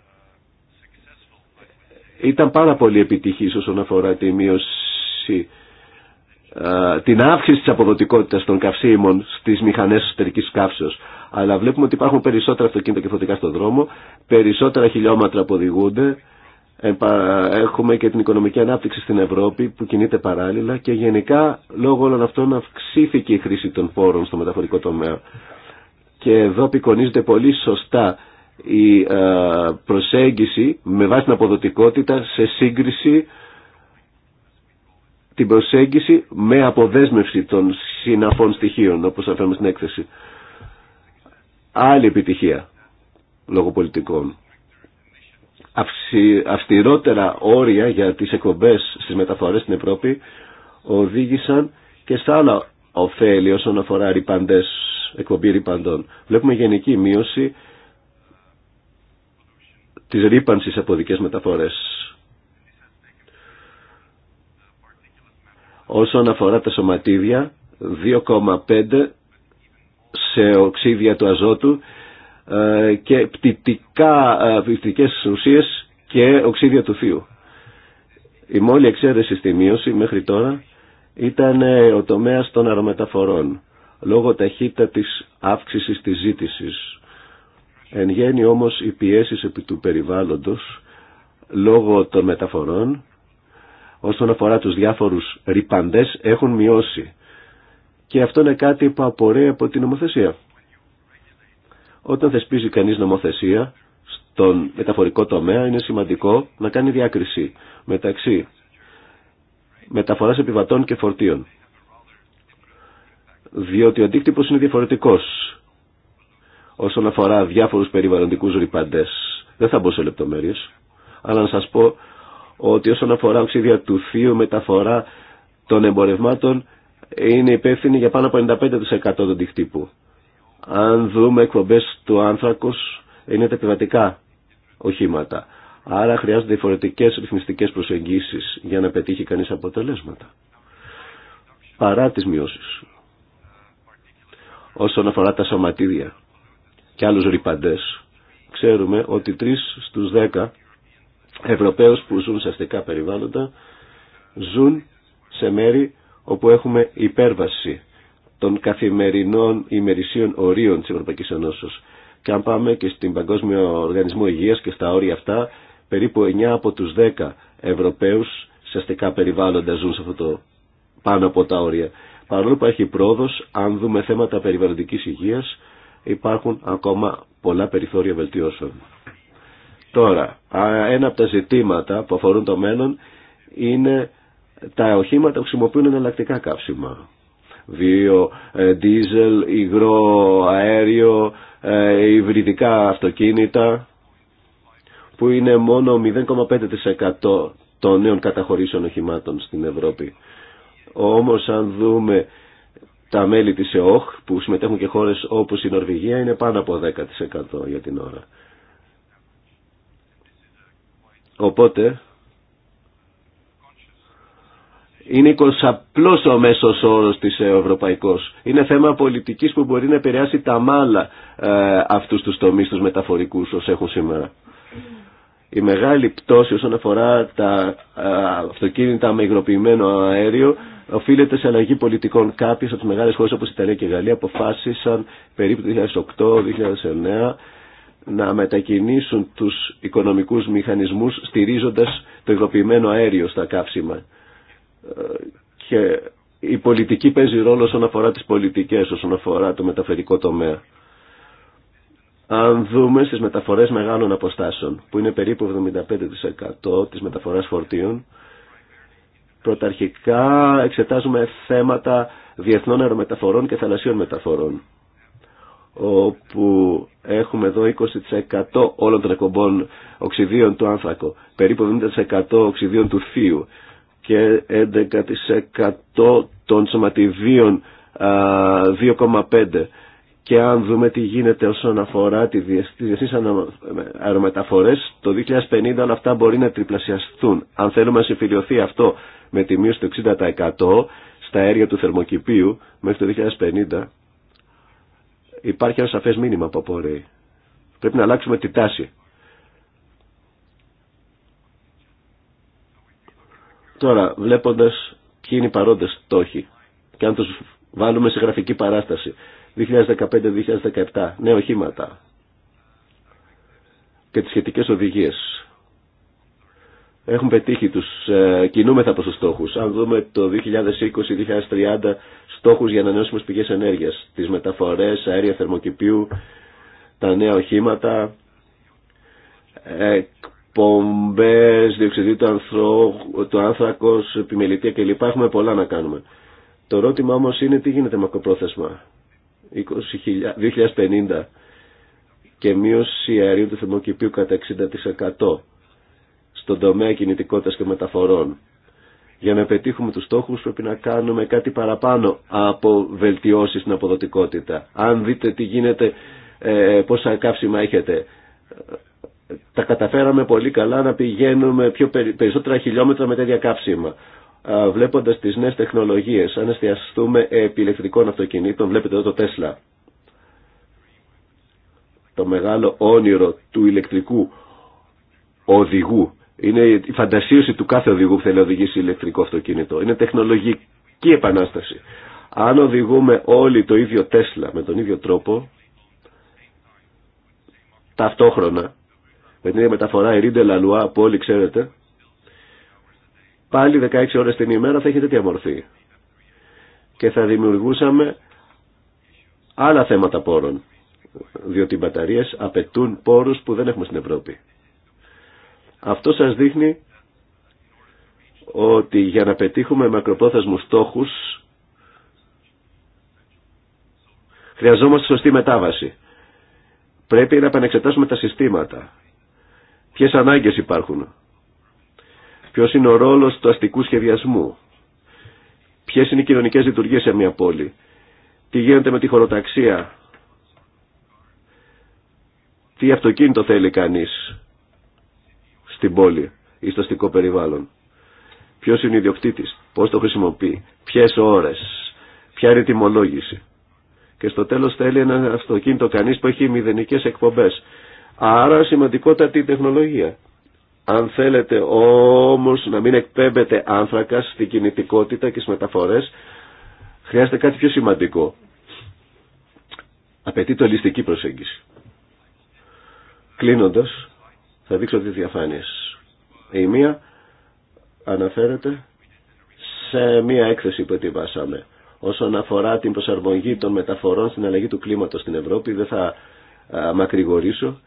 ήταν πάρα πολύ επιτυχής όσον αφορά τη μείωση, την αύξηση της αποδοτικότητας των καυσίμων στις μηχανές εσωτερικής καύσεως αλλά βλέπουμε ότι υπάρχουν περισσότερα αυτοκίνητα και φωτικά στον δρόμο, περισσότερα χιλιόμετρα που οδηγούνται, έχουμε και την οικονομική ανάπτυξη στην Ευρώπη που κινείται παράλληλα και γενικά λόγω όλων αυτών αυξήθηκε η χρήση των πόρων στο μεταφορικό τομέα. Και εδώ πικονίζεται πολύ σωστά η ε, προσέγγιση με βάση την αποδοτικότητα σε σύγκριση την προσέγγιση με αποδέσμευση των συναφών στοιχείων όπως αφαίρουμε στην έκθεση άλλη επιτυχία λόγω πολιτικών. Αυστηρότερα όρια για τις εκπομπές στις μεταφορές στην Ευρώπη οδήγησαν και στα άλλα ωφέλη όσον αφορά ρηπαντές, εκπομπή ρηπαντών. Βλέπουμε γενική μείωση της ρήπανσης από δικές μεταφορές. Όσον αφορά τα σωματίδια, 2,5 σε οξύδια του αζότου ε, και πτυτικά ε, πτυτικές ουσίες και οξύδια του θείου. Η μόλι εξαίρεση στη μείωση μέχρι τώρα ήταν ε, ο τομέας των αερομεταφορών λόγω ταχύτητα της αύξησης της ζήτησης. Εν γέννη όμως οι πιέσεις επί του περιβάλλοντος λόγω των μεταφορών όσον αφορά τους διάφορους ρηπαντές έχουν μειώσει. Και αυτό είναι κάτι που απορρέει από την νομοθεσία. Όταν θεσπίζει κανείς νομοθεσία στον μεταφορικό τομέα είναι σημαντικό να κάνει διάκριση μεταξύ μεταφοράς επιβατών και φορτίων. Διότι ο αντίκτυπος είναι διαφορετικός όσον αφορά διάφορους περιβαλλοντικούς ρηπαντές. Δεν θα μπω σε λεπτομέρειες, αλλά να σας πω ότι όσον αφορά οξύδια του θείου μεταφορά των εμπορευμάτων είναι υπεύθυνη για πάνω από 95% του τυχτυπού. Αν δούμε εκπομπές του άνθρακος, είναι τα πιβατικά οχήματα. Άρα χρειάζονται διαφορετικές ρυθμιστικές προσεγγίσεις για να πετύχει κανείς αποτελέσματα. Παρά τις μειώσεις. Όσον αφορά τα σωματίδια και άλλους ρηπαντές, ξέρουμε ότι 3 στους 10 Ευρωπαίους που ζουν σε αστικά περιβάλλοντα ζουν σε μέρη όπου έχουμε υπέρβαση των καθημερινών ημερησίων ορίων της Ευρωπαϊκής Ενώσεως. Και αν πάμε και στην Παγκόσμιο Οργανισμό Υγείας και στα όρια αυτά, περίπου 9 από τους 10 Ευρωπαίους σε αστικά περιβάλλοντα ζουν σε αυτό πάνω από τα όρια. Παρόλο που έχει πρόοδος, αν δούμε θέματα περιβαλλοντικής υγείας, υπάρχουν ακόμα πολλά περιθώρια βελτιώσεων. Τώρα, ένα από τα ζητήματα που αφορούν το μέλλον είναι τα οχήματα χρησιμοποιούν εναλλακτικά καύσιμα. Βίο, δίζελ, ε, υγρό, αέριο, ε, υβριδικά αυτοκίνητα που είναι μόνο 0,5% των νέων καταχωρήσεων οχημάτων στην Ευρώπη. Όμως αν δούμε τα μέλη της ΕΟΧ που συμμετέχουν και χώρες όπως η Νορβηγία είναι πάνω από 10% για την ώρα. Οπότε είναι 20 ο μέσος όρος της ε, ευρωπαϊκός. Είναι θέμα πολιτικής που μπορεί να επηρεάσει τα μάλα ε, αυτούς τους τομείς τους μεταφορικούς όσους έχουν σήμερα. Η μεγάλη πτώση όσον αφορά τα ε, αυτοκίνητα με υγροποιημένο αέριο οφείλεται σε αλλαγή πολιτικών. Κάποιες από τις μεγάλες χώρες όπως η Ιταλία και η Γαλλία αποφάσισαν περίπου το 2008-2009 να μετακινήσουν τους οικονομικούς μηχανισμούς στηρίζοντας το υγροποιημένο αέριο στα καύσιμα και η πολιτική παίζει ρόλο όσον αφορά τις πολιτικές, όσον αφορά το μεταφερικό τομέα. Αν δούμε στις μεταφορές μεγάλων αποστάσεων, που είναι περίπου 75% της μεταφοράς φορτίων, πρωταρχικά εξετάζουμε θέματα διεθνών αερομεταφορών και θαλασσίων μεταφορών, όπου έχουμε εδώ 20% όλων των εκπομπών οξυδίων του άνθρακο, περίπου 70% οξυδίων του θείου, και 11% των σωματιδίων 2,5% και αν δούμε τι γίνεται όσον αφορά τις διεθνείς αερομεταφορές, το 2050 όλα αυτά μπορεί να τριπλασιαστούν. Αν θέλουμε να συμφιλειωθεί αυτό με τη μείωση του 60% στα αέρια του θερμοκηπίου μέχρι το 2050, υπάρχει ένα σαφές μήνυμα που απορρέει. Πρέπει να αλλάξουμε τη τάση. Τώρα, βλέποντας ποιοι είναι οι παρόντες στόχοι και αν τους βάλουμε σε γραφική παράσταση 2015-2017, νέα οχήματα και τις σχετικές οδηγίες. Έχουν πετύχει τους, ε, κινούμεθα προς τους στόχους. Αν δούμε το 2020-2030 στόχους για ανανεώσιμες πηγές ενέργειας, τις μεταφορές, αέρια θερμοκηπίου, τα νέα οχήματα, ε, Πομπές διοξιδί του, ανθρώ, άνθρακος, επιμελητία κλπ. Έχουμε πολλά να κάνουμε. Το ερώτημα όμως είναι τι γίνεται μακροπρόθεσμα. 2050 και μείωση αερίου του θερμοκηπίου κατά 60% στον τομέα κινητικότητα και μεταφορών. Για να πετύχουμε τους στόχους πρέπει να κάνουμε κάτι παραπάνω από βελτιώσει στην αποδοτικότητα. Αν δείτε τι γίνεται, ε, πόσα καύσιμα έχετε, τα καταφέραμε πολύ καλά να πηγαίνουμε πιο περισσότερα χιλιόμετρα με τέτοια κάψιμα. Βλέποντας τις νέες τεχνολογίες, αν εστιαστούμε επί ηλεκτρικών αυτοκινήτων, βλέπετε εδώ το Τέσλα. Το μεγάλο όνειρο του ηλεκτρικού οδηγού. Είναι η φαντασίωση του κάθε οδηγού που θέλει να οδηγήσει ηλεκτρικό αυτοκίνητο. Είναι τεχνολογική επανάσταση. Αν οδηγούμε όλοι το ίδιο Τέσλα με τον ίδιο τρόπο, ταυτόχρονα με την ίδια μεταφορά η Ρίντε Λαλουά που όλοι ξέρετε, πάλι 16 ώρες την ημέρα θα είχε τέτοια μορφή. Και θα δημιουργούσαμε άλλα θέματα πόρων, διότι οι μπαταρίες απαιτούν πόρους που δεν έχουμε στην Ευρώπη. Αυτό σας δείχνει ότι για να πετύχουμε μακροπρόθεσμους στόχους χρειαζόμαστε σωστή μετάβαση. Πρέπει να επανεξετάσουμε τα συστήματα Ποιες ανάγκες υπάρχουν. Ποιος είναι ο ρόλος του αστικού σχεδιασμού. Ποιες είναι οι κοινωνικές λειτουργίες σε μια πόλη. Τι γίνεται με τη χωροταξία. Τι αυτοκίνητο θέλει κανείς στην πόλη ή στο αστικό περιβάλλον. Ποιος είναι ο ιδιοκτήτης. Πώς το χρησιμοποιεί. Ποιες ώρες. Ποια είναι η στο αστικο περιβαλλον ποιος ειναι ο ιδιοκτητης πως το χρησιμοποιει ποιες ωρες ποια ειναι η Και στο τέλος θέλει ένα αυτοκίνητο κανείς που έχει μηδενικές εκπομπές. Άρα σημαντικότατη η τεχνολογία. Αν θέλετε όμως να μην εκπέμπεται άνθρακα στη κινητικότητα και στις μεταφορές, χρειάζεται κάτι πιο σημαντικό. Απαιτεί το ληστική προσέγγιση. Κλείνοντας, θα δείξω δύο διαφάνειες. Η μία αναφέρεται σε μία έκθεση που ετοιμάσαμε. Όσον αφορά την προσαρμογή των μεταφορών στην αλλαγή του κλίματος στην Ευρώπη, δεν θα μακρηγορήσω.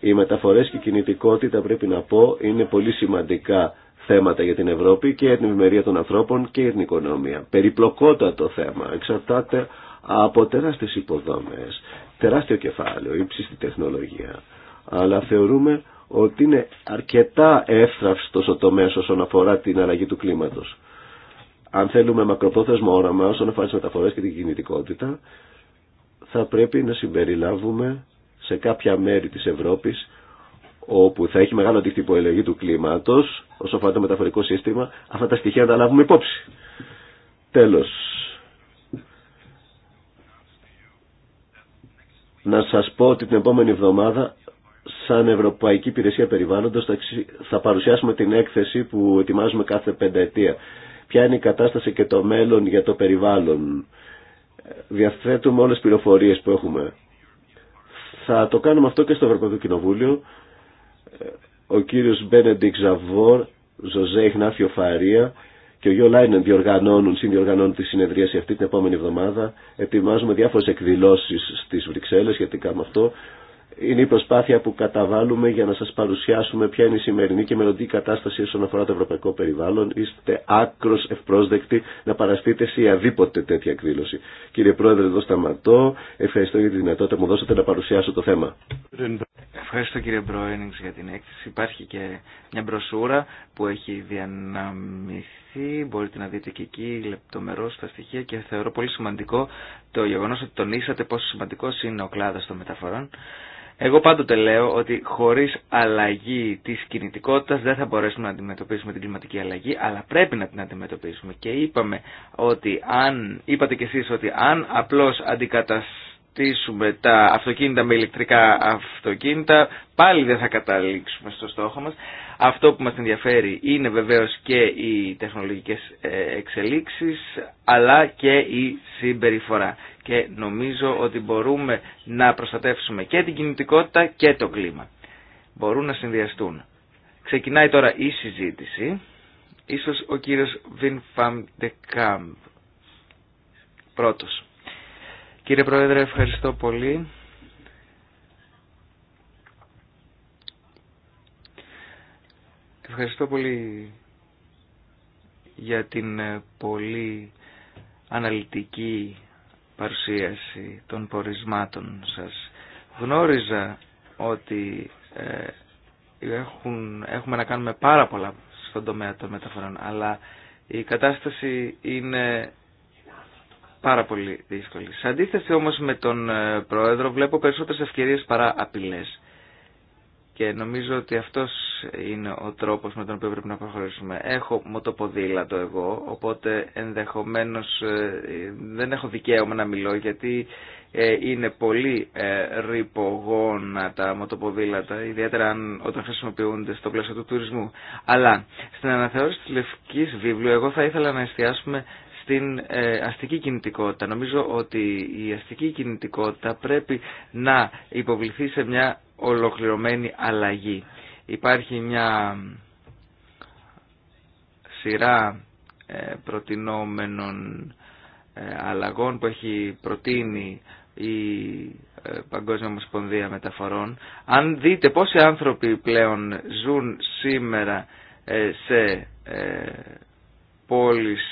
Οι μεταφορές και η κινητικότητα πρέπει να πω είναι πολύ σημαντικά θέματα για την Ευρώπη και για την ευημερία των ανθρώπων και για την οικονομία. Περιπλοκότατο θέμα. Εξαρτάται από τεράστιες υποδόμες, τεράστιο κεφάλαιο, ύψιστη τεχνολογία. Αλλά θεωρούμε ότι είναι αρκετά εύθραυστος ο τομέας όσον αφορά την αλλαγή του κλίματος. Αν θέλουμε μακροπρόθεσμο όραμα όσον αφορά τις μεταφορές και την κινητικότητα, θα πρέπει να συμπεριλάβουμε σε κάποια μέρη της Ευρώπης όπου θα έχει μεγάλο αντίκτυπο ελεγγύη του κλίματος όσο αφορά το μεταφορικό σύστημα αυτά τα στοιχεία να τα λάβουμε υπόψη. Τέλος. Να σας πω ότι την επόμενη εβδομάδα σαν Ευρωπαϊκή Υπηρεσία Περιβάλλοντος θα παρουσιάσουμε την έκθεση που ετοιμάζουμε κάθε πενταετία. Ποια είναι η κατάσταση και το μέλλον για το περιβάλλον. Διαθέτουμε όλες τις πληροφορίες που έχουμε θα το κάνουμε αυτό και στο Ευρωπαϊκό Κοινοβούλιο. Ο κύριος Μπένεντικ Ζαβόρ, Ζωζέ Ιχνάφιο Φαρία και ο Γιώ Λάινεν διοργανώνουν, συνδιοργανώνουν τη συνεδρίαση αυτή την επόμενη εβδομάδα. Ετοιμάζουμε διάφορες εκδηλώσεις στις Βρυξέλλες γιατί με αυτό είναι η προσπάθεια που καταβάλουμε για να σας παρουσιάσουμε ποια είναι η σημερινή και μελλοντή κατάσταση όσον αφορά το ευρωπαϊκό περιβάλλον. Είστε άκρος ευπρόσδεκτοι να παραστείτε σε αδίποτε τέτοια εκδήλωση. Κύριε Πρόεδρε, εδώ σταματώ. Ευχαριστώ για τη δυνατότητα που μου δώσατε να παρουσιάσω το θέμα. Ευχαριστώ κύριε Μπρόενιξ για την έκθεση. Υπάρχει και μια μπροσούρα που έχει διαναμηθεί. Μπορείτε να δείτε και εκεί λεπτομερώς τα στοιχεία και θεωρώ πολύ σημαντικό το γεγονό ότι τονίσατε πόσο σημαντικός είναι ο κλάδος των μεταφορών. Εγώ πάντοτε λέω ότι χωρίς αλλαγή της κινητικότητας δεν θα μπορέσουμε να αντιμετωπίσουμε την κλιματική αλλαγή, αλλά πρέπει να την αντιμετωπίσουμε. Και είπαμε ότι αν, είπατε κι εσείς ότι αν απλώς αντικαταστήσουμε τα αυτοκίνητα με ηλεκτρικά αυτοκίνητα, πάλι δεν θα καταλήξουμε στο στόχο μας. Αυτό που μας ενδιαφέρει είναι βεβαίως και οι τεχνολογικές ε, εξελίξεις, αλλά και η συμπεριφορά και νομίζω ότι μπορούμε να προστατεύσουμε και την κινητικότητα και το κλίμα. Μπορούν να συνδυαστούν. Ξεκινάει τώρα η συζήτηση. Ίσως ο κύριος Βινφαμ Ντεκάμπ. Πρώτος. Κύριε Πρόεδρε, ευχαριστώ πολύ. Ευχαριστώ πολύ για την ε, πολύ αναλυτική παρουσίαση των πορισμάτων σας. Γνώριζα ότι ε, έχουν, έχουμε να κάνουμε πάρα πολλά στον τομέα των μεταφορών, αλλά η κατάσταση είναι πάρα πολύ δύσκολη. Σε αντίθεση όμως με τον ε, Πρόεδρο βλέπω περισσότερες ευκαιρίες παρά απειλές. Και νομίζω ότι αυτός είναι ο τρόπος με τον οποίο πρέπει να προχωρήσουμε. Έχω μοτοποδήλατο εγώ, οπότε ενδεχομένως ε, δεν έχω δικαίωμα να μιλώ γιατί ε, είναι πολύ ε, ρηπογόνα τα μοτοποδήλατα, ιδιαίτερα αν, όταν χρησιμοποιούνται στο πλαίσιο του τουρισμού. Αλλά στην αναθεώρηση της Λευκής Βίβλου εγώ θα ήθελα να εστιάσουμε στην αστική κινητικότητα. Νομίζω ότι η αστική κινητικότητα πρέπει να υποβληθεί σε μια ολοκληρωμένη αλλαγή. Υπάρχει μια σειρά ε, προτινόμενων ε, αλλαγών που έχει προτείνει η ε, Παγκόσμια Ομοσπονδία Μεταφορών. Αν δείτε πόσοι άνθρωποι πλέον ζουν σήμερα σε πόλεις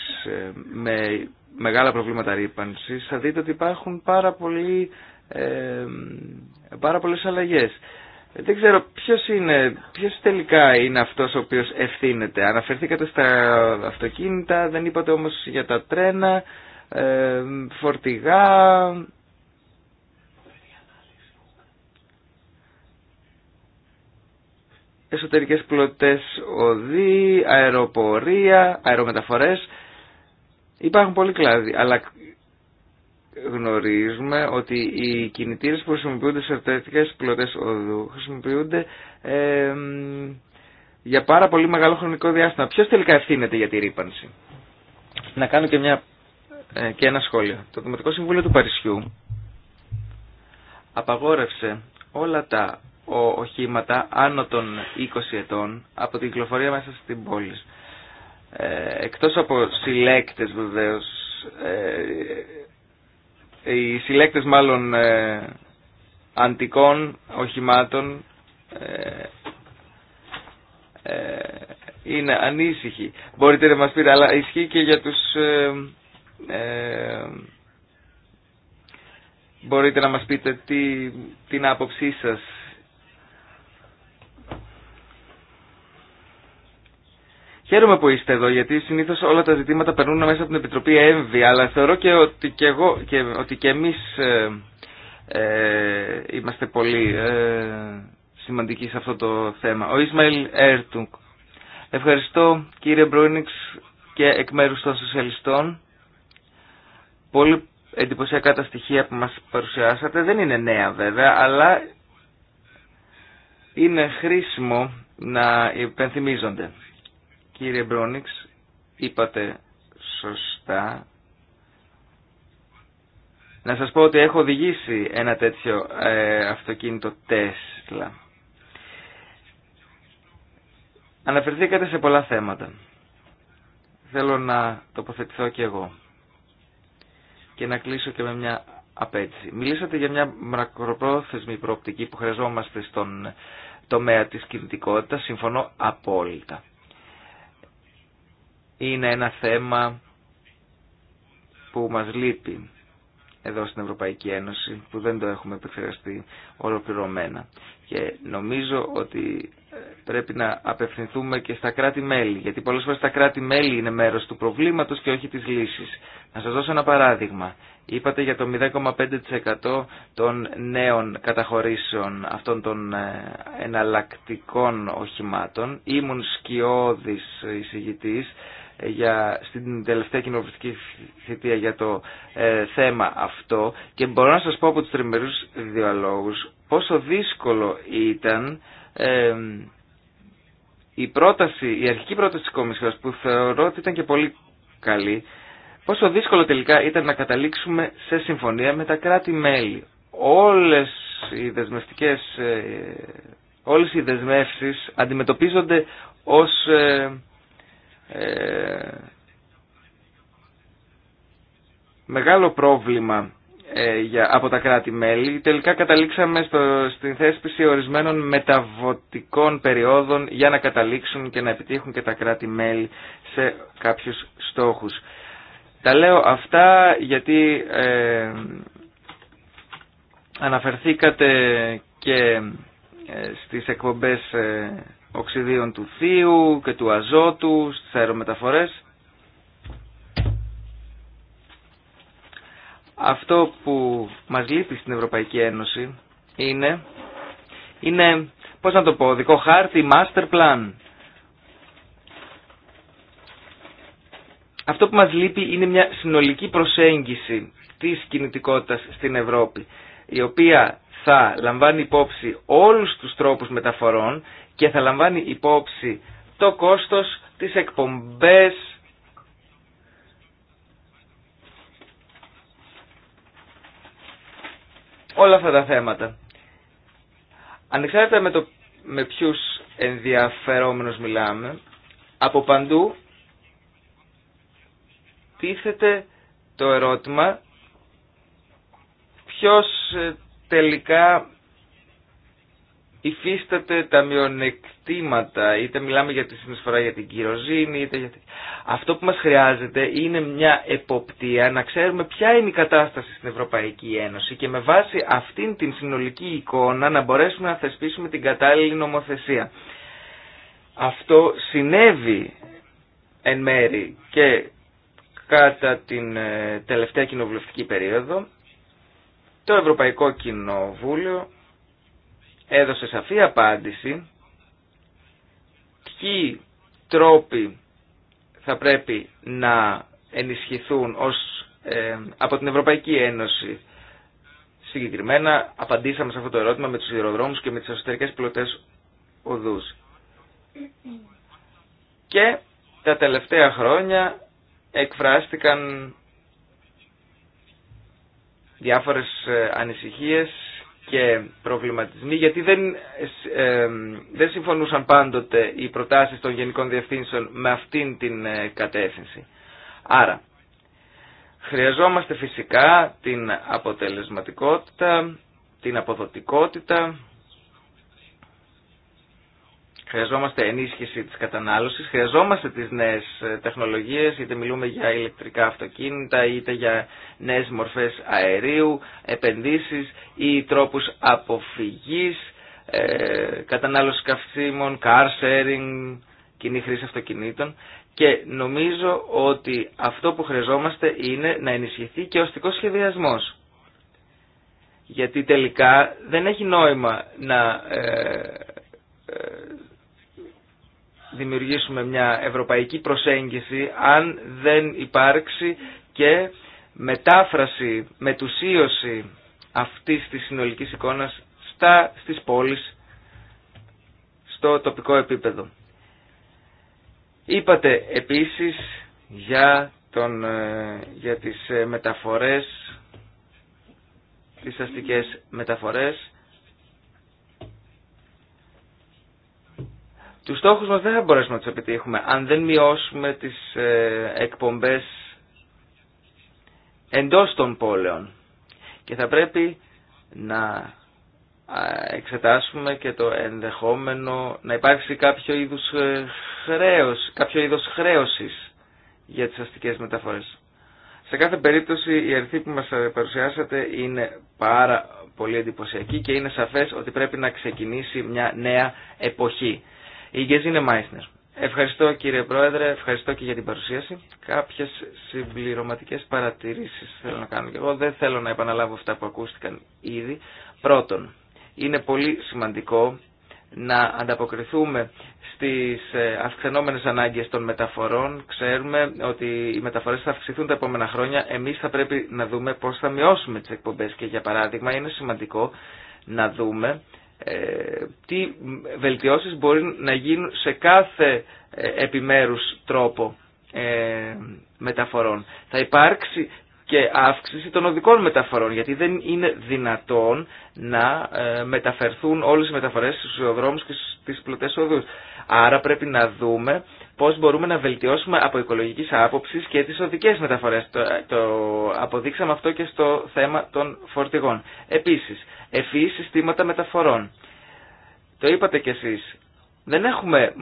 με μεγάλα προβλήματα ρήπανσης, θα δείτε ότι υπάρχουν πάρα πολλοί ε, πάρα πολλές αλλαγές. Δεν ξέρω ποιος, είναι, ποιος τελικά είναι αυτός ο οποίος ευθύνεται. Αναφερθήκατε στα αυτοκίνητα, δεν είπατε όμως για τα τρένα, ε, φορτηγά... εσωτερικές πλωτές οδοί, αεροπορία, αερομεταφορές. Υπάρχουν πολλοί κλάδοι, αλλά γνωρίζουμε ότι οι κινητήρες που χρησιμοποιούνται σε τέτοιες πλωτές οδού χρησιμοποιούνται για πάρα πολύ μεγάλο χρονικό διάστημα. Ποιος τελικά ευθύνεται για τη ρήπανση. Να κάνω και, μια, ε, και ένα σχόλιο. Το Δημοτικό Συμβούλιο του Παρισιού απαγόρευσε όλα τα οχήματα άνω των 20 ετών από την κυκλοφορία μέσα στην πόλη. Ε, εκτός από συλλέκτες βεβαίως, ε, οι συλλέκτες μάλλον ε, αντικών οχημάτων ε, ε, είναι ανήσυχοι. Μπορείτε να μας πείτε, αλλά ισχύει και για τους... Ε, ε, μπορείτε να μας πείτε τι, την άποψή σας Χαίρομαι που είστε εδώ, γιατί συνήθως όλα τα ζητήματα περνούν μέσα από την Επιτροπή ΕΜΒΙ αλλά θεωρώ και ότι και, εγώ, και, ότι και εμείς ε, ε, είμαστε πολύ ε, σημαντικοί σε αυτό το θέμα. Ο Ισμαήλ Έρτουγκ. Ευχαριστώ κύριε Μπρόνιξ και εκ μέρους των σοσιαλιστών. Πολύ εντυπωσιακά τα στοιχεία που μας παρουσιάσατε. Δεν είναι νέα βέβαια, αλλά είναι χρήσιμο να υπενθυμίζονται. Κύριε Μπρόνιξ, είπατε σωστά. Να σας πω ότι έχω οδηγήσει ένα τέτοιο ε, αυτοκίνητο Τέσλα. Αναφερθήκατε σε πολλά θέματα. Θέλω να τοποθετηθώ και εγώ. Και να κλείσω και με μια απέτηση. Μιλήσατε για μια μακροπρόθεσμη προοπτική που χρειαζόμαστε στον τομέα της κινητικότητας. Συμφωνώ απόλυτα είναι ένα θέμα που μας λείπει εδώ στην Ευρωπαϊκή Ένωση που δεν το έχουμε επεξεργαστεί ολοκληρωμένα. Και νομίζω ότι ε, πρέπει να απευθυνθούμε και στα κράτη-μέλη, γιατί πολλές φορές τα κράτη-μέλη είναι μέρος του προβλήματος και όχι της λύσης. Να σας δώσω ένα παράδειγμα. Είπατε για το 0,5% των νέων καταχωρήσεων αυτών των ε, εναλλακτικών οχημάτων. Ήμουν σκιώδης εισηγητής για, στην τελευταία κοινοβουλευτική θητεία για το ε, θέμα αυτό και μπορώ να σας πω από τους τριμερούς διαλόγους πόσο δύσκολο ήταν ε, η, πρόταση, η αρχική πρόταση της που θεωρώ ότι ήταν και πολύ καλή πόσο δύσκολο τελικά ήταν να καταλήξουμε σε συμφωνία με τα κράτη-μέλη. Όλες οι δεσμευτικές, ε, όλες οι δεσμεύσεις αντιμετωπίζονται ως... Ε, μεγάλο πρόβλημα ε, για, από τα κράτη-μέλη. Τελικά καταλήξαμε στο, στην θέσπιση ορισμένων μεταβοτικών περιόδων για να καταλήξουν και να επιτύχουν και τα κράτη-μέλη σε κάποιους στόχους. Τα λέω αυτά γιατί ε, αναφερθήκατε και στις εκπομπές οξυδίων του θείου και του αζότου στις αερομεταφορές. Αυτό που μας λείπει στην Ευρωπαϊκή Ένωση είναι, είναι πώς να το πω, δικό χάρτη, master plan. Αυτό που μας λείπει είναι μια συνολική προσέγγιση της κινητικότητας στην Ευρώπη, η οποία θα λαμβάνει υπόψη όλους τους τρόπους μεταφορών και θα λαμβάνει υπόψη το κόστος, τις εκπομπές όλα αυτά τα θέματα. Ανεξάρτητα με, το, με ποιους ενδιαφερόμενους μιλάμε, από παντού τίθεται το ερώτημα ποιος ε, τελικά υφίσταται τα μειονεκτήματα, είτε μιλάμε για τη συνεισφορά για την κυροζήνη, είτε για... Αυτό που μας χρειάζεται είναι μια εποπτεία, να ξέρουμε ποια είναι η κατάσταση στην Ευρωπαϊκή Ένωση και με βάση αυτήν την συνολική εικόνα να μπορέσουμε να θεσπίσουμε την κατάλληλη νομοθεσία. Αυτό συνέβη εν μέρη και κατά την ε, τελευταία κοινοβουλευτική περίοδο, το Ευρωπαϊκό Κοινοβούλιο έδωσε σαφή απάντηση ποιοι τρόποι θα πρέπει να ενισχυθούν ως, ε, από την Ευρωπαϊκή Ένωση. Συγκεκριμένα απαντήσαμε σε αυτό το ερώτημα με τους ιεροδρόμους και με τις εσωτερικές πλωτές οδούς. Και τα τελευταία χρόνια εκφράστηκαν διάφορες ε, ανησυχίες και προβληματισμοί γιατί δεν, ε, δεν συμφωνούσαν πάντοτε οι προτάσεις των γενικών διευθύνσεων με αυτήν την ε, κατεύθυνση. Άρα, χρειαζόμαστε φυσικά την αποτελεσματικότητα, την αποδοτικότητα Χρειαζόμαστε ενίσχυση της κατανάλωσης, χρειαζόμαστε τις νέες ε, τεχνολογίες, είτε μιλούμε για ηλεκτρικά αυτοκίνητα, είτε για νέες μορφές αερίου, επενδύσεις ή τρόπους αποφυγής, ε, κατανάλωση καυσίμων, car sharing, κοινή χρήση αυτοκινήτων. Και νομίζω ότι αυτό που χρειαζόμαστε είναι να ενισχυθεί και ο αστικός σχεδιασμός. Γιατί τελικά δεν έχει νόημα να... Ε, ε, δημιουργήσουμε μια ευρωπαϊκή προσέγγιση αν δεν υπάρξει και μετάφραση, μετουσίωση αυτής της συνολικής εικόνας στα, στις πόλεις, στο τοπικό επίπεδο. Είπατε επίσης για, τον, ε, για τις ε, μεταφορές, τις αστικές μεταφορές Τους στόχους μας δεν θα μπορέσουμε να τους επιτύχουμε αν δεν μειώσουμε τις ε, εκπομπές εντός των πόλεων. Και θα πρέπει να εξετάσουμε και το ενδεχόμενο να υπάρξει κάποιο είδους ε, χρέος, κάποιο είδος χρέωσης για τις αστικές μεταφορές. Σε κάθε περίπτωση η αριθμή που μας παρουσιάσατε είναι πάρα πολύ εντυπωσιακή και είναι σαφές ότι πρέπει να ξεκινήσει μια νέα εποχή. Η είναι Μάισνερ. Ευχαριστώ κύριε Πρόεδρε, ευχαριστώ και για την παρουσίαση. Κάποιε συμπληρωματικέ παρατηρήσει θέλω να κάνω και εγώ. Δεν θέλω να επαναλάβω αυτά που ακούστηκαν ήδη. Πρώτον, είναι πολύ σημαντικό να ανταποκριθούμε στις ε, αυξανόμενες ανάγκες των μεταφορών. Ξέρουμε ότι οι μεταφορές θα αυξηθούν τα επόμενα χρόνια. Εμείς θα πρέπει να δούμε πώς θα μειώσουμε τις εκπομπές και για παράδειγμα είναι σημαντικό να δούμε ε, τι βελτιώσεις μπορεί να γίνουν σε κάθε ε, επιμέρους τρόπο ε, μεταφορών. Θα υπάρξει και αύξηση των οδικών μεταφορών, γιατί δεν είναι δυνατόν να μεταφερθούν όλες οι μεταφορές στους δρόμους και στις πλωτές οδούς. Άρα πρέπει να δούμε πώς μπορούμε να βελτιώσουμε από οικολογικής άποψη και τι οδικές μεταφορές. Το, αποδείξαμε αυτό και στο θέμα των φορτηγών. Επίσης, ευφυεί συστήματα μεταφορών. Το είπατε κι εσείς. Δεν έχουμε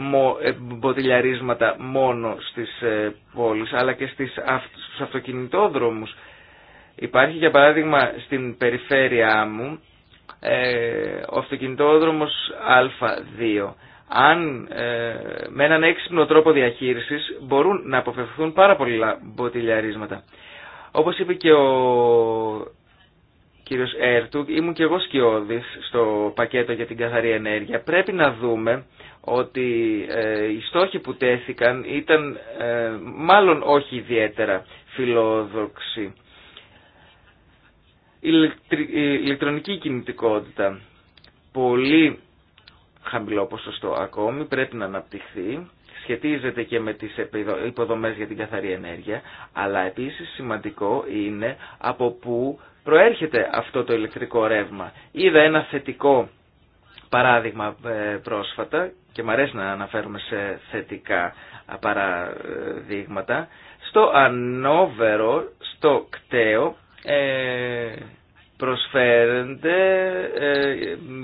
ε, μποτιλιαρίσματα μόνο στις πόλει, πόλεις, αλλά και στις, αυτοκινητόδρομου. αυτοκινητόδρομους. Υπάρχει, για παράδειγμα, στην περιφέρειά μου, ε, ο αυτοκινητόδρομος Α2 αν ε, με έναν έξυπνο τρόπο διαχείρισης μπορούν να αποφευθούν πάρα πολλά μποτιλιαρίσματα. Όπως είπε και ο κύριος Έρτουγκ, ήμουν και εγώ σκιώδης στο πακέτο για την καθαρή ενέργεια. Πρέπει να δούμε ότι ε, οι στόχοι που τέθηκαν ήταν ε, μάλλον όχι ιδιαίτερα φιλόδοξοι. Η ηλεκτρονική κινητικότητα. Πολύ χαμηλό ποσοστό ακόμη, πρέπει να αναπτυχθεί. Σχετίζεται και με τις υποδομές για την καθαρή ενέργεια, αλλά επίσης σημαντικό είναι από πού προέρχεται αυτό το ηλεκτρικό ρεύμα. Είδα ένα θετικό παράδειγμα ε, πρόσφατα και μου αρέσει να αναφέρουμε σε θετικά παραδείγματα. Στο Ανόβερο, στο κταίο, ε, προσφέρεται ε,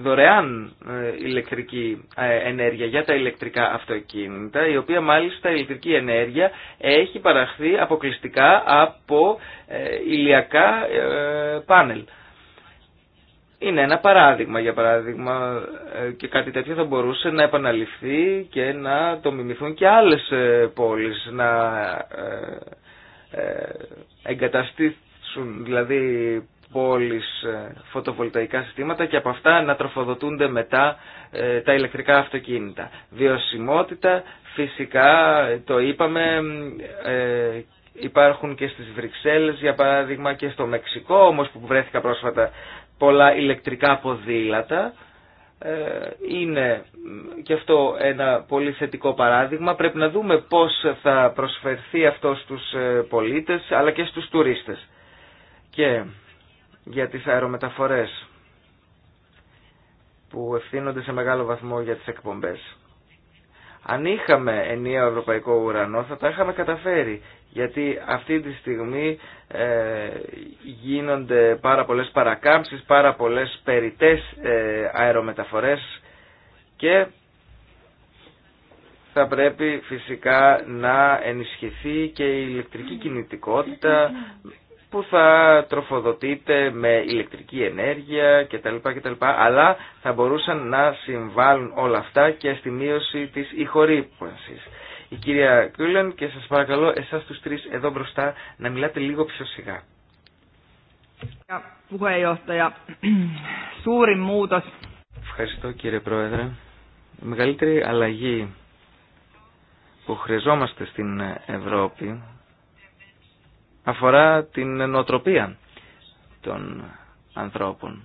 δωρεάν ε, ηλεκτρική ε, ενέργεια για τα ηλεκτρικά αυτοκίνητα, η οποία μάλιστα η ηλεκτρική ενέργεια έχει παραχθεί αποκλειστικά από ηλιακά πάνελ. Είναι ένα παράδειγμα, για παράδειγμα, και κάτι τέτοιο θα μπορούσε να επαναληφθεί και να το μιμηθούν και άλλες πόλεις, να εγκαταστήσουν δηλαδή πόλεις ε, φωτοβολταϊκά συστήματα και από αυτά να τροφοδοτούνται μετά ε, τα ηλεκτρικά αυτοκίνητα. Βιωσιμότητα, φυσικά το είπαμε, ε, υπάρχουν και στις Βρυξέλλες για παράδειγμα και στο Μεξικό όμως που βρέθηκα πρόσφατα πολλά ηλεκτρικά ποδήλατα είναι και αυτό ένα πολύ θετικό παράδειγμα. Πρέπει να δούμε πώς θα προσφερθεί αυτό στους πολίτες αλλά και στους τουρίστες. Και για τις αερομεταφορές που ευθύνονται σε μεγάλο βαθμό για τις εκπομπές. Αν είχαμε ενιαίο ευρωπαϊκό ουρανό θα τα είχαμε καταφέρει γιατί αυτή τη στιγμή ε, γίνονται πάρα πολλές παρακάμψεις, πάρα πολλές περιτές ε, αερομεταφορές και θα πρέπει φυσικά να ενισχυθεί και η ηλεκτρική κινητικότητα που θα τροφοδοτείτε με ηλεκτρική ενέργεια κτλ. κτλ αλλά θα μπορούσαν να συμβάλλουν όλα αυτά και στη μείωση της ηχορύπωσης. Η κυρία Κούλεν και σας παρακαλώ εσάς τους τρεις εδώ μπροστά να μιλάτε λίγο πιο σιγά. Ευχαριστώ κύριε Πρόεδρε. Η μεγαλύτερη αλλαγή που χρειαζόμαστε στην Ευρώπη αφορά την νοοτροπία των ανθρώπων.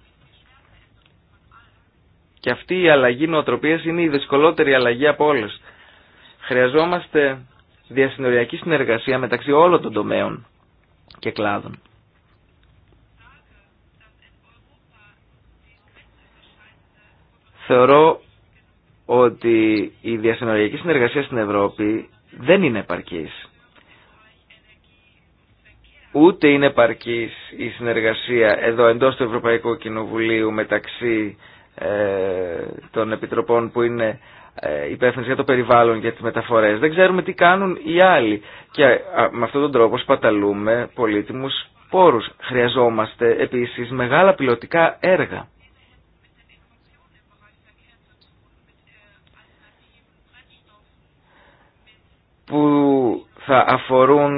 Και αυτή η αλλαγή νοοτροπίας είναι η δυσκολότερη αλλαγή από όλες. Χρειαζόμαστε διασυνοριακή συνεργασία μεταξύ όλων των τομέων και κλάδων. Θεωρώ ότι η διασυνοριακή συνεργασία στην Ευρώπη δεν είναι επαρκής ούτε είναι παρκής η συνεργασία εδώ εντός του Ευρωπαϊκού Κοινοβουλίου μεταξύ ε, των επιτροπών που είναι ε, υπεύθυνες για το περιβάλλον και τις μεταφορές. Δεν ξέρουμε τι κάνουν οι άλλοι και με αυτόν τον τρόπο σπαταλούμε πολύτιμους πόρους. Χρειαζόμαστε επίσης μεγάλα πιλωτικά έργα. που θα αφορούν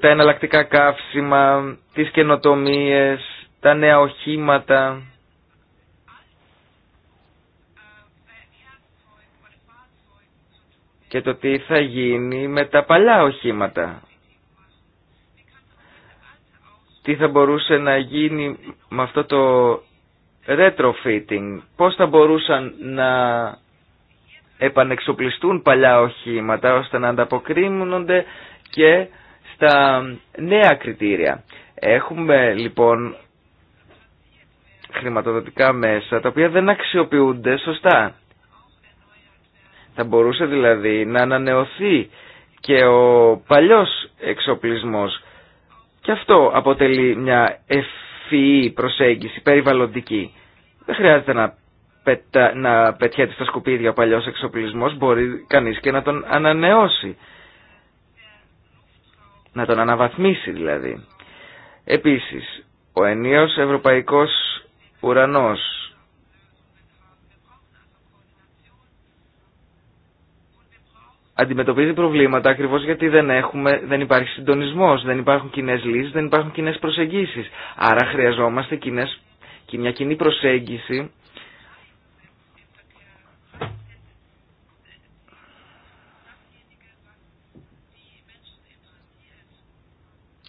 τα εναλλακτικά καύσιμα, τις καινοτομίες, τα νέα οχήματα. Και το τι θα γίνει με τα παλιά οχήματα. Τι θα μπορούσε να γίνει με αυτό το retrofitting. Πώς θα μπορούσαν να επανεξοπλιστούν παλιά οχήματα ώστε να ανταποκρίνονται και στα νέα κριτήρια. Έχουμε λοιπόν χρηματοδοτικά μέσα τα οποία δεν αξιοποιούνται σωστά. Θα μπορούσε δηλαδή να ανανεωθεί και ο παλιός εξοπλισμός και αυτό αποτελεί μια ευφυή προσέγγιση περιβαλλοντική. Δεν χρειάζεται να πετα, να πετιέται στα σκουπίδια ο παλιός εξοπλισμός μπορεί κανείς και να τον ανανεώσει. Να τον αναβαθμίσει δηλαδή. Επίσης, ο ενίος ευρωπαϊκός ουρανός αντιμετωπίζει προβλήματα ακριβώ γιατί δεν, έχουμε, δεν υπάρχει συντονισμό, δεν υπάρχουν κοινέ λύσει, δεν υπάρχουν κοινέ προσεγγίσει. Άρα χρειαζόμαστε κοινές, μια κοινή προσέγγιση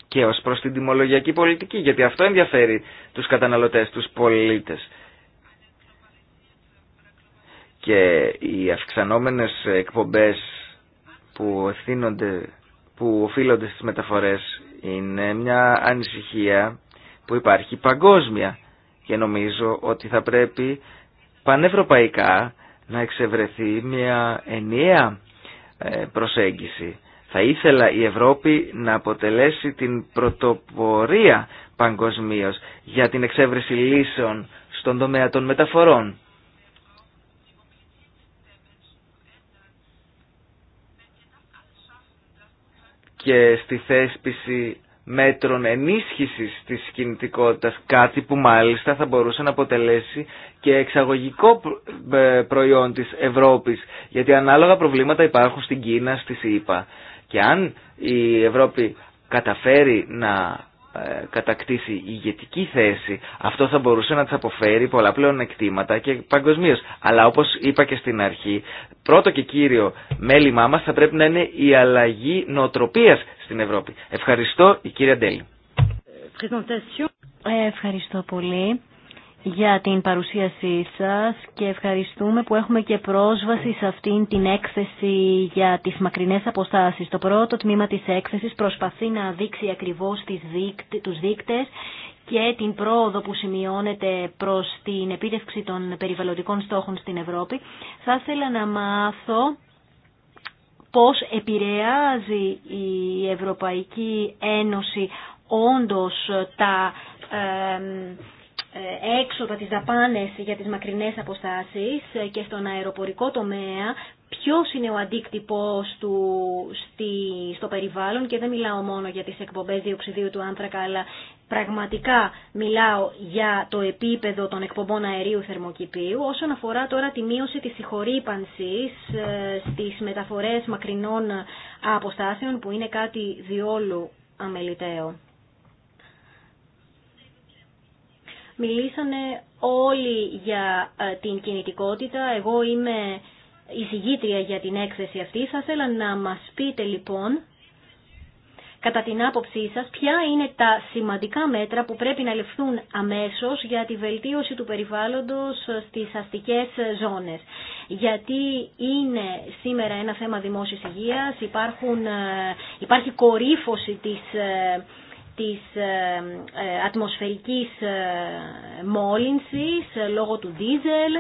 και ως προς την τιμολογιακή πολιτική, γιατί αυτό ενδιαφέρει τους καταναλωτές, τους πολίτες. Και οι αυξανόμενες εκπομπές που, που οφείλονται στις μεταφορές είναι μια ανησυχία που υπάρχει παγκόσμια και νομίζω ότι θα πρέπει πανευρωπαϊκά να εξευρεθεί μια ενιαία ε, προσέγγιση θα ήθελα η Ευρώπη να αποτελέσει την πρωτοπορία παγκοσμίως για την εξέβρεση λύσεων στον τομέα των μεταφορών. και στη θέσπιση μέτρων ενίσχυσης της κινητικότητας, κάτι που μάλιστα θα μπορούσε να αποτελέσει και εξαγωγικό ε, προϊόν της Ευρώπης, γιατί ανάλογα προβλήματα υπάρχουν στην Κίνα, στη ΣΥΠΑ. Και αν η Ευρώπη καταφέρει να ε, κατακτήσει ηγετική θέση, αυτό θα μπορούσε να της αποφέρει πολλαπλέον εκτήματα και παγκοσμίω. Αλλά όπως είπα και στην αρχή, πρώτο και κύριο μέλημά μας θα πρέπει να είναι η αλλαγή νοοτροπίας στην Ευρώπη. Ευχαριστώ η κυρία Ντέλη. Ε, ευχαριστώ πολύ για την παρουσίασή σας και ευχαριστούμε που έχουμε και πρόσβαση σε αυτήν την έκθεση για τις μακρινές αποστάσεις. Το πρώτο τμήμα της έκθεσης προσπαθεί να δείξει ακριβώς τις δείκτε, τους δείκτες και την πρόοδο που σημειώνεται προς την επίτευξη των περιβαλλοντικών στόχων στην Ευρώπη. Θα ήθελα να μάθω πώς επηρεάζει η Ευρωπαϊκή Ένωση όντως τα ε, ε, έξοδα, τις δαπάνες για τις μακρινές αποστάσεις ε, και στον αεροπορικό τομέα ποιος είναι ο αντίκτυπος του στη, στο περιβάλλον και δεν μιλάω μόνο για τις εκπομπές διοξιδίου του άνθρακα αλλά πραγματικά μιλάω για το επίπεδο των εκπομπών αερίου θερμοκηπίου όσον αφορά τώρα τη μείωση της συγχωρήπανσης ε, στις μεταφορές μακρινών αποστάσεων που είναι κάτι διόλου αμεληταίο. Μιλήσανε όλοι για ε, την κινητικότητα. Εγώ είμαι η συγγήτρια για την έκθεση αυτή. Θα ήθελα να μας πείτε λοιπόν, κατά την άποψή σας, ποια είναι τα σημαντικά μέτρα που πρέπει να ληφθούν αμέσως για τη βελτίωση του περιβάλλοντος στις αστικές ζώνες. Γιατί είναι σήμερα ένα θέμα δημόσιας υγείας, υπάρχουν, ε, υπάρχει κορύφωση της ε, της ε, ε, ατμοσφαιρικής ε, μόλυνσης λόγω του δίζελ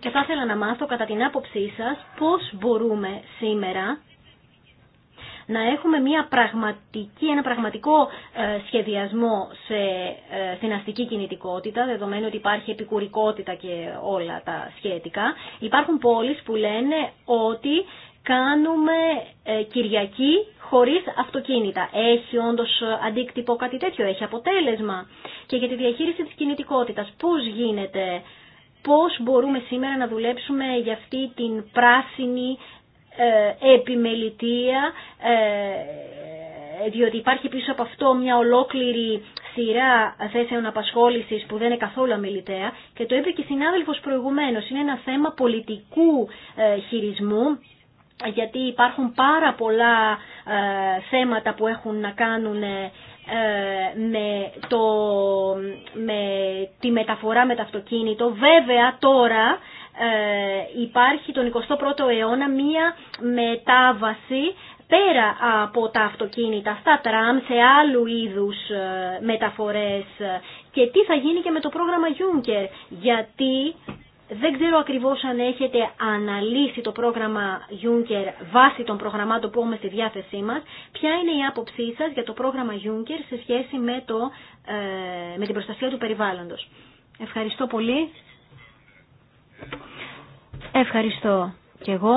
και θα ήθελα να μάθω κατά την άποψή σας πώς μπορούμε σήμερα να έχουμε μια πραγματική, ένα πραγματικό σχεδιασμό σε, στην αστική κινητικότητα, δεδομένου ότι υπάρχει επικουρικότητα και όλα τα σχετικά. Υπάρχουν πόλεις που λένε ότι κάνουμε ε, Κυριακή χωρίς αυτοκίνητα. Έχει όντως αντίκτυπο κάτι τέτοιο, έχει αποτέλεσμα. Και για τη διαχείριση της κινητικότητας, πώς γίνεται, πώς μπορούμε σήμερα να δουλέψουμε για αυτή την πράσινη ε, επιμελητία, ε, διότι υπάρχει πίσω από αυτό μια ολόκληρη σειρά θέσεων απασχόλησης που δεν είναι καθόλου αμεληταία και το είπε και συνάδελφος προηγουμένως, είναι ένα θέμα πολιτικού χειρισμού γιατί υπάρχουν πάρα πολλά ε, θέματα που έχουν να κάνουν ε, με, το, με τη μεταφορά με το αυτοκίνητο. Βέβαια τώρα ε, υπάρχει τον 21ο αιώνα μία μετάβαση πέρα από τα αυτοκίνητα, στα τραμ, σε άλλου είδους μεταφορές και τι θα γίνει και με το πρόγραμμα Juncker, γιατί δεν ξέρω ακριβώς αν έχετε αναλύσει το πρόγραμμα Juncker βάσει των προγραμμάτων που έχουμε στη διάθεσή μας. Ποια είναι η άποψή σας για το πρόγραμμα Juncker σε σχέση με, το, ε, με την προστασία του περιβάλλοντος. Ευχαριστώ πολύ. Ευχαριστώ και εγώ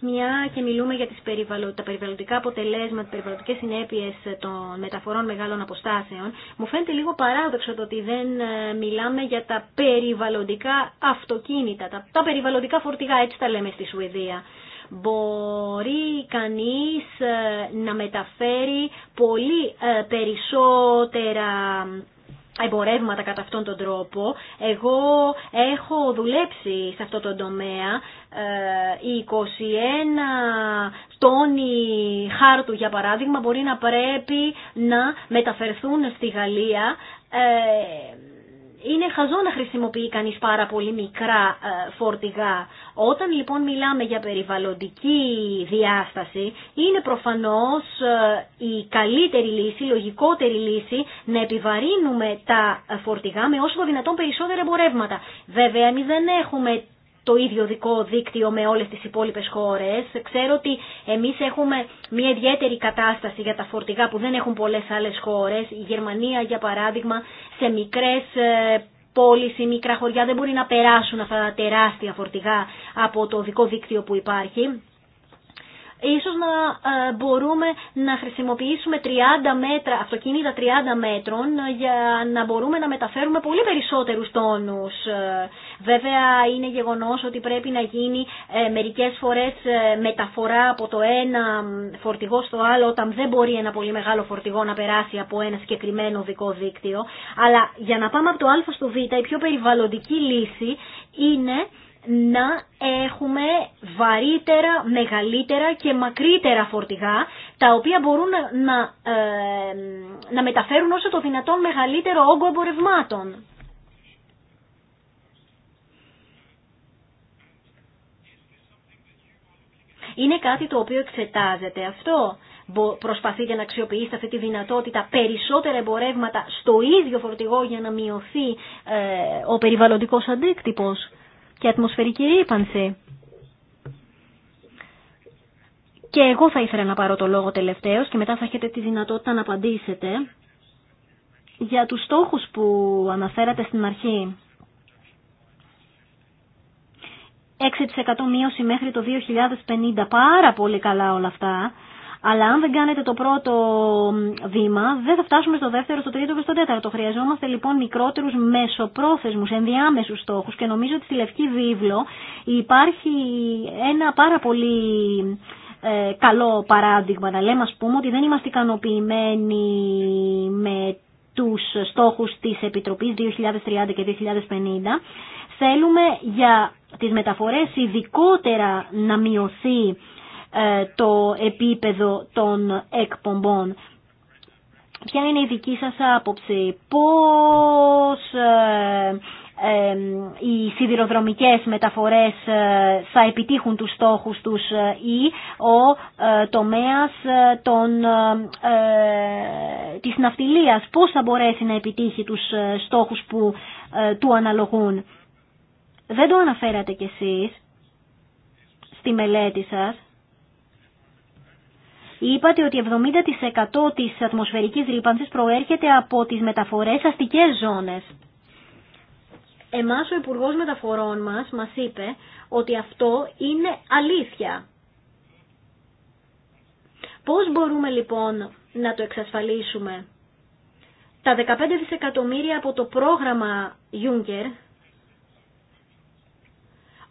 μια και μιλούμε για τις περιβαλλον... τα περιβαλλοντικά αποτελέσματα, τι περιβαλλοντικές συνέπειες ε, των μεταφορών μεγάλων αποστάσεων, μου φαίνεται λίγο παράδοξο το ότι δεν ε, μιλάμε για τα περιβαλλοντικά αυτοκίνητα, τα, περιβαλλοντικά φορτηγά, έτσι τα λέμε στη Σουηδία. Μπορεί κανείς ε, να μεταφέρει πολύ περισσότερα εμπορεύματα κατά αυτόν τον τρόπο. Εγώ έχω δουλέψει σε αυτό το τομέα. Ε, Οι 21 τόνοι χάρτου, για παράδειγμα, μπορεί να πρέπει να μεταφερθούν στη Γαλλία ε, είναι χαζό να χρησιμοποιεί κανείς πάρα πολύ μικρά ε, φορτηγά. Όταν λοιπόν μιλάμε για περιβαλλοντική διάσταση, είναι προφανώς ε, η καλύτερη λύση, η λογικότερη λύση να επιβαρύνουμε τα ε, φορτηγά με όσο το δυνατόν περισσότερα εμπορεύματα. Βέβαια, εμείς δεν έχουμε το ίδιο δικό δίκτυο με όλες τις υπόλοιπες χώρες. Ξέρω ότι εμείς έχουμε μια ιδιαίτερη κατάσταση για τα φορτηγά που δεν έχουν πολλές άλλες χώρες. Η Γερμανία, για παράδειγμα, σε μικρές ε, πόλεις ή μικρά χωριά δεν μπορεί να περάσουν αυτά τα τεράστια φορτηγά από το δικό δίκτυο που υπάρχει ίσως να ε, μπορούμε να χρησιμοποιήσουμε 30 μέτρα, αυτοκίνητα 30 μέτρων ε, για να μπορούμε να μεταφέρουμε πολύ περισσότερους τόνους. Ε, βέβαια είναι γεγονός ότι πρέπει να γίνει μερικές φορές μεταφορά από το ένα φορτηγό στο άλλο όταν δεν μπορεί ένα πολύ μεγάλο φορτηγό να περάσει από ένα συγκεκριμένο δικό δίκτυο. Αλλά για να πάμε από το α στο β η πιο περιβαλλοντική λύση είναι να έχουμε βαρύτερα, μεγαλύτερα και μακρύτερα φορτηγά, τα οποία μπορούν να, να μεταφέρουν όσο το δυνατόν μεγαλύτερο όγκο εμπορευμάτων. Είναι κάτι το οποίο εξετάζεται αυτό. Προσπαθείτε να αξιοποιήσετε αυτή τη δυνατότητα περισσότερα εμπορεύματα στο ίδιο φορτηγό για να μειωθεί ε, ο περιβαλλοντικός αντίκτυπος και ατμοσφαιρική ρήπανση. Και εγώ θα ήθελα να πάρω το λόγο τελευταίος και μετά θα έχετε τη δυνατότητα να απαντήσετε για τους στόχους που αναφέρατε στην αρχή. 6% μείωση μέχρι το 2050, πάρα πολύ καλά όλα αυτά. Αλλά αν δεν κάνετε το πρώτο βήμα, δεν θα φτάσουμε στο δεύτερο, στο τρίτο και στο τέταρτο. Χρειαζόμαστε λοιπόν μικρότερου μεσοπρόθεσμου, ενδιάμεσου στόχου. Και νομίζω ότι στη Λευκή Βίβλο υπάρχει ένα πάρα πολύ ε, καλό παράδειγμα. Να λέμε, α πούμε, ότι δεν είμαστε ικανοποιημένοι με τους στόχους της Επιτροπής 2030 και 2050. Θέλουμε για τις μεταφορές ειδικότερα να μειωθεί ε, το επίπεδο των εκπομπών. Ποια είναι η δική σας άποψη, πώς ε, ε, οι σιδηροδρομικές μεταφορές θα επιτύχουν τους στόχους τους ή ο τομέας των, της ναυτιλίας πώς θα μπορέσει να επιτύχει τους στόχους που του αναλογούν. Δεν το αναφέρατε κι εσείς στη μελέτη σας Είπατε ότι 70% της ατμοσφαιρικής ρήπανσης προέρχεται από τις μεταφορές αστικές ζώνες. Εμάς ο Υπουργός Μεταφορών μας μας είπε ότι αυτό είναι αλήθεια. Πώς μπορούμε λοιπόν να το εξασφαλίσουμε. Τα 15 δισεκατομμύρια από το πρόγραμμα Juncker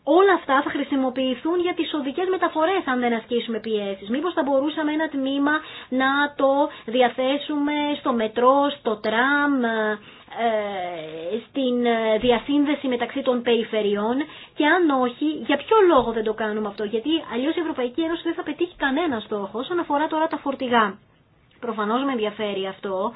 όλα αυτά θα χρησιμοποιηθούν για τις οδικές μεταφορές αν δεν ασκήσουμε πιέσεις. Μήπως θα μπορούσαμε ένα τμήμα να το διαθέσουμε στο μετρό, στο τραμ, ε, στην ε, διασύνδεση μεταξύ των περιφερειών και αν όχι, για ποιο λόγο δεν το κάνουμε αυτό, γιατί αλλιώς η Ευρωπαϊκή Ένωση δεν θα πετύχει κανένα στόχο όσον αφορά τώρα τα φορτηγά. Προφανώς με ενδιαφέρει αυτό,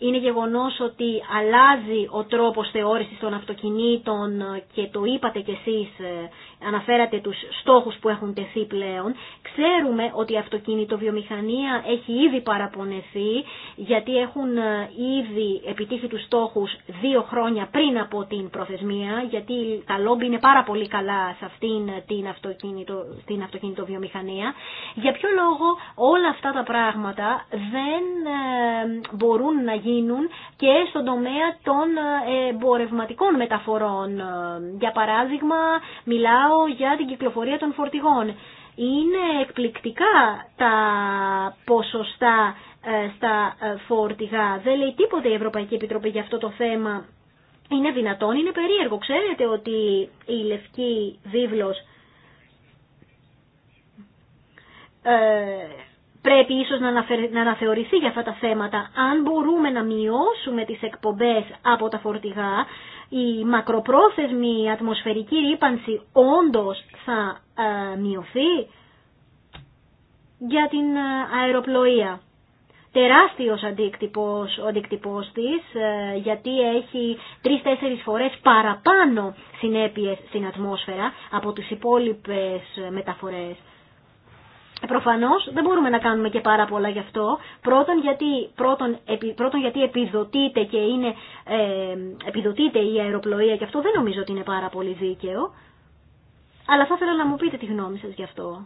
είναι γεγονός ότι αλλάζει ο τρόπος θεώρησης των αυτοκινήτων και το είπατε κι εσείς ε, αναφέρατε τους στόχους που έχουν τεθεί πλέον. Ξέρουμε ότι η βιομηχανία έχει ήδη παραπονεθεί γιατί έχουν ε, ήδη επιτύχει τους στόχους δύο χρόνια πριν από την προθεσμία γιατί τα λόμπι είναι πάρα πολύ καλά σε αυτήν την, αυτοκίνητο, στην αυτοκινητοβιομηχανία. Για ποιο λόγο όλα αυτά τα πράγματα δεν ε, μπορούν να γίνουν και στον τομέα των ε, εμπορευματικών μεταφορών. Για παράδειγμα μιλάω για την κυκλοφορία των φορτηγών. Είναι εκπληκτικά τα ποσοστά ε, στα ε, φόρτηγα. Δεν λέει τίποτα η Ευρωπαϊκή Επιτροπή για αυτό το θέμα. Είναι δυνατόν, είναι περίεργο. Ξέρετε ότι η λευκή βίβλος ε, πρέπει ίσως να αναθεωρηθεί για αυτά τα θέματα. Αν μπορούμε να μειώσουμε τις εκπομπές από τα φορτηγά, η μακροπρόθεσμη ατμοσφαιρική ρήπανση όντως θα ε, μειωθεί για την ε, αεροπλοεία. Τεράστιος αντίκτυπος, ο αντίκτυπος της, ε, γιατί έχει τρεις-τέσσερις φορές παραπάνω συνέπειες στην ατμόσφαιρα από τις υπόλοιπες μεταφορές. Προφανώς δεν μπορούμε να κάνουμε και πάρα πολλά γι' αυτό. Πρώτον γιατί, πρώτον, επι, πρώτον γιατί επιδοτείται και είναι, ε, επιδοτείται η αεροπλοεία και αυτό δεν νομίζω ότι είναι πάρα πολύ δίκαιο. Αλλά θα ήθελα να μου πείτε τη γνώμη σας γι' αυτό.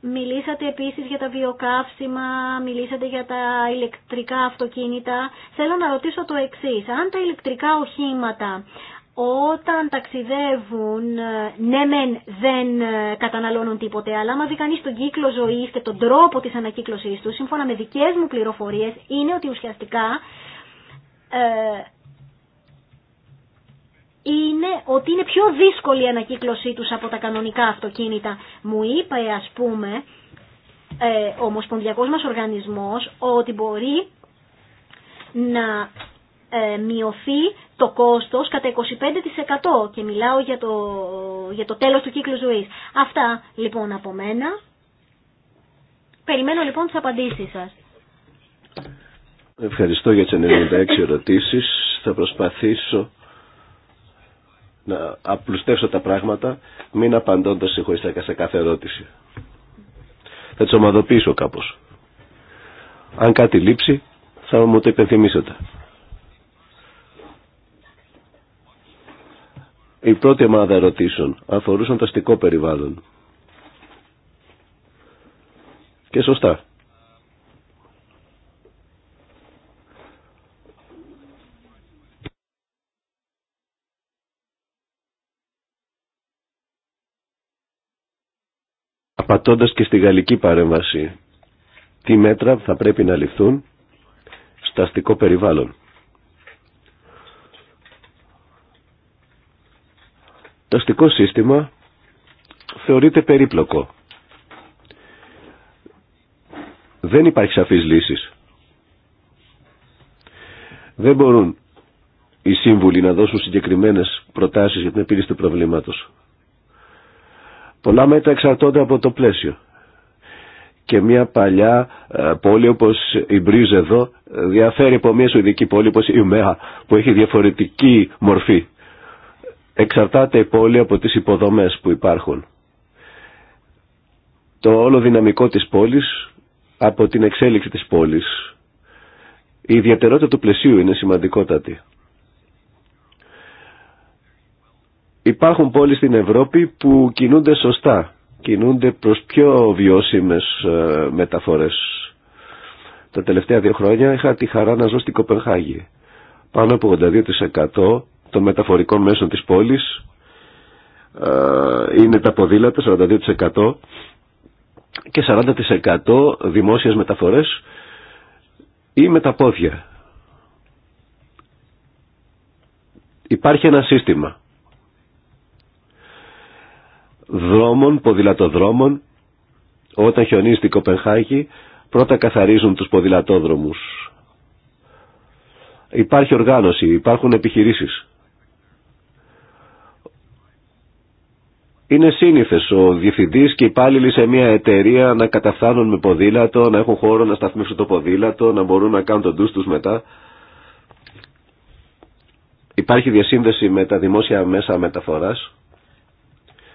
Μιλήσατε επίσης για τα βιοκαύσιμα, μιλήσατε για τα ηλεκτρικά αυτοκίνητα. Θέλω να ρωτήσω το εξής. Αν τα ηλεκτρικά οχήματα όταν ταξιδεύουν, ε, ναι μεν δεν ε, καταναλώνουν τίποτε, αλλά άμα δει κανείς τον κύκλο ζωής και τον τρόπο της ανακύκλωσής τους, σύμφωνα με δικές μου πληροφορίες, είναι ότι ουσιαστικά ε, είναι ότι είναι πιο δύσκολη η ανακύκλωσή τους από τα κανονικά αυτοκίνητα. Μου είπε, ας πούμε, ε, ο ομοσπονδιακός μας οργανισμός ότι μπορεί να ε, μειωθεί το κόστος κατά 25% και μιλάω για το, για το τέλος του κύκλου ζωής. Αυτά λοιπόν από μένα. Περιμένω λοιπόν τις απαντήσεις σας. Ευχαριστώ για τις 96 ερωτήσεις. Θα προσπαθήσω να απλουστεύσω τα πράγματα, μην απαντώντας συγχωριστά σε κάθε ερώτηση. Θα τις ομαδοποιήσω κάπως. Αν κάτι λείψει, θα μου το υπενθυμίσετε. Η πρώτη ομάδα ερωτήσεων αφορούσαν το αστικό περιβάλλον. Και σωστά. Απατώντας και στη γαλλική παρέμβαση, τι μέτρα θα πρέπει να ληφθούν στα αστικό περιβάλλον. Το αστικό σύστημα θεωρείται περίπλοκο. Δεν υπάρχει σαφής λύσης. Δεν μπορούν οι σύμβουλοι να δώσουν συγκεκριμένες προτάσεις για την επίλυση του προβλήματος. Πολλά μέτρα εξαρτώνται από το πλαίσιο. Και μια παλιά ε, πόλη όπως η Μπρίζ εδώ ε, διαφέρει από μια σουηδική πόλη όπως η Μέα που έχει διαφορετική μορφή εξαρτάται πόλη από τις υποδομές που υπάρχουν. Το όλο δυναμικό της πόλης από την εξέλιξη της πόλης. Η ιδιαιτερότητα του πλαισίου είναι σημαντικότατη. Υπάρχουν πόλεις στην Ευρώπη που κινούνται σωστά, κινούνται προς πιο βιώσιμες ε, μεταφορές. Τα τελευταία δύο χρόνια είχα τη χαρά να ζω στην Κοπενχάγη. Πάνω από 82% των μεταφορικών μέσων της πόλης ε, είναι τα ποδήλατα 42% και 40% δημόσιες μεταφορές ή με τα πόδια. Υπάρχει ένα σύστημα δρόμων, ποδηλατοδρόμων όταν χιονίζει στην Κοπενχάγη πρώτα καθαρίζουν τους ποδηλατόδρομους. Υπάρχει οργάνωση, υπάρχουν επιχειρήσεις. Είναι σύνηθε ο διευθυντής και υπάλληλοι σε μια εταιρεία να καταφθάνουν με ποδήλατο, να έχουν χώρο να σταθμίσουν το ποδήλατο, να μπορούν να κάνουν τον ντου τους μετά. Υπάρχει διασύνδεση με τα δημόσια μέσα μεταφοράς.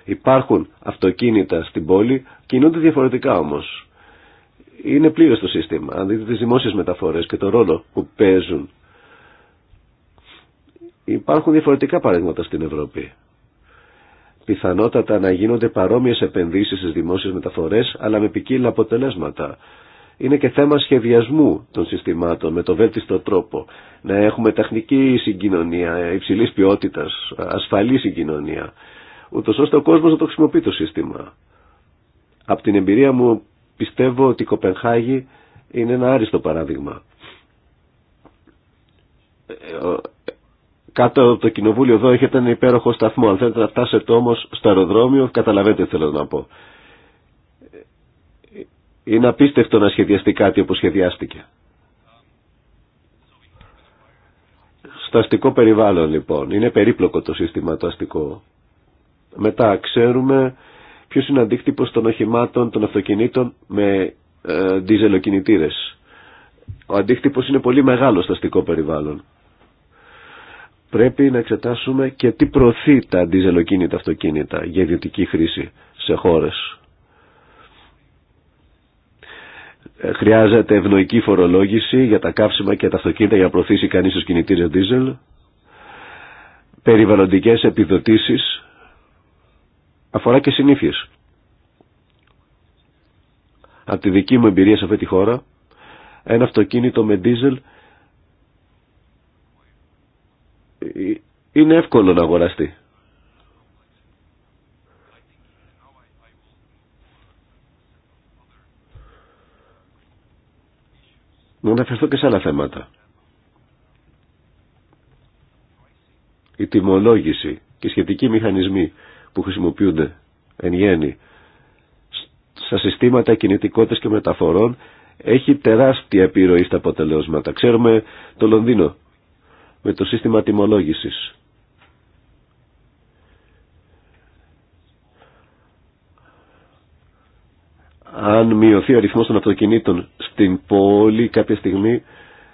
Υπάρχουν αυτοκίνητα στην πόλη, κινούνται διαφορετικά όμως. Είναι πλήρες το σύστημα. Αν δείτε τι δημόσιε μεταφορέ και το ρόλο που παίζουν. Υπάρχουν διαφορετικά παραδείγματα στην Ευρώπη πιθανότατα να γίνονται παρόμοιες επενδύσεις στις δημόσιες μεταφορές, αλλά με ποικίλα αποτελέσματα. Είναι και θέμα σχεδιασμού των συστημάτων με το βέλτιστο τρόπο. Να έχουμε τεχνική συγκοινωνία, υψηλής ποιότητας, ασφαλή συγκοινωνία, ούτως ώστε ο κόσμος να το χρησιμοποιεί το σύστημα. Από την εμπειρία μου πιστεύω ότι η Κοπενχάγη είναι ένα άριστο παράδειγμα ε, κάτω από το κοινοβούλιο εδώ έχετε ένα υπέροχο σταθμό. Αν θέλετε να φτάσετε όμω στο αεροδρόμιο, καταλαβαίνετε τι θέλω να πω. Είναι απίστευτο να σχεδιαστεί κάτι όπως σχεδιάστηκε. Στο αστικό περιβάλλον λοιπόν. Είναι περίπλοκο το σύστημα το αστικό. Μετά ξέρουμε ποιος είναι αντίκτυπος των οχημάτων, των αυτοκινήτων με ε, διζελοκινητήρες. Ο αντίκτυπος είναι πολύ μεγάλο στο αστικό περιβάλλον πρέπει να εξετάσουμε και τι προωθεί τα αντιζελοκίνητα αυτοκίνητα για ιδιωτική χρήση σε χώρες. Ε, χρειάζεται ευνοϊκή φορολόγηση για τα καύσιμα και τα αυτοκίνητα για να προωθήσει κανείς τους κινητήρες δίζελ. Περιβαλλοντικές επιδοτήσεις αφορά και συνήθειες. Από τη δική μου εμπειρία σε αυτή τη χώρα, ένα αυτοκίνητο με δίζελ είναι εύκολο να αγοραστεί. Να αναφερθώ και σε άλλα θέματα. Η τιμολόγηση και οι σχετικοί μηχανισμοί που χρησιμοποιούνται εν γέννη στα συστήματα κινητικότητας και μεταφορών έχει τεράστια επιρροή στα αποτελέσματα. Ξέρουμε το Λονδίνο με το σύστημα τιμολόγησης. Αν μειωθεί ο αριθμός των αυτοκινήτων στην πόλη κάποια στιγμή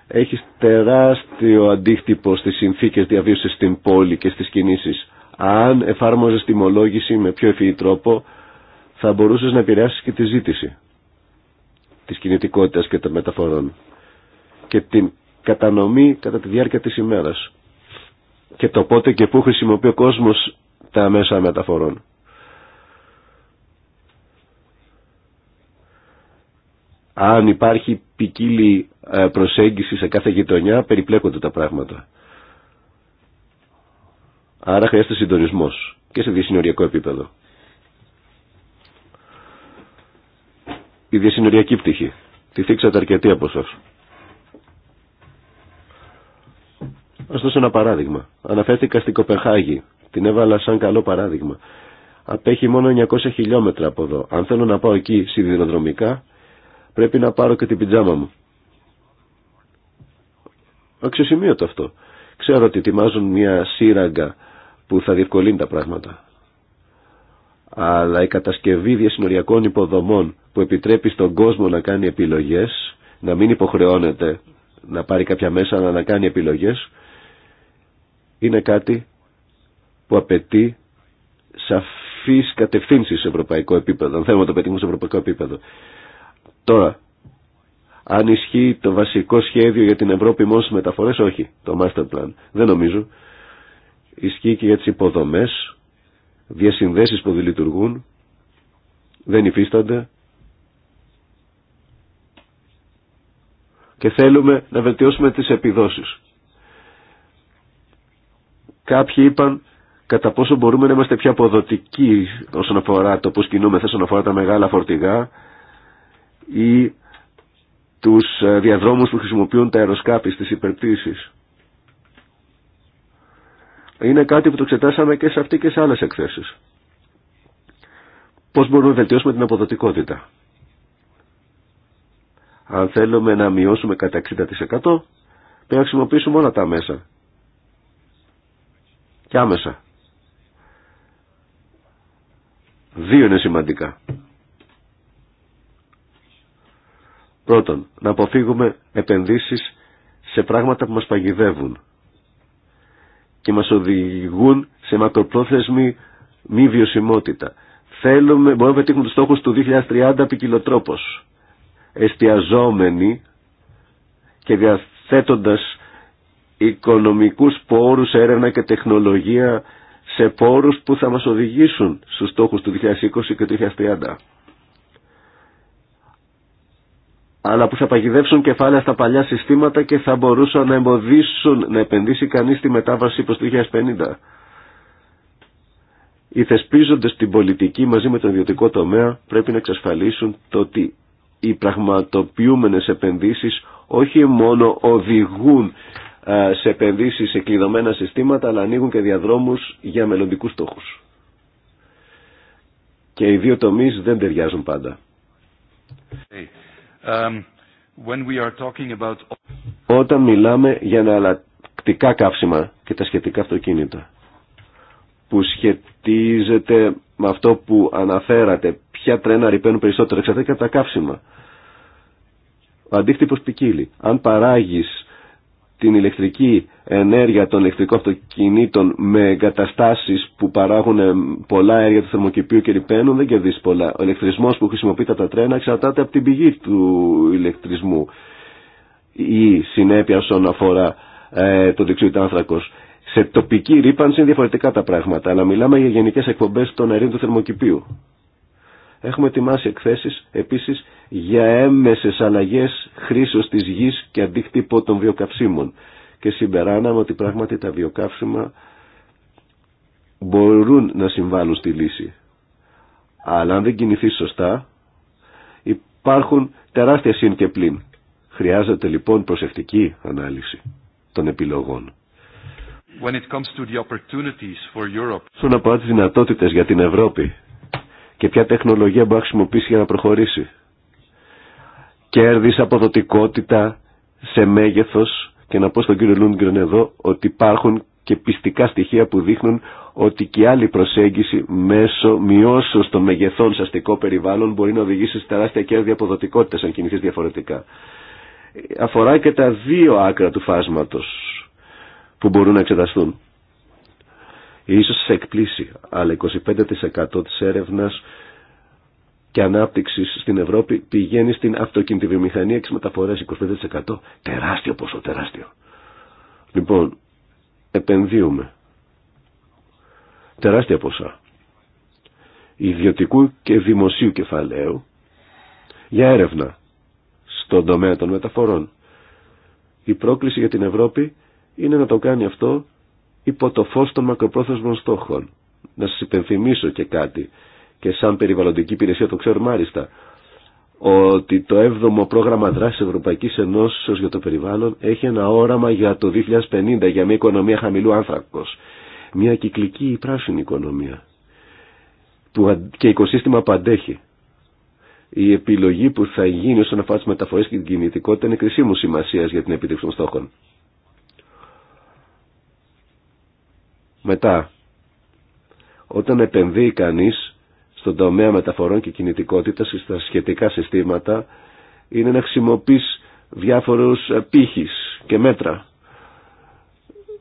έχει τεράστιο αντίκτυπο στις συνθήκες διαβίωσης στην πόλη και στις κινήσεις. Αν εφάρμοζες τιμολόγηση με πιο ευφυή τρόπο θα μπορούσες να επηρεάσει και τη ζήτηση της κινητικότητας και των μεταφορών και την κατανομή κατά τη διάρκεια της ημέρας και το πότε και πού χρησιμοποιεί ο κόσμος τα μέσα μεταφορών. Αν υπάρχει ποικίλη ε, προσέγγιση σε κάθε γειτονιά, περιπλέκονται τα πράγματα. Άρα χρειάζεται συντονισμός και σε διασυνοριακό επίπεδο. Η διασυνοριακή πτυχή. Τη θίξατε αρκετή από σας. Ωστόσο δώσω ένα παράδειγμα. Αναφέρθηκα στην Κοπεχάγη. Την έβαλα σαν καλό παράδειγμα. Απέχει μόνο 900 χιλιόμετρα από εδώ. Αν θέλω να πάω εκεί σιδηροδρομικά, πρέπει να πάρω και την πιτζάμα μου. Αξιοσημείωτο αυτό. Ξέρω ότι ετοιμάζουν μια σύραγγα που θα διευκολύνει τα πράγματα. Αλλά η κατασκευή διασυνοριακών υποδομών που επιτρέπει στον κόσμο να κάνει επιλογές, να μην υποχρεώνεται να πάρει κάποια μέσα να κάνει επιλογές, είναι κάτι που απαιτεί σαφής κατευθύνσεις σε ευρωπαϊκό επίπεδο, αν θέλουμε να το πετύχουμε σε ευρωπαϊκό επίπεδο. Τώρα, αν ισχύει το βασικό σχέδιο για την Ευρώπη μόνο στις μεταφορές, όχι, το master plan, δεν νομίζω. Ισχύει και για τις υποδομές, διασυνδέσεις που δεν λειτουργούν, δεν υφίστανται. Και θέλουμε να βελτιώσουμε τις επιδόσεις. Κάποιοι είπαν κατά πόσο μπορούμε να είμαστε πιο αποδοτικοί όσον αφορά το πώς κινούμεθα, όσον αφορά τα μεγάλα φορτηγά ή τους ε, διαδρόμους που χρησιμοποιούν τα αεροσκάπη στις υπερπτήσεις. Είναι κάτι που το εξετάσαμε και σε αυτή και σε άλλες εκθέσεις. Πώς μπορούμε να βελτιώσουμε την αποδοτικότητα. Αν θέλουμε να μειώσουμε κατά 60% πρέπει να χρησιμοποιήσουμε όλα τα μέσα και άμεσα. Δύο είναι σημαντικά. Πρώτον, να αποφύγουμε επενδύσεις σε πράγματα που μας παγιδεύουν και μας οδηγούν σε μακροπρόθεσμη μη βιωσιμότητα. Θέλουμε, μπορούμε να πετύχουμε τους στόχους του 2030 ποικιλοτρόπως, εστιαζόμενοι και διαθέτοντας οικονομικούς πόρους, έρευνα και τεχνολογία σε πόρους που θα μας οδηγήσουν στους στόχους του 2020 και του 2030 αλλά που θα παγιδεύσουν κεφάλαια στα παλιά συστήματα και θα μπορούσαν να εμποδίσουν να επενδύσει κανείς τη μετάβαση προς το 2050. Οι θεσπίζοντες την πολιτική μαζί με τον ιδιωτικό τομέα πρέπει να εξασφαλίσουν το ότι οι πραγματοποιούμενες επενδύσεις όχι μόνο οδηγούν ε, σε επενδύσεις σε κλειδωμένα συστήματα, αλλά ανοίγουν και διαδρόμους για μελλοντικούς στόχους. Και οι δύο τομείς δεν ταιριάζουν πάντα. Um, when we are Όταν μιλάμε για εναλλακτικά καύσιμα και τα σχετικά αυτοκίνητα, που σχετίζεται με αυτό που αναφέρατε, ποια τρένα ρηπαίνουν περισσότερο, εξαρτάται και από τα καύσιμα. Ο ποικίλει. Αν παράγεις την ηλεκτρική ενέργεια των ηλεκτρικών αυτοκινήτων με εγκαταστάσεις που παράγουν ε, πολλά αέρια του θερμοκηπίου και ρηπαίνουν δεν κερδίζει πολλά. Ο ηλεκτρισμός που χρησιμοποιείται από τα τρένα εξαρτάται από την πηγή του ηλεκτρισμού ή συνέπεια όσον αφορά ε, το δεξιού άνθρακος. Σε τοπική ρήπανση είναι διαφορετικά τα πράγματα, αλλά μιλάμε για γενικές εκπομπές των αερίων του θερμοκηπίου. Έχουμε ετοιμάσει εκθέσεις επίσης για έμεσες αλλαγές χρήσεως της γης και αντίκτυπο των βιοκαυσίμων. Και συμπεράναμε ότι πράγματι τα βιοκαύσιμα μπορούν να συμβάλλουν στη λύση. Αλλά αν δεν κινηθεί σωστά υπάρχουν τεράστια συν και πλήν. Χρειάζεται λοιπόν προσεκτική ανάλυση των επιλογών. When it comes Στον για την Ευρώπη και ποια τεχνολογία μπορεί να χρησιμοποιήσει για να προχωρήσει. Κέρδης, αποδοτικότητα σε μέγεθος και να πω στον κύριο Λούντγκρεν εδώ ότι υπάρχουν και πιστικά στοιχεία που δείχνουν ότι και άλλη προσέγγιση μέσω μειώσεω των μεγεθών σε αστικό περιβάλλον μπορεί να οδηγήσει σε τεράστια κέρδη αποδοτικότητα αν κινηθεί διαφορετικά. Αφορά και τα δύο άκρα του φάσματος που μπορούν να εξεταστούν. Ίσως σε εκπλήσει, αλλά 25% της έρευνας και ανάπτυξης στην Ευρώπη πηγαίνει στην αυτοκίνητη και στις μεταφορές 25%. Τεράστιο ποσό, τεράστιο. Λοιπόν, επενδύουμε. Τεράστια ποσά. Ιδιωτικού και δημοσίου κεφαλαίου για έρευνα στον τομέα των μεταφορών. Η πρόκληση για την Ευρώπη είναι να το κάνει αυτό υπό το φως των μακροπρόθεσμων στόχων. Να σας υπενθυμίσω και κάτι και σαν περιβαλλοντική υπηρεσία το ξέρουμε άριστα ότι το 7ο πρόγραμμα δράσης Ευρωπαϊκής Ενώσεως για το περιβάλλον έχει ένα όραμα για το 2050 για μια οικονομία χαμηλού άνθρακος. Μια κυκλική πράσινη οικονομία και οικοσύστημα παντέχει. Η επιλογή που θα γίνει όσον αφορά τι μεταφορέ και την κινητικότητα είναι κρισίμου σημασία για την επίτευξη των στόχων. Μετά, όταν επενδύει κανείς στον τομέα μεταφορών και κινητικότητας στα σχετικά συστήματα, είναι να χρησιμοποιείς διάφορους ε, πύχης και μέτρα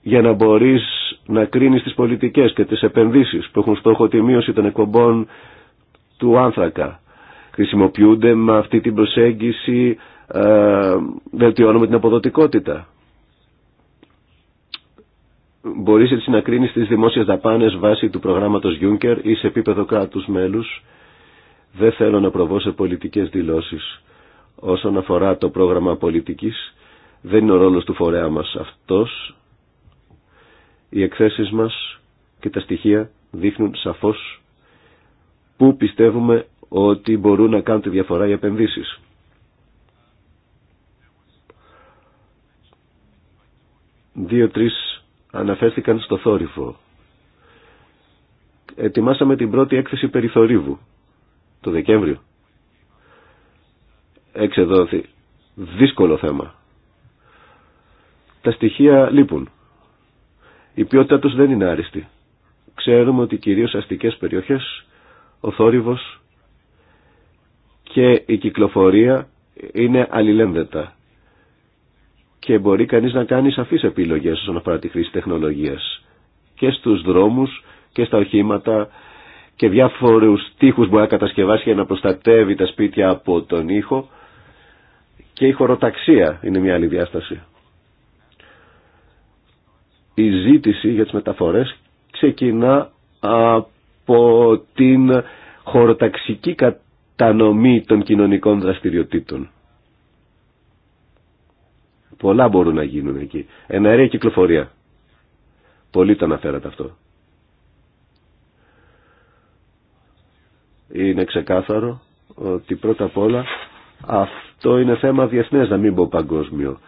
για να μπορείς να κρίνεις τις πολιτικές και τις επενδύσεις που έχουν στόχο τη μείωση των εκπομπών του άνθρακα. Χρησιμοποιούνται με αυτή την προσέγγιση, ε, βελτιώνουμε την αποδοτικότητα μπορείς έτσι να κρίνεις τις δημόσιες δαπάνες βάσει του προγράμματος Juncker ή σε επίπεδο κράτους μέλους. Δεν θέλω να προβώ σε πολιτικές δηλώσεις. Όσον αφορά το πρόγραμμα πολιτικής, δεν είναι ο ρόλος του φορέα μας αυτός. Οι εκθέσεις μας και τα στοιχεία δείχνουν σαφώς πού πιστεύουμε ότι μπορούν να κάνουν τη διαφορά οι επενδύσεις. Δύο-τρεις αναφέρθηκαν στο θόρυβο. Ετοιμάσαμε την πρώτη έκθεση περιθορύβου το Δεκέμβριο. Εξεδόθη. Δύσκολο θέμα. Τα στοιχεία λείπουν. Η ποιότητά τους δεν είναι άριστη. Ξέρουμε ότι κυρίως αστικές περιοχές ο θόρυβος και η κυκλοφορία είναι αλληλένδετα και μπορεί κανείς να κάνει σαφείς επιλογές όσον αφορά τη χρήση τεχνολογίας και στους δρόμους και στα οχήματα και διάφορους τείχους μπορεί να κατασκευάσει για να προστατεύει τα σπίτια από τον ήχο και η χωροταξία είναι μια άλλη διάσταση. Η ζήτηση για τις μεταφορές ξεκινά από την χωροταξική κατανομή των κοινωνικών δραστηριοτήτων. Πολλά μπορούν να γίνουν εκεί. Εναέρια κυκλοφορία. Πολύ το αναφέρατε αυτό. Είναι ξεκάθαρο ότι πρώτα απ' όλα αυτό είναι θέμα διεθνές, να μην πω παγκόσμιο.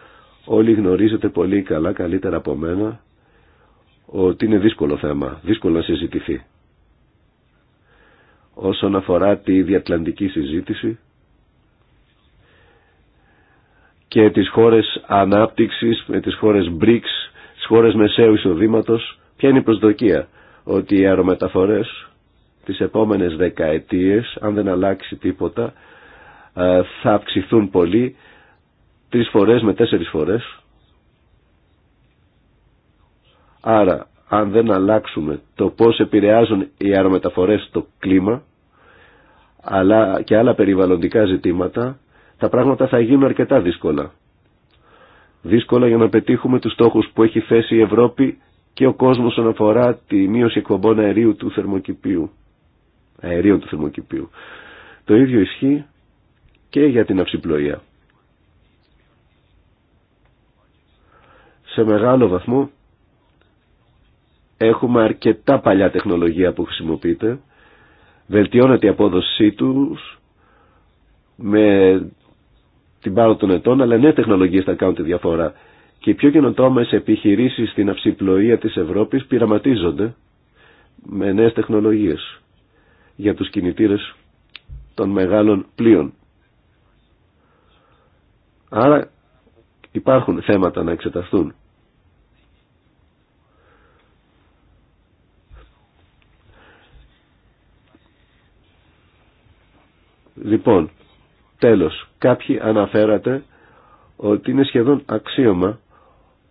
Όλοι γνωρίζετε πολύ καλά, καλύτερα από μένα, ότι είναι δύσκολο θέμα, δύσκολο να συζητηθεί. Όσον αφορά τη διατλαντική συζήτηση, και τις χώρες ανάπτυξης, με τις χώρες BRICS, τις χώρες μεσαίου εισοδήματος. Ποια είναι η προσδοκία ότι οι αερομεταφορές τις επόμενες δεκαετίες, αν δεν αλλάξει τίποτα, ε, θα αυξηθούν πολύ, τρεις φορές με τέσσερις φορές. Άρα, αν δεν αλλάξουμε το πώς επηρεάζουν οι αερομεταφορές το κλίμα, αλλά και άλλα περιβαλλοντικά ζητήματα, τα πράγματα θα γίνουν αρκετά δύσκολα. Δύσκολα για να πετύχουμε τους στόχους που έχει θέσει η Ευρώπη και ο κόσμος όσον αφορά τη μείωση εκπομπών αερίου του θερμοκηπίου. αερίου του θερμοκηπίου. Το ίδιο ισχύει και για την αυσιπλοεία. Σε μεγάλο βαθμό έχουμε αρκετά παλιά τεχνολογία που χρησιμοποιείται, βελτιώνεται η απόδοσή τους με την πάρο των ετών, αλλά νέα τεχνολογίες θα κάνουν τη διαφορά. Και οι πιο καινοτόμε επιχειρήσει στην αυσιπλοεία της Ευρώπης πειραματίζονται με νέες τεχνολογίες για τους κινητήρες των μεγάλων πλοίων. Άρα υπάρχουν θέματα να εξεταστούν. Λοιπόν, Τέλος, κάποιοι αναφέρατε ότι είναι σχεδόν αξίωμα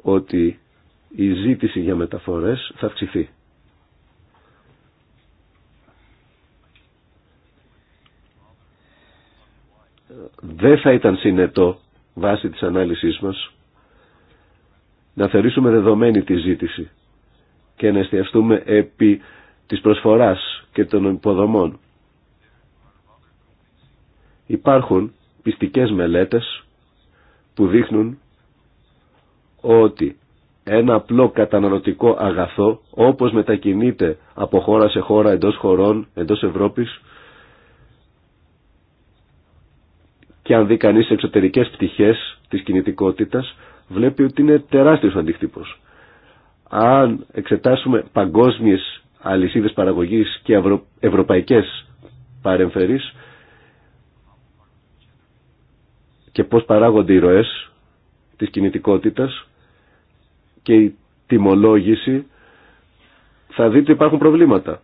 ότι η ζήτηση για μεταφορές θα αυξηθεί. Δεν θα ήταν συνετό βάσει της ανάλυσής μας να θεωρήσουμε δεδομένη τη ζήτηση και να εστιαστούμε επί της προσφοράς και των υποδομών Υπάρχουν πιστικές μελέτες που δείχνουν ότι ένα απλό καταναλωτικό αγαθό όπως μετακινείται από χώρα σε χώρα εντός χωρών, εντός Ευρώπης και αν δει κανεί εξωτερικές πτυχές της κινητικότητας βλέπει ότι είναι τεράστιος αντίκτυπος. Αν εξετάσουμε παγκόσμιες αλυσίδες παραγωγής και ευρωπαϊκές παρεμφερείς και πώς παράγονται οι ροές της κινητικότητας και η τιμολόγηση, θα δείτε υπάρχουν προβλήματα.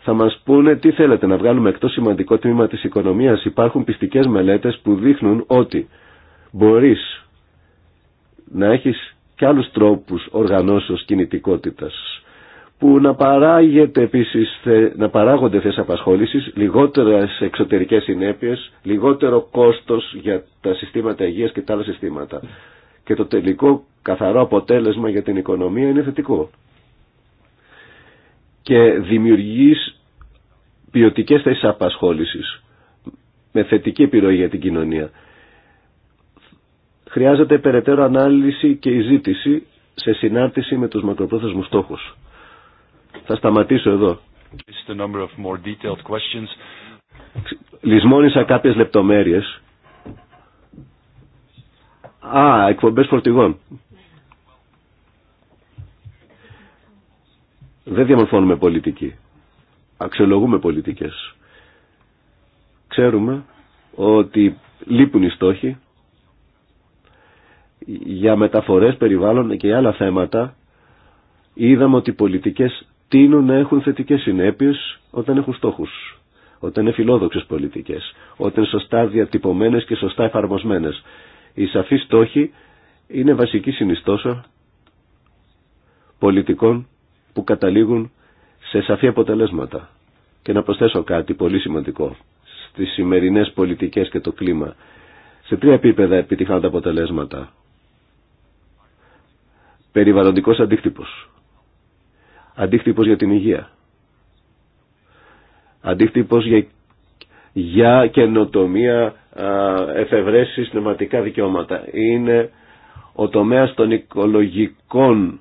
Θα μας πούνε τι θέλετε να βγάλουμε εκτός σημαντικό τμήμα της οικονομίας. Υπάρχουν πιστικές μελέτες που δείχνουν ότι μπορείς να έχεις και άλλους τρόπους οργανώσεως κινητικότητας που να, παράγεται να παράγονται θέσεις απασχόλησης, λιγότερες εξωτερικές συνέπειες, λιγότερο κόστος για τα συστήματα υγείας και τα άλλα συστήματα. Και το τελικό καθαρό αποτέλεσμα για την οικονομία είναι θετικό. Και δημιουργείς ποιοτικές θέσεις απασχόλησης με θετική επιρροή για την κοινωνία. Χρειάζεται περαιτέρω ανάλυση και σε συνάρτηση με τους μακροπρόθεσμους στόχους. Θα σταματήσω εδώ. Λυσμόνησα κάποιες λεπτομέρειες. Α, εκπομπές φορτηγών. Δεν διαμορφώνουμε πολιτική. Αξιολογούμε πολιτικές. Ξέρουμε ότι λείπουν οι στόχοι για μεταφορές περιβάλλον και άλλα θέματα είδαμε ότι οι πολιτικές τείνουν να έχουν θετικές συνέπειες όταν έχουν στόχους, όταν είναι φιλόδοξες πολιτικές, όταν σωστά διατυπωμένες και σωστά εφαρμοσμένες. Οι σαφείς στόχοι είναι βασική συνιστόσα πολιτικών που καταλήγουν σε σαφή αποτελέσματα. Και να προσθέσω κάτι πολύ σημαντικό στις σημερινές πολιτικές και το κλίμα. Σε τρία επίπεδα επιτυχάνονται αποτελέσματα. Περιβαλλοντικός αντίκτυπος αντίκτυπος για την υγεία, αντίκτυπος για, για καινοτομία, εφευρέσεις, πνευματικά δικαιώματα. Είναι ο τομέας των οικολογικών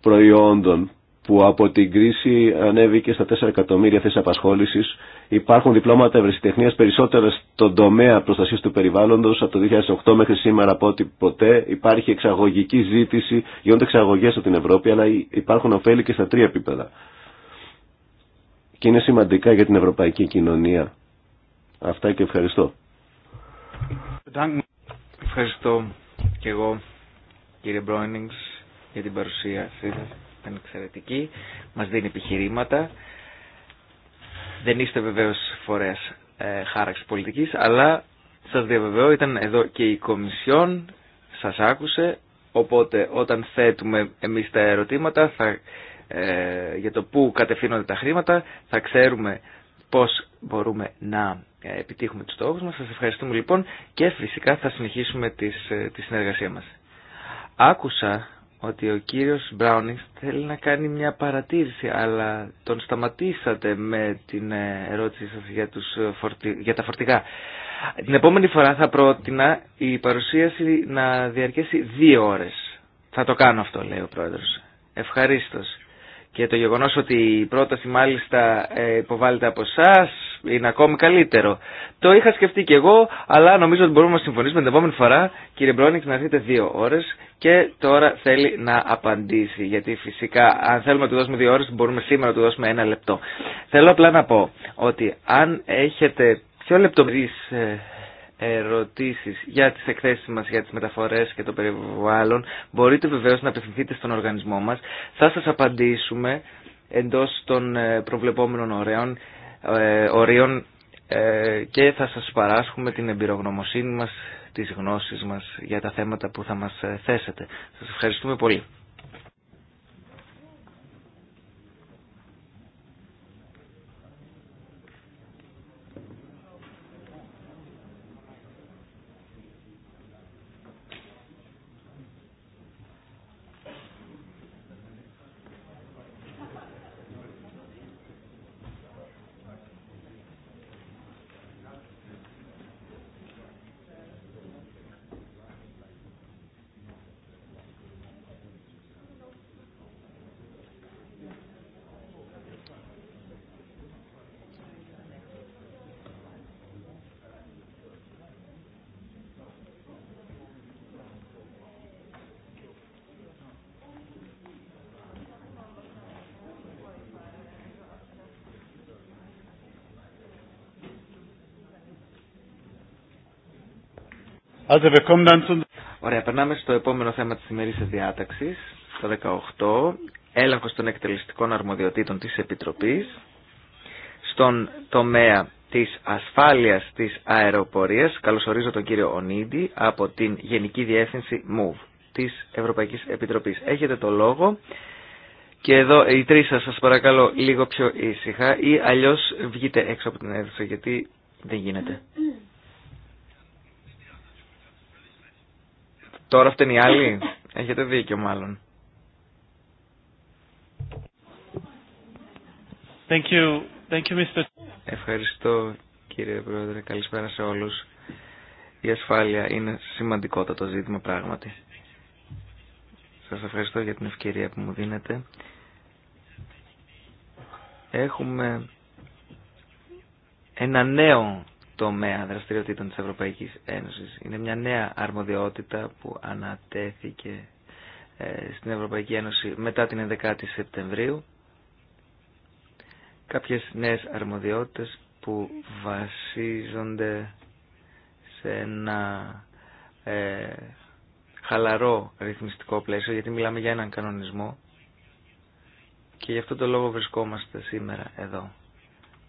προϊόντων που από την κρίση ανέβηκε στα 4 εκατομμύρια θέσει απασχόληση. Υπάρχουν διπλώματα ευρεσιτεχνία περισσότερα στον τομέα προστασία του περιβάλλοντο από το 2008 μέχρι σήμερα από ό,τι ποτέ. Υπάρχει εξαγωγική ζήτηση, γίνονται εξαγωγέ από την Ευρώπη, αλλά υπάρχουν ωφέλη και στα τρία επίπεδα. Και είναι σημαντικά για την ευρωπαϊκή κοινωνία. Αυτά και ευχαριστώ. Ευχαριστώ και εγώ κύριε Μπρόινιγκς για την παρουσία σας ήταν εξαιρετική, μας δίνει επιχειρήματα. Δεν είστε βεβαίως φορέας ε, χάραξης πολιτικής, αλλά σας διαβεβαιώ ήταν εδώ και η Κομισιόν, σας άκουσε, οπότε όταν θέτουμε εμείς τα ερωτήματα θα, ε, για το πού κατευθύνονται τα χρήματα θα ξέρουμε πώς μπορούμε να ε, επιτύχουμε τους στόχους μας. Σας ευχαριστούμε λοιπόν και φυσικά θα συνεχίσουμε ε, τη συνεργασία μας. Άκουσα ότι ο κύριος Μπράουνινγκ θέλει να κάνει μια παρατήρηση, αλλά τον σταματήσατε με την ε, ερώτηση σας για, τους ε, για τα φορτηγά. Την επόμενη φορά θα πρότεινα η παρουσίαση να διαρκέσει δύο ώρες. Θα το κάνω αυτό, λέει ο πρόεδρος. Ευχαρίστως και το γεγονός ότι η πρόταση μάλιστα ε, υποβάλλεται από εσά είναι ακόμη καλύτερο. Το είχα σκεφτεί και εγώ, αλλά νομίζω ότι μπορούμε να συμφωνήσουμε την επόμενη φορά. Κύριε Μπρόνιξ, να έρθετε δύο ώρες και τώρα θέλει να απαντήσει. Γιατί φυσικά αν θέλουμε να του δώσουμε δύο ώρες μπορούμε σήμερα να του δώσουμε ένα λεπτό. Θέλω απλά να πω ότι αν έχετε πιο λεπτομερείς ε, ερωτήσεις για τις εκθέσεις μας για τις μεταφορές και το περιβάλλον μπορείτε βεβαίως να απευθυνθείτε στον οργανισμό μας. Θα σας απαντήσουμε εντός των ε, προβλεπόμενων ωραίων, ε, ε, και θα σας παράσχουμε την εμπειρογνωμοσύνη μας, τις γνώσεις μας για τα θέματα που θα μας θέσετε. Σας ευχαριστούμε πολύ. Ωραία, περνάμε στο επόμενο θέμα της ημερήσιας διάταξης, το 18, έλεγχος των εκτελεστικών αρμοδιοτήτων της Επιτροπής, στον τομέα της ασφάλειας της αεροπορίας. Καλωσορίζω τον κύριο Ονίδη από την Γενική Διεύθυνση MOVE της Ευρωπαϊκής Επιτροπής. Έχετε το λόγο. Και εδώ οι τρεις σας, σας παρακαλώ λίγο πιο ήσυχα ή αλλιώς βγείτε έξω από την αίθουσα γιατί δεν γίνεται. Τώρα φταίνει η άλλη. Έχετε δίκιο μάλλον. Thank you. Thank you, Mr. Ευχαριστώ κύριε Πρόεδρε. Καλησπέρα σε όλους. Η ασφάλεια είναι σημαντικότατο ζήτημα πράγματι. Σας ευχαριστώ για την ευκαιρία που μου δίνετε. Έχουμε ένα νέο τομέα δραστηριοτήτων της Ευρωπαϊκής Ένωσης. Είναι μια νέα αρμοδιότητα που ανατέθηκε ε, στην Ευρωπαϊκή Ένωση μετά την 11η Σεπτεμβρίου. Κάποιες νέες αρμοδιότητες που βασίζονται σε ένα ε, χαλαρό ρυθμιστικό πλαίσιο, γιατί μιλάμε για έναν κανονισμό και γι' αυτό το λόγο βρισκόμαστε σήμερα εδώ.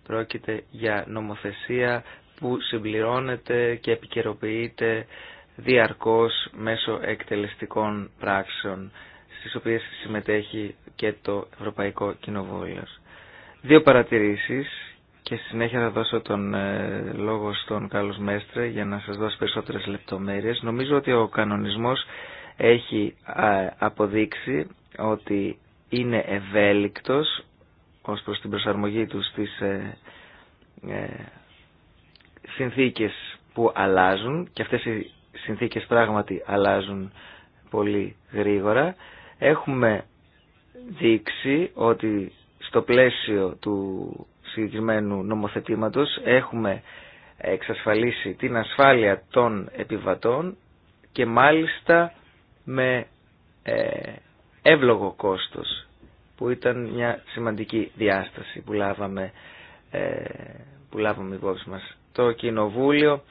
Πρόκειται για νομοθεσία που συμπληρώνεται και επικαιροποιείται διαρκώς μέσω εκτελεστικών πράξεων στις οποίες συμμετέχει και το Ευρωπαϊκό Κοινοβούλιο. Δύο παρατηρήσεις και στη συνέχεια θα δώσω τον ε, λόγο στον Κάλλος Μέστρε για να σας δώσω περισσότερες λεπτομέρειες. Νομίζω ότι ο κανονισμός έχει αποδείξει ότι είναι ευέλικτος ως προς την προσαρμογή του στις ε, ε, συνθήκες που αλλάζουν και αυτές οι συνθήκες πράγματι αλλάζουν πολύ γρήγορα. Έχουμε δείξει ότι στο πλαίσιο του συγκεκριμένου νομοθετήματος έχουμε εξασφαλίσει την ασφάλεια των επιβατών και μάλιστα με ε, εύλογο κόστος που ήταν μια σημαντική διάσταση που λάβαμε, ε, που λάβαμε υπόψη μας το Κοινοβούλιο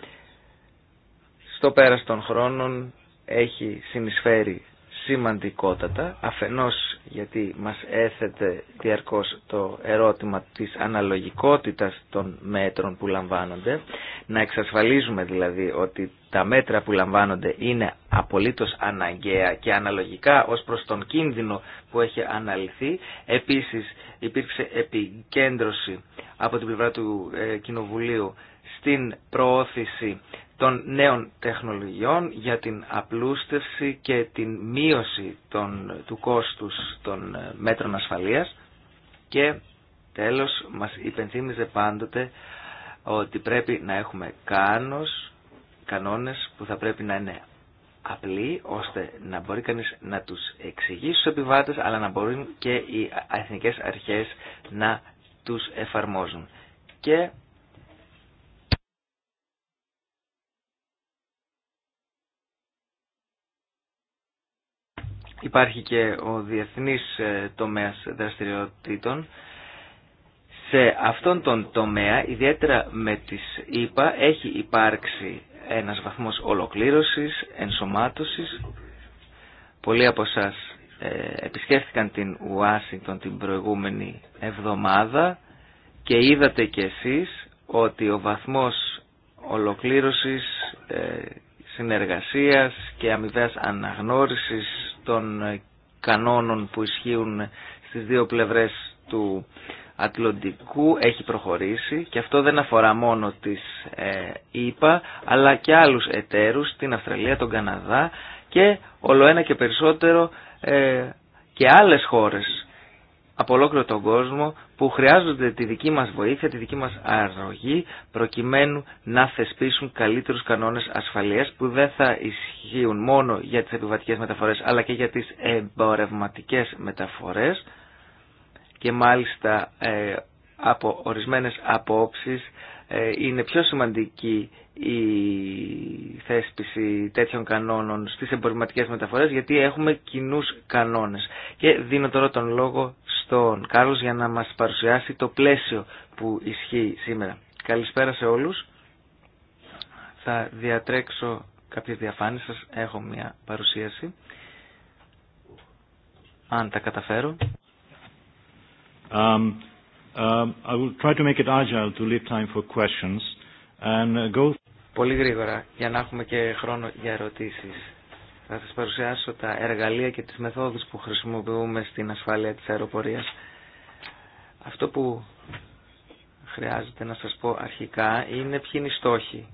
στο πέρας των χρόνων έχει συνεισφέρει σημαντικότατα, αφενός γιατί μας έθετε διαρκώς το ερώτημα της αναλογικότητας των μέτρων που λαμβάνονται, να εξασφαλίζουμε δηλαδή ότι τα μέτρα που λαμβάνονται είναι απολύτως αναγκαία και αναλογικά ως προς τον κίνδυνο που έχει αναλυθεί. Επίσης υπήρξε επικέντρωση από την πλευρά του ε, Κοινοβουλίου στην προώθηση των νέων τεχνολογιών για την απλούστευση και την μείωση των, του κόστους των ε, μέτρων ασφαλείας και τέλος μας υπενθύμιζε πάντοτε ότι πρέπει να έχουμε κάνος, κανόνες που θα πρέπει να είναι απλοί ώστε να μπορεί κανείς να τους εξηγήσει στους επιβάτες αλλά να μπορούν και οι εθνικές αρχές να τους εφαρμόζουν. Και Υπάρχει και ο διεθνής ε, τομέας δραστηριοτήτων. Σε αυτόν τον τομέα, ιδιαίτερα με τις ΙΠΑ, έχει υπάρξει ένας βαθμός ολοκλήρωσης, ενσωμάτωσης. Πολλοί από εσά επισκέφθηκαν την Ουάσιγκτον την προηγούμενη εβδομάδα και είδατε κι εσείς ότι ο βαθμός ολοκλήρωσης ε, συνεργασίας και αμοιβαίας αναγνώρισης των κανόνων που ισχύουν στις δύο πλευρές του Ατλαντικού έχει προχωρήσει και αυτό δεν αφορά μόνο τις ε, ΗΠΑ αλλά και άλλους εταίρους, την Αυστραλία, τον Καναδά και όλο ένα και περισσότερο ε, και άλλες χώρες από ολόκληρο τον κόσμο που χρειάζονται τη δική μας βοήθεια, τη δική μας αρρωγή προκειμένου να θεσπίσουν καλύτερους κανόνες ασφαλείας που δεν θα ισχύουν μόνο για τις επιβατικές μεταφορές αλλά και για τις εμπορευματικές μεταφορές και μάλιστα ε, από ορισμένες απόψεις ε, είναι πιο σημαντική η θέσπιση τέτοιων κανόνων στις εμπορευματικές μεταφορές γιατί έχουμε κοινούς κανόνες. Και δίνω τώρα τον λόγο στον Κάρλος για να μας παρουσιάσει το πλαίσιο που ισχύει σήμερα. Καλησπέρα σε όλους. Θα διατρέξω κάποιες διαφάνειες σας. Έχω μια παρουσίαση. Αν τα καταφέρω. make time for Πολύ γρήγορα για να έχουμε και χρόνο για ερωτήσεις. Θα σας παρουσιάσω τα εργαλεία και τις μεθόδους που χρησιμοποιούμε στην ασφάλεια της αεροπορίας. Αυτό που χρειάζεται να σας πω αρχικά είναι ποιοι είναι οι στόχοι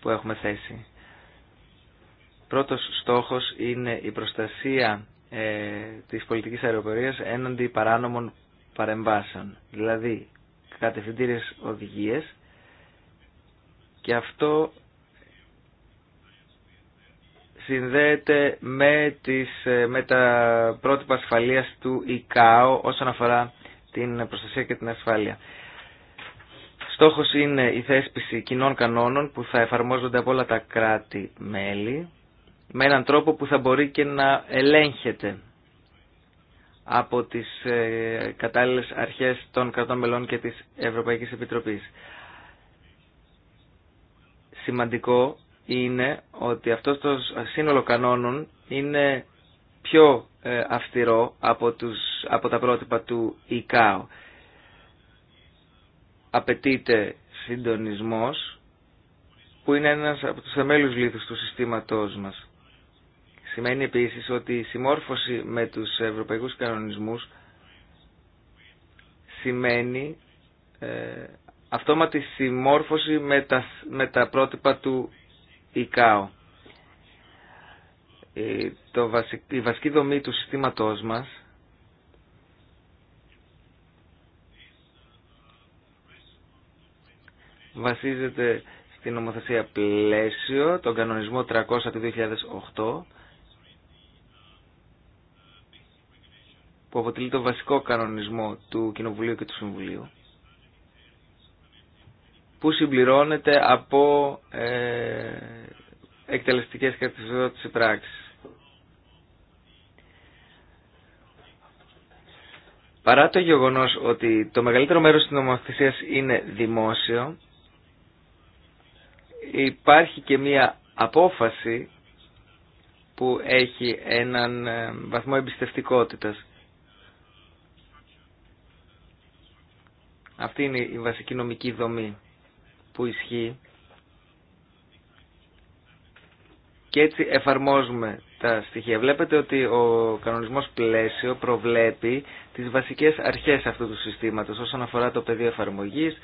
που έχουμε θέσει. Πρώτος στόχος είναι η προστασία ε, της πολιτικής αεροπορίας έναντι παράνομων παρεμβάσεων. Δηλαδή κατευθυντήριες οδηγίες και αυτό συνδέεται με, τις, ε, με τα πρότυπα ασφαλείας του ΙΚΑΟ όσον αφορά την προστασία και την ασφάλεια. Στόχος είναι η θέσπιση κοινών κανόνων που θα εφαρμόζονται από όλα τα κράτη-μέλη με έναν τρόπο που θα μπορεί και να ελέγχεται από τις ε, κατάλληλες αρχές των κρατών μελών και της Ευρωπαϊκής Επιτροπής. Σημαντικό είναι ότι αυτό το σύνολο κανόνων είναι πιο ε, αυστηρό από, τους, από τα πρότυπα του ΙΚΑΟ. Απαιτείται συντονισμός που είναι ένας από τους θεμέλους λίθους του συστήματός μας. Σημαίνει επίσης ότι η συμμόρφωση με τους ευρωπαϊκούς κανονισμούς σημαίνει ε, αυτόματη συμμόρφωση με τα, με τα πρότυπα του ΙΚΑΟ. Ε, το η βασική δομή του συστήματός μας βασίζεται στην νομοθεσία πλαίσιο, τον κανονισμό 300 του 2008, που αποτελεί το βασικό κανονισμό του Κοινοβουλίου και του Συμβουλίου που συμπληρώνεται από ε, εκτελεστικές κατευθυντικές πράξεις. Παρά το γεγονός ότι το μεγαλύτερο μέρος της νομοθεσίας είναι δημόσιο, υπάρχει και μία απόφαση που έχει έναν ε, βαθμό εμπιστευτικότητας. Αυτή είναι η βασική νομική δομή που ισχύει και έτσι εφαρμόζουμε τα στοιχεία. Βλέπετε ότι ο κανονισμός πλαίσιο προβλέπει τις βασικές αρχές αυτού του συστήματος όσον αφορά το πεδίο εφαρμογής,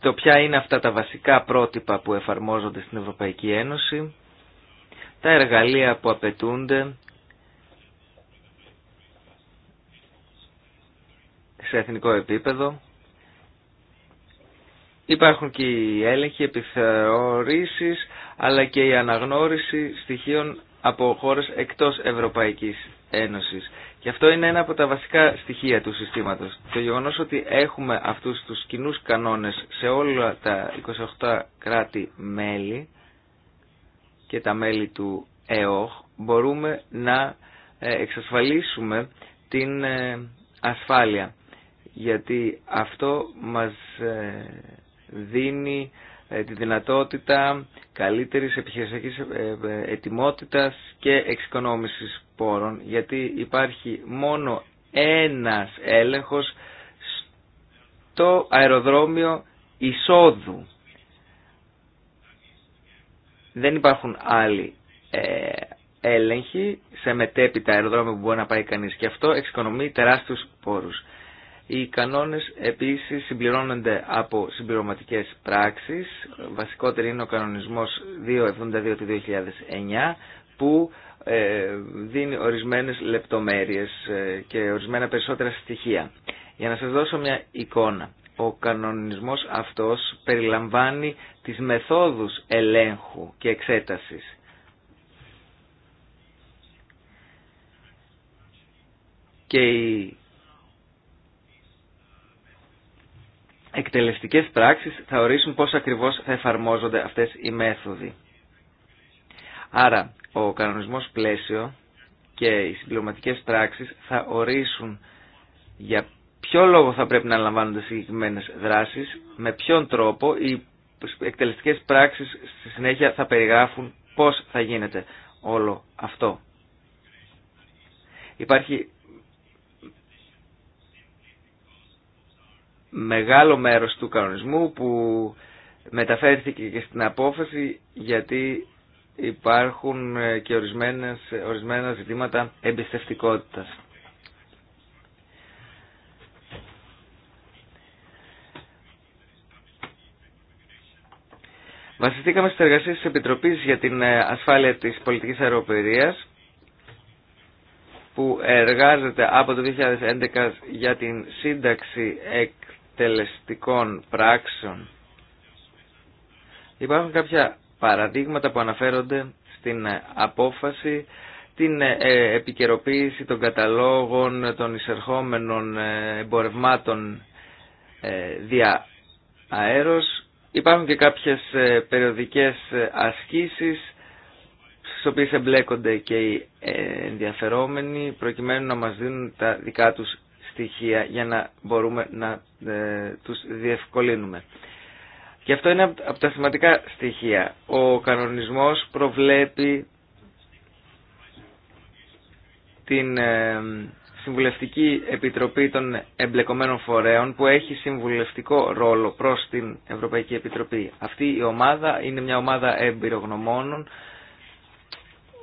το ποια είναι αυτά τα βασικά πρότυπα που εφαρμόζονται στην Ευρωπαϊκή Ένωση, τα εργαλεία που απαιτούνται σε εθνικό επίπεδο, Υπάρχουν και οι έλεγχοι, επιθεωρήσεις, αλλά και η αναγνώριση στοιχείων από χώρες εκτός Ευρωπαϊκής Ένωσης. Και αυτό είναι ένα από τα βασικά στοιχεία του συστήματος. Το γεγονός ότι έχουμε αυτούς τους κοινού κανόνες σε όλα τα 28 κράτη-μέλη και τα μέλη του ΕΟΧ μπορούμε να ε, εξασφαλίσουμε την ε, ασφάλεια. Γιατί αυτό μας ε, δίνει ε, τη δυνατότητα καλύτερης επιχειρησιακής ε, ε, ετοιμότητας και εξοικονόμησης πόρων γιατί υπάρχει μόνο ένας έλεγχος στο αεροδρόμιο εισόδου. Δεν υπάρχουν άλλοι έλεγχοι σε μετέπειτα αεροδρόμια που μπορεί να πάει κανείς και αυτό εξοικονομεί τεράστιους πόρους. Οι κανόνες επίσης συμπληρώνονται από συμπληρωματικές πράξεις. Βασικότερη είναι ο κανονισμός 272 του 2009 που ε, δίνει ορισμένες λεπτομέρειες ε, και ορισμένα περισσότερα στοιχεία. Για να σας δώσω μια εικόνα. Ο κανονισμός αυτός περιλαμβάνει τις μεθόδους ελέγχου και εξέτασης. Και εκτελεστικές πράξεις θα ορίσουν πώς ακριβώς θα εφαρμόζονται αυτές οι μέθοδοι. Άρα, ο κανονισμός πλαίσιο και οι συμπληρωματικές πράξεις θα ορίσουν για ποιο λόγο θα πρέπει να λαμβάνονται συγκεκριμένε δράσεις, με ποιον τρόπο οι εκτελεστικές πράξεις στη συνέχεια θα περιγράφουν πώς θα γίνεται όλο αυτό. Υπάρχει μεγάλο μέρος του κανονισμού που μεταφέρθηκε και στην απόφαση γιατί υπάρχουν ε, και ορισμένες, ορισμένα ζητήματα εμπιστευτικότητας. Βασιστήκαμε στις εργασίες της Επιτροπής για την ε, ασφάλεια της πολιτικής αεροπορίας που εργάζεται από το 2011 για την σύνταξη εκ τελεστικών πράξεων. Υπάρχουν κάποια παραδείγματα που αναφέρονται στην απόφαση, την ε, επικαιροποίηση των καταλόγων των εισερχόμενων ε, εμπορευμάτων ε, δια αέρος. Υπάρχουν και κάποιες περιοδικές ασκήσεις στις οποίες εμπλέκονται και οι ενδιαφερόμενοι προκειμένου να μας δίνουν τα δικά τους στοιχεία για να μπορούμε να ε, τους διευκολύνουμε. Και αυτό είναι από τα σημαντικά στοιχεία. Ο κανονισμός προβλέπει την ε, Συμβουλευτική Επιτροπή των Εμπλεκομένων Φορέων που έχει συμβουλευτικό ρόλο προς την Ευρωπαϊκή Επιτροπή. Αυτή η ομάδα είναι μια ομάδα εμπειρογνωμόνων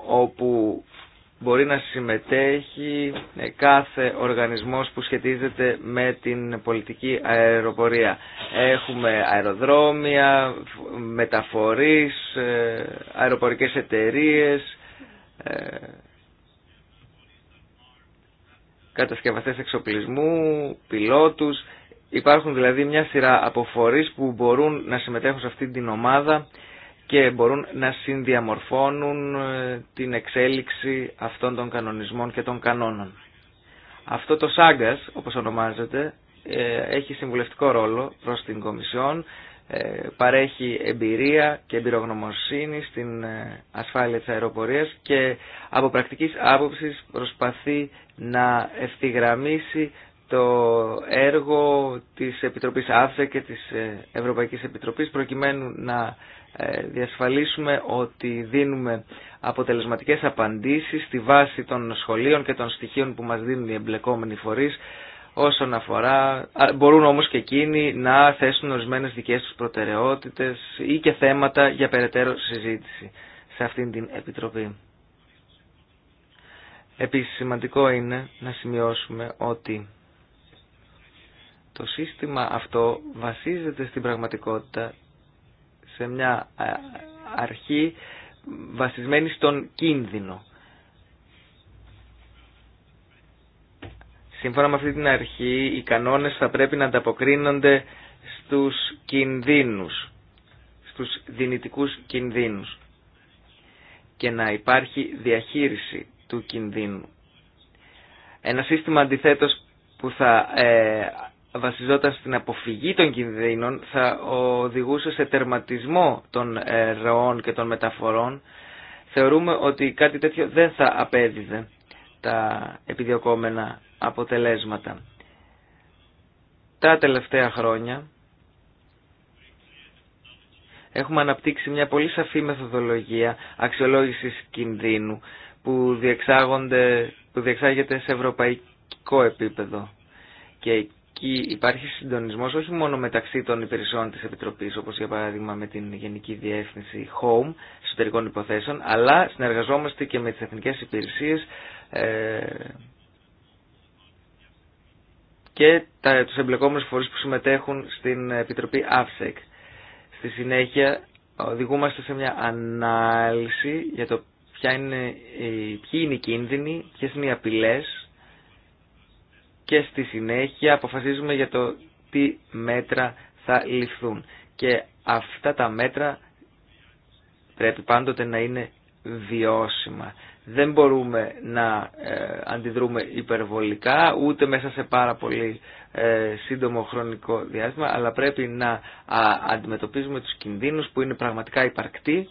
όπου μπορεί να συμμετέχει ε, κάθε οργανισμός που σχετίζεται με την πολιτική αεροπορία. Έχουμε αεροδρόμια, μεταφορείς, ε, αεροπορικές εταιρείες, ε, κατασκευαστές εξοπλισμού, πιλότους. Υπάρχουν δηλαδή μια σειρά από που μπορούν να συμμετέχουν σε αυτή την ομάδα και μπορούν να συνδιαμορφώνουν ε, την εξέλιξη αυτών των κανονισμών και των κανόνων. Αυτό το ΣΑΓΑΣ όπως ονομάζεται, ε, έχει συμβουλευτικό ρόλο προς την Κομισιόν, ε, παρέχει εμπειρία και εμπειρογνωμοσύνη στην ασφάλεια της αεροπορίας και από πρακτικής άποψης προσπαθεί να ευθυγραμμίσει το έργο της Επιτροπής ΑΦΕ και της ε, Ευρωπαϊκής Επιτροπής προκειμένου να ε, διασφαλίσουμε ότι δίνουμε αποτελεσματικές απαντήσεις στη βάση των σχολείων και των στοιχείων που μας δίνουν οι εμπλεκόμενοι φορείς όσον αφορά, μπορούν όμως και εκείνοι να θέσουν ορισμένες δικές τους προτεραιότητες ή και θέματα για περαιτέρω συζήτηση σε αυτήν την Επιτροπή. Επίσης σημαντικό είναι να σημειώσουμε ότι το σύστημα αυτό βασίζεται στην πραγματικότητα σε μια αρχή βασισμένη στον κίνδυνο. Σύμφωνα με αυτή την αρχή, οι κανόνες θα πρέπει να ανταποκρίνονται στους κινδύνους, στους δυνητικούς κινδύνους και να υπάρχει διαχείριση του κινδύνου. Ένα σύστημα αντιθέτως που θα ε, βασιζόταν στην αποφυγή των κινδύνων θα οδηγούσε σε τερματισμό των ροών και των μεταφορών. Θεωρούμε ότι κάτι τέτοιο δεν θα απέδιδε τα επιδιωκόμενα αποτελέσματα. Τα τελευταία χρόνια έχουμε αναπτύξει μια πολύ σαφή μεθοδολογία αξιολόγησης κινδύνου που, διεξάγονται, που διεξάγεται σε ευρωπαϊκό επίπεδο. Και υπάρχει συντονισμός όχι μόνο μεταξύ των υπηρεσιών της Επιτροπής, όπως για παράδειγμα με την Γενική Διεύθυνση Home, εσωτερικών υποθέσεων, αλλά συνεργαζόμαστε και με τις εθνικές υπηρεσίε ε, και του τους φορεί που συμμετέχουν στην Επιτροπή ΑΦΣΕΚ. Στη συνέχεια οδηγούμαστε σε μια ανάλυση για το ποια είναι, ε, ποιοι είναι οι κίνδυνοι, ποιε είναι οι απειλές και στη συνέχεια αποφασίζουμε για το τι μέτρα θα ληφθούν. Και αυτά τα μέτρα πρέπει πάντοτε να είναι βιώσιμα. Δεν μπορούμε να ε, αντιδρούμε υπερβολικά ούτε μέσα σε πάρα πολύ ε, σύντομο χρονικό διάστημα αλλά πρέπει να αντιμετωπίζουμε τους κινδύνους που είναι πραγματικά υπαρκτοί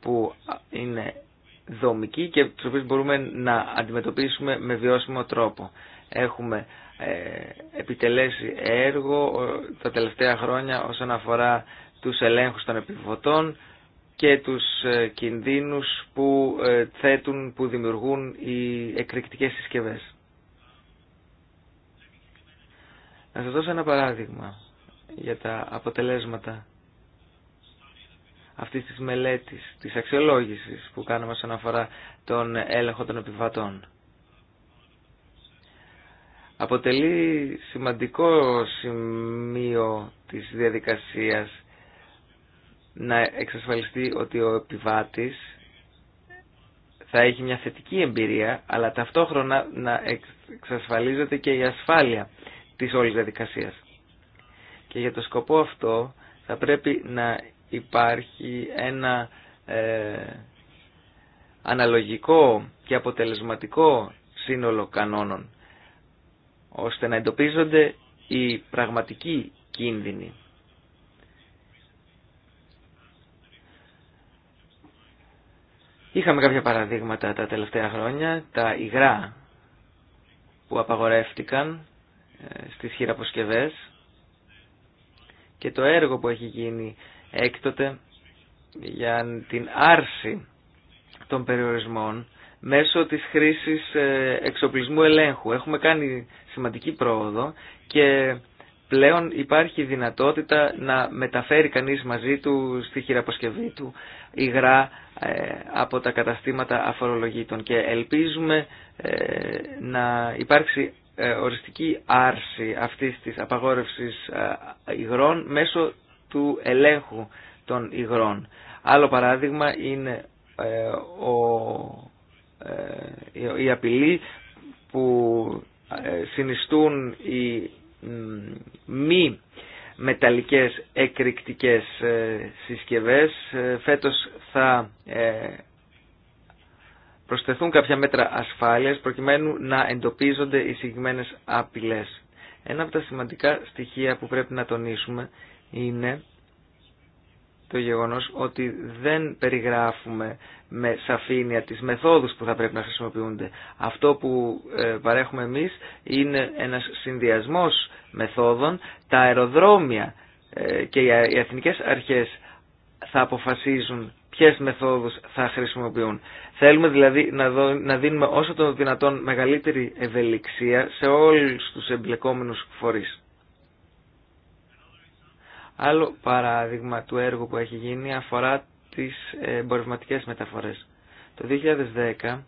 που είναι δομικοί και τους οποίους μπορούμε να αντιμετωπίσουμε με βιώσιμο τρόπο. Έχουμε ε, επιτελέσει έργο ε, τα τελευταία χρόνια όσον αφορά τους ελέγχους των επιβοτών και τους ε, κινδύνους που θέτουν, που δημιουργούν οι εκρηκτικές συσκευές. Να σας δώσω ένα παράδειγμα για τα αποτελέσματα αυτής της μελέτης, της αξιολόγησης που κάνουμε όσον αφορά τον έλεγχο των επιβατών. Αποτελεί σημαντικό σημείο της διαδικασίας να εξασφαλιστεί ότι ο επιβάτης θα έχει μια θετική εμπειρία, αλλά ταυτόχρονα να εξασφαλίζεται και η ασφάλεια της όλης διαδικασίας. Και για το σκοπό αυτό θα πρέπει να υπάρχει ένα ε, αναλογικό και αποτελεσματικό σύνολο κανόνων ώστε να εντοπίζονται οι πραγματικοί κίνδυνοι. Είχαμε κάποια παραδείγματα τα τελευταία χρόνια, τα υγρά που απαγορεύτηκαν ε, στις χειραποσκευές και το έργο που έχει γίνει Έκτοτε, για την άρση των περιορισμών μέσω της χρήσης ε, εξοπλισμού ελέγχου. Έχουμε κάνει σημαντική πρόοδο και πλέον υπάρχει δυνατότητα να μεταφέρει κανείς μαζί του στη χειραποσκευή του υγρά ε, από τα καταστήματα αφορολογήτων και ελπίζουμε ε, να υπάρξει οριστική άρση αυτής της απαγόρευσης υγρών μέσω του ελέγχου των υγρών. Άλλο παράδειγμα είναι ε, ο, ε, η απειλή που ε, συνιστούν οι μη μεταλλικές εκρηκτικές συσκευές. Φέτος θα προσθεθούν κάποια μέτρα ασφάλειας προκειμένου να εντοπίζονται οι συγκεκριμένες απειλές. Ένα από τα σημαντικά στοιχεία που πρέπει να τονίσουμε είναι το γεγονός ότι δεν περιγράφουμε με σαφήνεια τις μεθόδους που θα πρέπει να χρησιμοποιούνται. Αυτό που ε, παρέχουμε εμείς είναι ένας συνδυασμός μεθόδων. Τα αεροδρόμια ε, και οι εθνικές αρχές θα αποφασίζουν ποιες μεθόδους θα χρησιμοποιούν. Θέλουμε δηλαδή να δίνουμε όσο το δυνατόν μεγαλύτερη ευελιξία σε όλους τους εμπλεκόμενους φορείς. Άλλο παράδειγμα του έργου που έχει γίνει αφορά τις εμπορευματικέ μεταφορές. Το 2010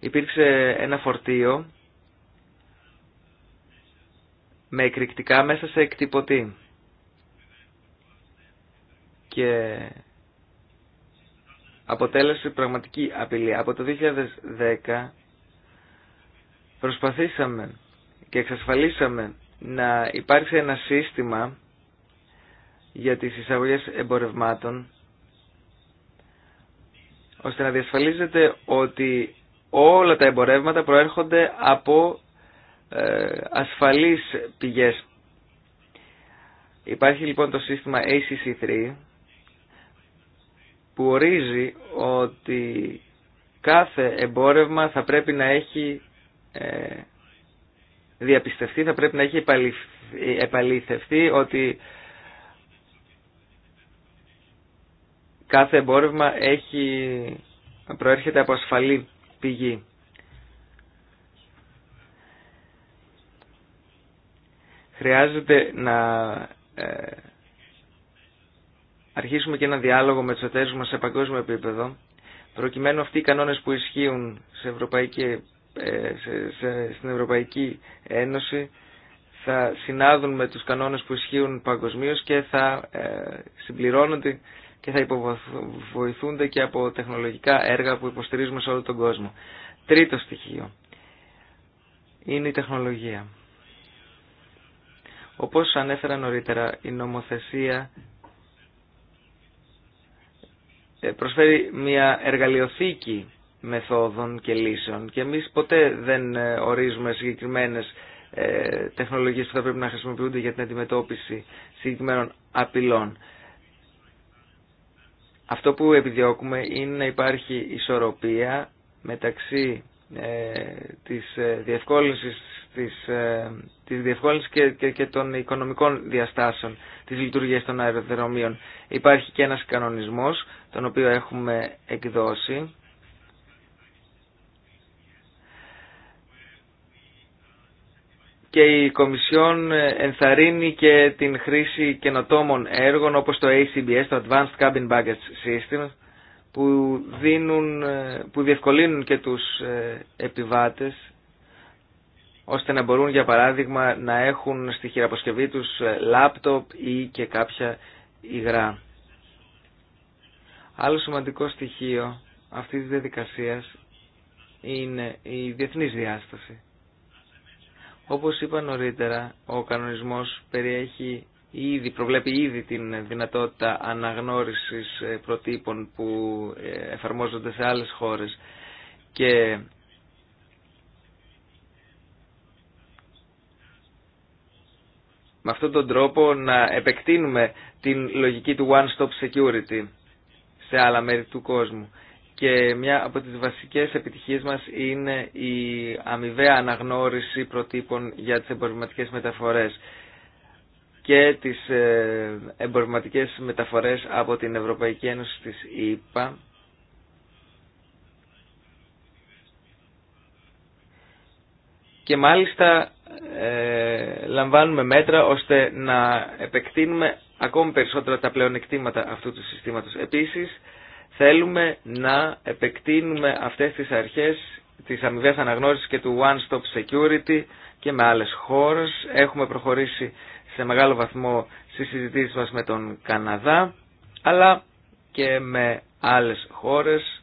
υπήρξε ένα φορτίο με εκρηκτικά μέσα σε εκτυπωτή και αποτέλεσε πραγματική απειλή. Από το 2010 προσπαθήσαμε και εξασφαλίσαμε να υπάρξει ένα σύστημα για τις εισαγωγές εμπορευμάτων ώστε να διασφαλίζεται ότι όλα τα εμπορεύματα προέρχονται από ε, ασφαλείς πηγές. Υπάρχει λοιπόν το σύστημα ACC3 που ορίζει ότι κάθε εμπόρευμα θα πρέπει να έχει ε, διαπιστευτεί, θα πρέπει να έχει επαληθευτεί ότι κάθε εμπόρευμα έχει, προέρχεται από ασφαλή πηγή. Χρειάζεται να ε, αρχίσουμε και ένα διάλογο με τους εταίρους μας σε παγκόσμιο επίπεδο, προκειμένου αυτοί οι κανόνες που ισχύουν σε ευρωπαϊκή ε, στην Ευρωπαϊκή Ένωση θα συνάδουν με τους κανόνες που ισχύουν παγκοσμίω και θα ε, συμπληρώνονται και θα υποβοηθούνται και από τεχνολογικά έργα που υποστηρίζουμε σε όλο τον κόσμο. Τρίτο στοιχείο είναι η τεχνολογία. Όπως ανέφερα νωρίτερα, η νομοθεσία ε, προσφέρει μια εργαλειοθήκη μεθόδων και λύσεων. Και εμείς ποτέ δεν ε, ορίζουμε συγκεκριμένες ε, τεχνολογίες που θα πρέπει να χρησιμοποιούνται για την αντιμετώπιση συγκεκριμένων απειλών. Αυτό που επιδιώκουμε είναι να υπάρχει ισορροπία μεταξύ ε, ε, της διευκόλυνσης της, και, και, και, των οικονομικών διαστάσεων της λειτουργίας των αεροδρομίων. Υπάρχει και ένας κανονισμός, τον οποίο έχουμε εκδώσει, και η Κομισιόν ενθαρρύνει και την χρήση καινοτόμων έργων όπως το ACBS, το Advanced Cabin Baggage System, που, δίνουν, που διευκολύνουν και τους ε, επιβάτες ώστε να μπορούν για παράδειγμα να έχουν στη χειραποσκευή τους λάπτοπ ε, ή και κάποια υγρά. Άλλο σημαντικό στοιχείο αυτής της διαδικασίας είναι η διεθνής διάσταση. Όπως είπα νωρίτερα, ο κανονισμός περιέχει ήδη, προβλέπει ήδη την δυνατότητα αναγνώρισης ε, προτύπων που ε, εφαρμόζονται σε άλλες χώρες και με αυτόν τον τρόπο να επεκτείνουμε την λογική του one-stop security σε άλλα μέρη του κόσμου και μια από τις βασικές επιτυχίες μας είναι η αμοιβαία αναγνώριση προτύπων για τις εμπορευματικές μεταφορές και τις ε, εμπορευματικές μεταφορές από την Ευρωπαϊκή Ένωση της ΕΥΠΑ. και μάλιστα ε, λαμβάνουμε μέτρα ώστε να επεκτείνουμε ακόμη περισσότερα τα πλεονεκτήματα αυτού του συστήματος. Επίσης, Θέλουμε να επεκτείνουμε αυτές τις αρχές της αμοιβές αναγνώρισης και του One Stop Security και με άλλες χώρες. Έχουμε προχωρήσει σε μεγάλο βαθμό στις συζητήσεις μας με τον Καναδά, αλλά και με άλλες χώρες.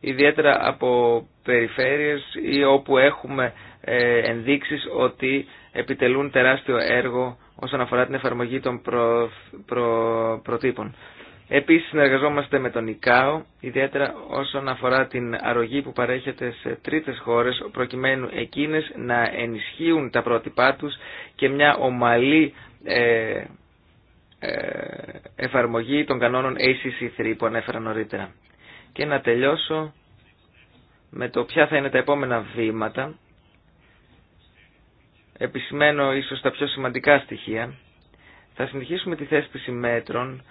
Ιδιαίτερα από περιφέρειες ή όπου έχουμε ε, ενδείξεις ότι επιτελούν τεράστιο έργο όσον αφορά την εφαρμογή των προ, προ, προτύπων. Επίσης συνεργαζόμαστε με τον ΙΚΑΟ, ιδιαίτερα όσον αφορά την αρρωγή που παρέχεται σε τρίτες χώρες, προκειμένου εκείνες να ενισχύουν τα πρότυπά τους και μια ομαλή ε, ε, εφαρμογή των κανόνων ACC3 που ανέφερα νωρίτερα. Και να τελειώσω με το ποια θα είναι τα επόμενα βήματα επισημαίνω ίσως τα πιο σημαντικά στοιχεία. Θα συνεχίσουμε τη θέσπιση μέτρων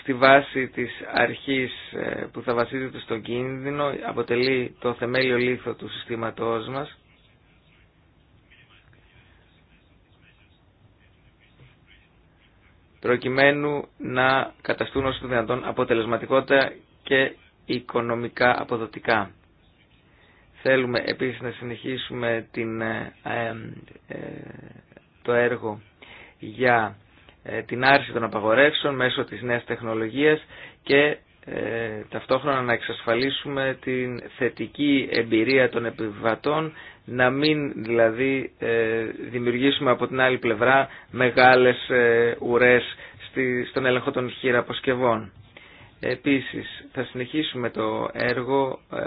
στη βάση της αρχής ε, που θα βασίζεται στον κίνδυνο, αποτελεί το θεμέλιο λίθο του συστήματός μας. προκειμένου να καταστούν όσο δυνατόν αποτελεσματικότητα και οικονομικά αποδοτικά. Θέλουμε επίσης να συνεχίσουμε την, ε, ε, ε, το έργο για την άρση των απαγορεύσεων μέσω της νέας τεχνολογίας και ταυτόχρονα να εξασφαλίσουμε την θετική εμπειρία των επιβατών να μην δηλαδή δημιουργήσουμε από την άλλη πλευρά μεγάλες ουρές στον έλεγχο των χειραποσκευών. Επίσης, θα συνεχίσουμε το έργο ε,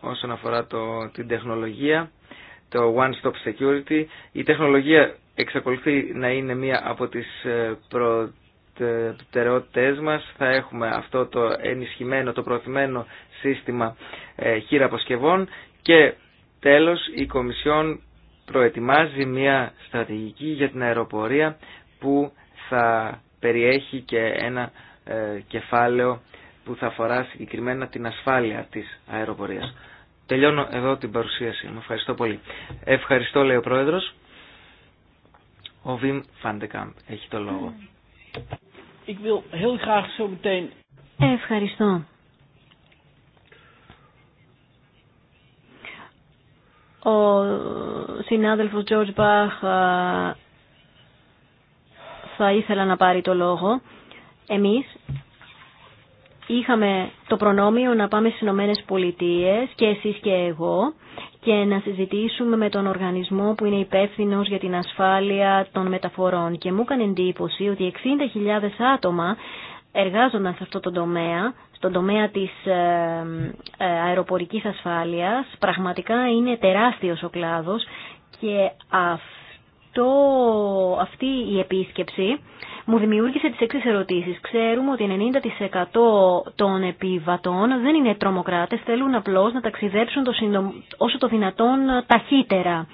όσον αφορά το, την τεχνολογία, το One Stop Security. Η τεχνολογία εξακολουθεί να είναι μία από τις ε, προτεραιότητές μας. Θα έχουμε αυτό το ενισχυμένο, το προωθημένο σύστημα ε, χείρα αποσκευών και τέλος η Κομισιόν προετοιμάζει μία στρατηγική για την αεροπορία που θα περιέχει και ένα κεφάλαιο που θα αφορά συγκεκριμένα την ασφάλεια της αεροπορίας. Τελειώνω εδώ την παρουσίαση μου. Ευχαριστώ πολύ. Ευχαριστώ, λέει ο Πρόεδρος. Ο Βιμ Φαντεκάμπ έχει το λόγο. Ευχαριστώ. Ο συνάδελφος Τζόρτζ Μπαχ θα ήθελα να πάρει το λόγο. Εμείς είχαμε το προνόμιο να πάμε στι Ηνωμένε Πολιτείε και εσείς και εγώ και να συζητήσουμε με τον οργανισμό που είναι υπεύθυνο για την ασφάλεια των μεταφορών. Και μου έκανε εντύπωση ότι 60.000 άτομα εργάζονταν σε αυτό το τομέα, στον τομέα της ε, ε, αεροπορικής ασφάλειας. Πραγματικά είναι τεράστιος ο κλάδος και αυτό, αυτή η επίσκεψη μου δημιούργησε τις εξής ερωτήσεις. Ξέρουμε ότι 90% των επιβατών δεν είναι τρομοκράτες, θέλουν απλώς να ταξιδέψουν το όσο το δυνατόν ταχύτερα.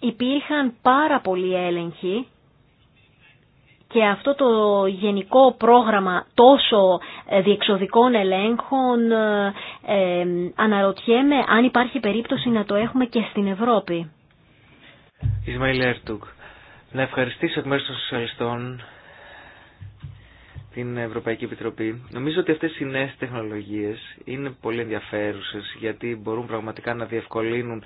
Υπήρχαν πάρα πολλοί έλεγχοι και αυτό το γενικό πρόγραμμα τόσο διεξοδικών ελέγχων ε, ε αναρωτιέμαι αν υπάρχει περίπτωση να το έχουμε και στην Ευρώπη. Ισμαήλ Ερτούκ. Να ευχαριστήσω εκ μέρους των σοσιαλιστών την Ευρωπαϊκή Επιτροπή. Νομίζω ότι αυτές οι νέες τεχνολογίες είναι πολύ ενδιαφέρουσες γιατί μπορούν πραγματικά να διευκολύνουν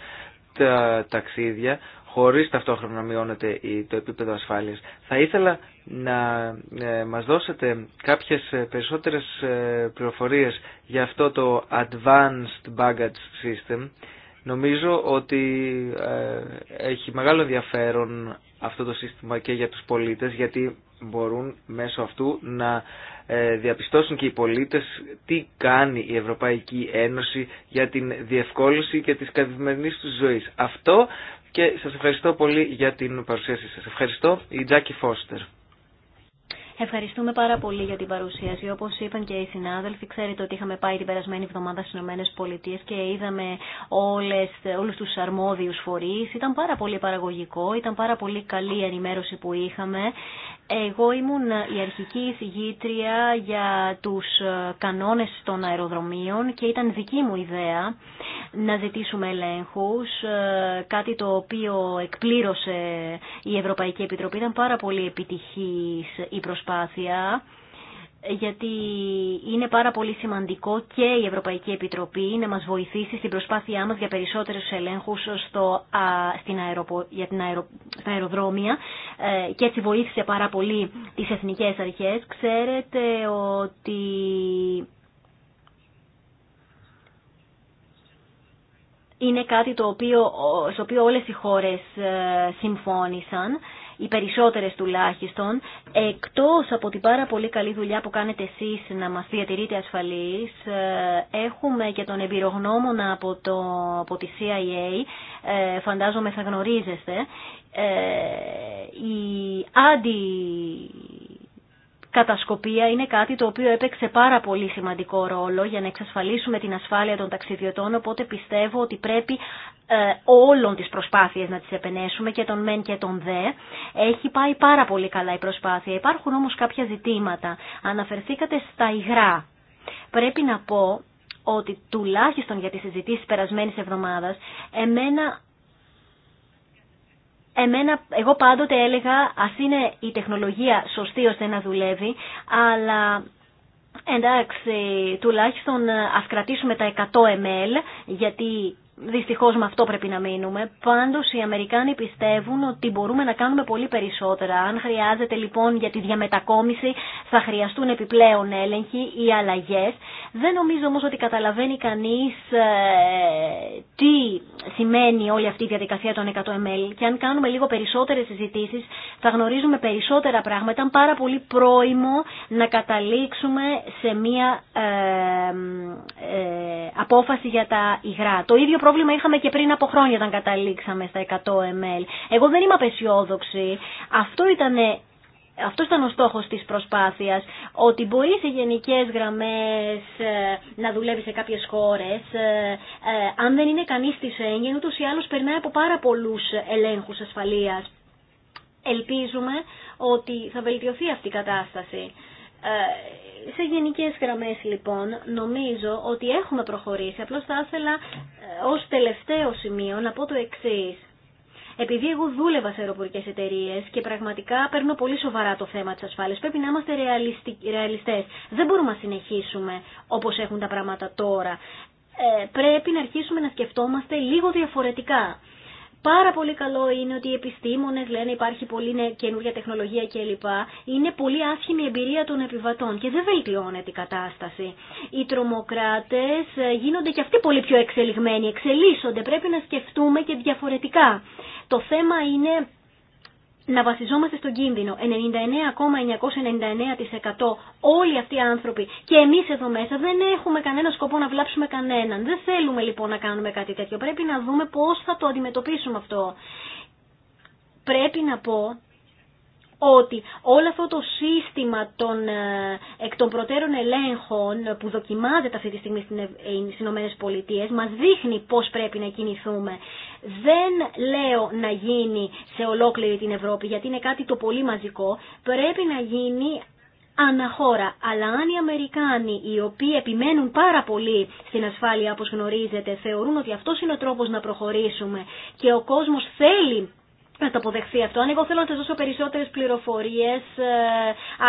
τα ταξίδια χωρίς ταυτόχρονα να μειώνεται το επίπεδο ασφάλειας. Θα ήθελα να ε, μας δώσετε κάποιες ε, περισσότερες ε, πληροφορίες για αυτό το Advanced Baggage System Νομίζω ότι ε, έχει μεγάλο ενδιαφέρον αυτό το σύστημα και για τους πολίτες γιατί μπορούν μέσω αυτού να ε, διαπιστώσουν και οι πολίτες τι κάνει η Ευρωπαϊκή Ένωση για την διευκόλυνση και της καθημερινής τους ζωής. Αυτό και σας ευχαριστώ πολύ για την παρουσίαση σας. Ευχαριστώ η Τζάκι Φώστερ. Ευχαριστούμε πάρα πολύ για την παρουσίαση. Όπω είπαν και οι συνάδελφοι, ξέρετε ότι είχαμε πάει την περασμένη εβδομάδα στι ΗΠΑ και είδαμε όλου του αρμόδιου φορεί. Ήταν πάρα πολύ παραγωγικό, ήταν πάρα πολύ καλή η ενημέρωση που είχαμε. Εγώ ήμουν η αρχική εισηγήτρια για του ε, κανόνε των αεροδρομίων και ήταν δική μου ιδέα να ζητήσουμε ελέγχου, ε, κάτι το οποίο εκπλήρωσε η Ευρωπαϊκή Επιτροπή. Ήταν πάρα πολύ επιτυχη η προσπάθεια προσπάθεια γιατί είναι πάρα πολύ σημαντικό και η Ευρωπαϊκή Επιτροπή να μας βοηθήσει στην προσπάθειά μας για περισσότερους ελέγχους στο, στην αεροπο, για την αερο, αεροδρόμια ε, και έτσι βοήθησε πάρα πολύ τις εθνικές αρχές. Ξέρετε ότι... Είναι κάτι το οποίο, στο οποίο όλες οι χώρες ε, συμφώνησαν οι περισσότερες τουλάχιστον, εκτός από την πάρα πολύ καλή δουλειά που κάνετε εσείς να μας διατηρείτε ασφαλείς, ε, έχουμε και τον εμπειρογνώμονα από, το, από τη CIA, ε, φαντάζομαι θα γνωρίζεστε, ε, η αντι κατασκοπία είναι κάτι το οποίο έπαιξε πάρα πολύ σημαντικό ρόλο για να εξασφαλίσουμε την ασφάλεια των ταξιδιωτών, οπότε πιστεύω ότι πρέπει ε, όλων τις προσπάθειες να τις επενέσουμε και των μεν και των δε. Έχει πάει πάρα πολύ καλά η προσπάθεια. Υπάρχουν όμως κάποια ζητήματα. Αναφερθήκατε στα υγρά. Πρέπει να πω ότι τουλάχιστον για τις συζητήσεις περασμένης εβδομάδας, εμένα Εμένα, εγώ πάντοτε έλεγα, ας είναι η τεχνολογία σωστή ώστε να δουλεύει, αλλά εντάξει, τουλάχιστον ας κρατήσουμε τα 100 ml, γιατί Δυστυχώ με αυτό πρέπει να μείνουμε. Πάντως οι Αμερικάνοι πιστεύουν ότι μπορούμε να κάνουμε πολύ περισσότερα. Αν χρειάζεται λοιπόν για τη διαμετακόμιση θα χρειαστούν επιπλέον έλεγχοι ή αλλαγές. Δεν νομίζω όμως ότι καταλαβαίνει κανείς ε, τι σημαίνει όλη αυτή η αλλαγε δεν νομιζω ομως οτι καταλαβαινει κανεις τι σημαινει ολη αυτη η διαδικασια των 100 ml και αν κάνουμε λίγο περισσότερε συζητήσει, θα γνωρίζουμε περισσότερα πράγματα. Ήταν πάρα πολύ πρόημο να καταλήξουμε σε μία ε, ε, απόφαση για τα υγρά. Το ίδιο πρόβλημα είχαμε και πριν από χρόνια όταν καταλήξαμε στα 100 ml. Εγώ δεν είμαι απεσιόδοξη. Αυτό ήταν ε, αυτό ήταν ο στόχο τη προσπάθεια, ότι μπορεί σε γενικές γραμμές ε, να δουλεύει σε κάποιες χώρε. Ε, αν δεν είναι κανεί στη Σέγγεν, ούτως ή άλλως περνάει από πάρα πολλού ελέγχου ασφαλεία. Ελπίζουμε ότι θα βελτιωθεί αυτή η αλλω περναει απο παρα πολλού ελέγχου ασφαλεία. ελπιζουμε οτι θα βελτιωθει αυτη η κατασταση σε γενικές γραμμές λοιπόν νομίζω ότι έχουμε προχωρήσει. Απλώς θα ήθελα ε, ως τελευταίο σημείο να πω το εξής. Επειδή εγώ δούλευα σε αεροπορικέ εταιρείε και πραγματικά παίρνω πολύ σοβαρά το θέμα τη ασφάλεια, πρέπει να είμαστε ρεαλιστέ. Δεν μπορούμε να συνεχίσουμε όπω έχουν τα πράγματα τώρα. Ε, πρέπει να αρχίσουμε να σκεφτόμαστε λίγο διαφορετικά. Πάρα πολύ καλό είναι ότι οι επιστήμονες λένε υπάρχει πολύ καινούργια τεχνολογία κλπ. Είναι πολύ άσχημη η εμπειρία των επιβατών και δεν βελτιώνεται η κατάσταση. Οι τρομοκράτες ε, γίνονται και αυτοί πολύ πιο εξελιγμένοι, εξελίσσονται. Πρέπει να σκεφτούμε και διαφορετικά. Το θέμα είναι να βασιζόμαστε στον κίνδυνο. 99,999% όλοι αυτοί οι άνθρωποι και εμείς εδώ μέσα δεν έχουμε κανένα σκοπό να βλάψουμε κανέναν. Δεν θέλουμε λοιπόν να κάνουμε κάτι τέτοιο. Πρέπει να δούμε πώς θα το αντιμετωπίσουμε αυτό. Πρέπει να πω ότι όλο αυτό το σύστημα των ε, εκ των προτέρων ελέγχων που δοκιμάζεται αυτή τη στιγμή ε, ε, στις ΗΠΑ μας δείχνει πώς πρέπει να κινηθούμε. Δεν λέω να γίνει σε ολόκληρη την Ευρώπη, γιατί είναι κάτι το πολύ μαζικό. Πρέπει να γίνει αναχώρα. Αλλά αν οι Αμερικάνοι, οι οποίοι επιμένουν πάρα πολύ στην ασφάλεια, όπως γνωρίζετε, θεωρούν ότι αυτός είναι ο τρόπος να προχωρήσουμε και ο κόσμος θέλει να το αποδεχθεί αυτό. Αν εγώ θέλω να σα δώσω περισσότερες πληροφορίες, ε,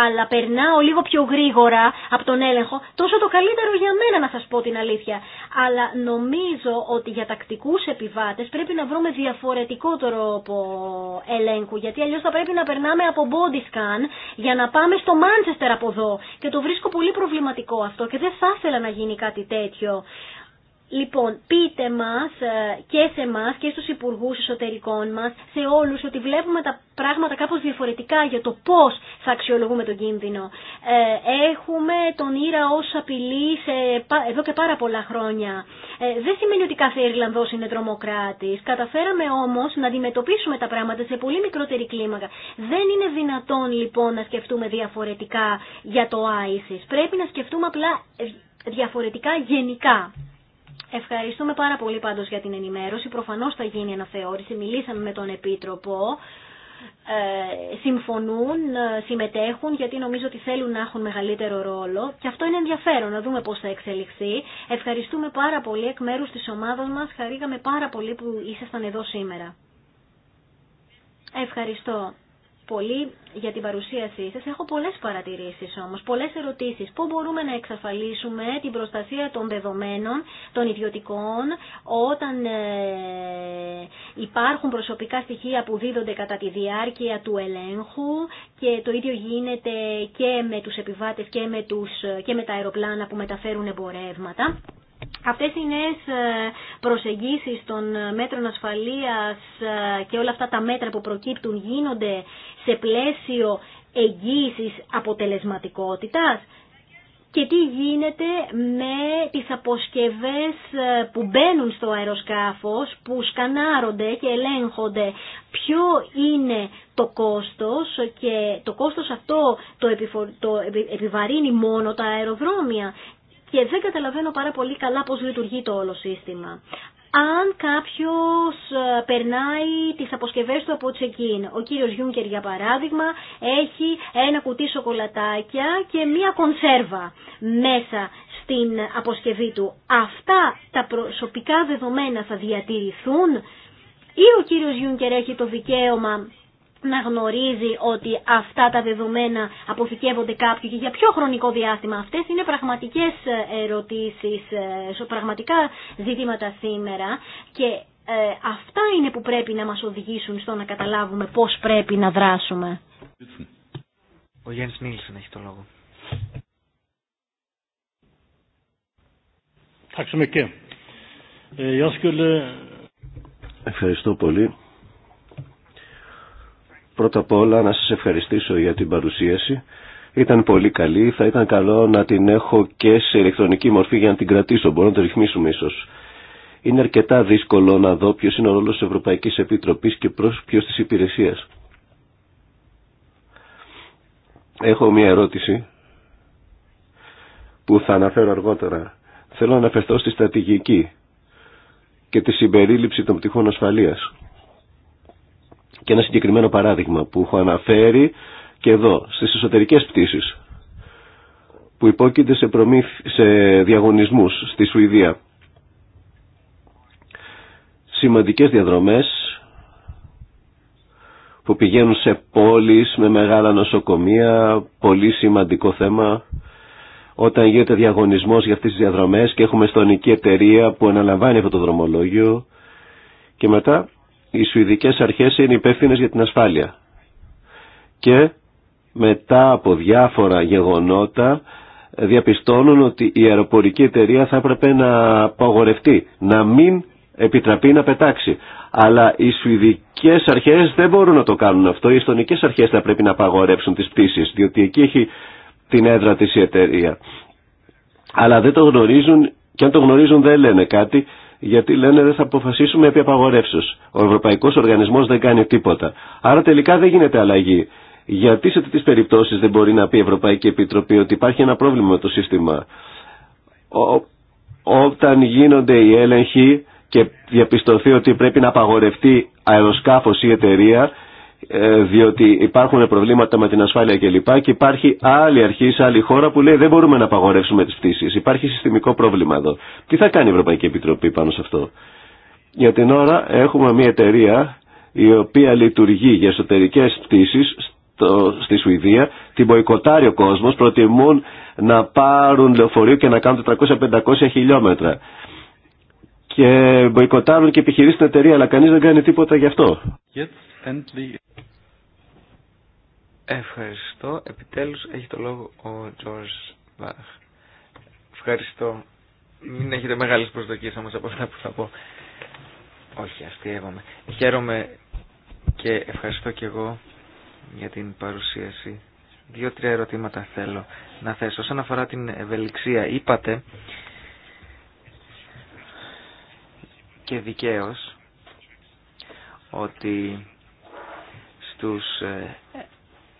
αλλά περνάω λίγο πιο γρήγορα από τον έλεγχο, τόσο το καλύτερο για μένα να σας πω την αλήθεια. Αλλά νομίζω ότι για τακτικούς επιβάτες πρέπει να βρούμε διαφορετικό τρόπο ελέγχου, γιατί αλλιώς θα πρέπει να περνάμε από body scan για να πάμε στο Manchester από εδώ. Και το βρίσκω πολύ προβληματικό αυτό και δεν θα ήθελα να γίνει κάτι τέτοιο. Λοιπόν, πείτε μας ε, και σε εμά και στους υπουργούς εσωτερικών μας, σε όλους, ότι βλέπουμε τα πράγματα κάπως διαφορετικά για το πώς θα αξιολογούμε τον κίνδυνο. Ε, έχουμε τον Ήρα ως απειλή σε, εδώ και πάρα πολλά χρόνια. Ε, δεν σημαίνει ότι κάθε Ιρλανδός είναι τρομοκράτης. Καταφέραμε όμως να αντιμετωπίσουμε τα πράγματα σε πολύ μικρότερη κλίμακα. Δεν είναι δυνατόν λοιπόν να σκεφτούμε διαφορετικά για το ISIS. Πρέπει να σκεφτούμε απλά διαφορετικά γενικά. Ευχαριστούμε πάρα πολύ πάντως για την ενημέρωση. Προφανώς θα γίνει αναθεώρηση. Μιλήσαμε με τον Επίτροπο. Ε, συμφωνούν, ε, συμμετέχουν γιατί νομίζω ότι θέλουν να έχουν μεγαλύτερο ρόλο και αυτό είναι ενδιαφέρον να δούμε πώς θα εξελιχθεί. Ευχαριστούμε πάρα πολύ εκ μέρους της ομάδας μας. Χαρήκαμε πάρα πολύ που ήσασταν εδώ σήμερα. Ευχαριστώ πολύ για την παρουσίασή σας. Έχω πολλές παρατηρήσεις όμως, πολλές ερωτήσεις. Πού μπορούμε να εξασφαλίσουμε την προστασία των δεδομένων, των ιδιωτικών, όταν ε, υπάρχουν προσωπικά στοιχεία που δίδονται κατά τη διάρκεια του ελέγχου και το ίδιο γίνεται και με τους επιβάτες και με, τους, και με τα αεροπλάνα που μεταφέρουν εμπορεύματα. Αυτές οι νέες ε, προσεγγίσεις των μέτρων ασφαλείας ε, και όλα αυτά τα μέτρα που προκύπτουν γίνονται σε πλαίσιο εγγύησης αποτελεσματικότητας και τι γίνεται με τις αποσκευές ε, που μπαίνουν στο αεροσκάφος, που σκανάρονται και ελέγχονται. Ποιο είναι το κόστος και το κόστος αυτό το, το επιβαρύνει μόνο τα αεροδρόμια. Και δεν καταλαβαίνω πάρα πολύ καλά πώς λειτουργεί το όλο σύστημα αν κάποιος ε, περνάει τις αποσκευέ του από τσεκίν. Ο κύριος Γιούνκερ για παράδειγμα έχει ένα κουτί σοκολατάκια και μία κονσέρβα μέσα στην αποσκευή του. Αυτά τα προσωπικά δεδομένα θα διατηρηθούν ή ο κύριος Γιούνκερ έχει το δικαίωμα να γνωρίζει ότι αυτά τα δεδομένα αποθηκεύονται κάποιοι και για ποιο χρονικό διάστημα. Αυτές είναι πραγματικές ε, ερωτήσεις, ε, πραγματικά ζητήματα σήμερα και ε, αυτά είναι που πρέπει να μας οδηγήσουν στο να καταλάβουμε πώς πρέπει να δράσουμε. Ο Γιάννης έχει το λόγο. Eh, Ευχαριστώ πολύ. Πρώτα απ' όλα να σας ευχαριστήσω για την παρουσίαση. Ήταν πολύ καλή. Θα ήταν καλό να την έχω και σε ηλεκτρονική μορφή για να την κρατήσω. Μπορώ να το ρυθμίσουμε ίσως. Είναι αρκετά δύσκολο να δω ποιος είναι ο ρόλος της Ευρωπαϊκής Επιτροπής και προς ποιος της υπηρεσίας. Έχω μία ερώτηση που θα αναφέρω αργότερα. Θέλω να αναφερθώ στη στρατηγική και τη συμπερίληψη των πτυχών ασφαλείας και ένα συγκεκριμένο παράδειγμα που έχω αναφέρει και εδώ στις εσωτερικές πτήσεις που υπόκειται σε, προμήθ... διαγωνισμούς στη Σουηδία. Σημαντικές διαδρομές που πηγαίνουν σε πόλεις με μεγάλα νοσοκομεία, πολύ σημαντικό θέμα όταν γίνεται διαγωνισμός για αυτές τις διαδρομές και έχουμε στονική εταιρεία που αναλαμβάνει αυτό το δρομολόγιο και μετά οι Σουηδικές αρχές είναι υπεύθυνε για την ασφάλεια. Και μετά από διάφορα γεγονότα διαπιστώνουν ότι η αεροπορική εταιρεία θα έπρεπε να απαγορευτεί, να μην επιτραπεί να πετάξει. Αλλά οι Σουηδικές αρχές δεν μπορούν να το κάνουν αυτό. Οι Ιστονικές αρχές θα πρέπει να απαγορεύσουν τις πτήσεις, διότι εκεί έχει την έδρα της η εταιρεία. Αλλά δεν το γνωρίζουν και αν το γνωρίζουν δεν λένε κάτι γιατί λένε δεν θα αποφασίσουμε επί απαγορεύσεως. Ο Ευρωπαϊκός Οργανισμός δεν κάνει τίποτα. Άρα τελικά δεν γίνεται αλλαγή. Γιατί σε τέτοιες περιπτώσεις δεν μπορεί να πει η Ευρωπαϊκή Επιτροπή ότι υπάρχει ένα πρόβλημα με το σύστημα. Ό, όταν γίνονται οι έλεγχοι και διαπιστωθεί ότι πρέπει να απαγορευτεί αεροσκάφος ή εταιρεία, ε, διότι υπάρχουν προβλήματα με την ασφάλεια κλπ. Και, και υπάρχει άλλη αρχή σε άλλη χώρα που λέει δεν μπορούμε να απαγορεύσουμε τι πτήσει. Υπάρχει συστημικό πρόβλημα εδώ. Τι θα κάνει η Ευρωπαϊκή Επιτροπή πάνω σε αυτό. Για την ώρα έχουμε μια εταιρεία η οποία λειτουργεί για εσωτερικέ πτήσει στη Σουηδία, την μποϊκοτάρει ο κόσμος, προτιμούν να πάρουν λεωφορείο και να κάνουν 400-500 χιλιόμετρα και μποϊκοτάρουν και επιχειρήσουν την εταιρεία, αλλά κανείς δεν κάνει τίποτα γι' αυτό. Ευχαριστώ. Επιτέλους έχει το λόγο ο George Bach. Ευχαριστώ. Μην έχετε μεγάλες προσδοκίες όμως από αυτά που θα πω. Όχι, αστείευομαι. Χαίρομαι και ευχαριστώ και εγώ για την παρουσίαση. Δύο-τρία ερωτήματα θέλω να θέσω. Όσον αφορά την ευελιξία, είπατε και δικαίως ότι στους ε,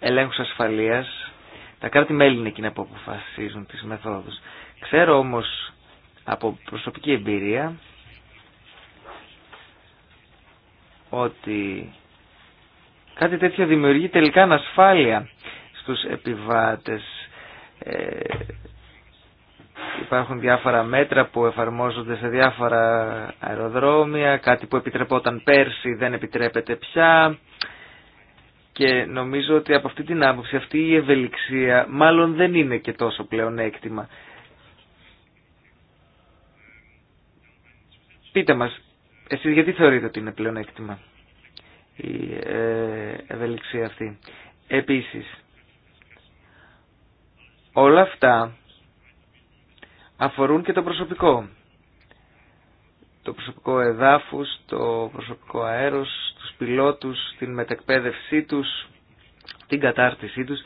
ελέγχους ασφαλείας τα κράτη-μέλη είναι εκείνα που αποφασίζουν τις μεθόδους. Ξέρω όμως από προσωπική εμπειρία ότι κάτι τέτοιο δημιουργεί τελικά ανασφάλεια στους επιβάτες ε, Υπάρχουν διάφορα μέτρα που εφαρμόζονται σε διάφορα αεροδρόμια, κάτι που επιτρεπόταν πέρσι δεν επιτρέπεται πια και νομίζω ότι από αυτή την άποψη αυτή η ευελιξία μάλλον δεν είναι και τόσο πλέον Πείτε μας, εσείς γιατί θεωρείτε ότι είναι πλέον η ε, ευελιξία αυτή. Επίσης, όλα αυτά αφορούν και το προσωπικό. Το προσωπικό εδάφους, το προσωπικό αέρος, τους πιλότους, την μετεκπαίδευσή τους, την κατάρτισή τους.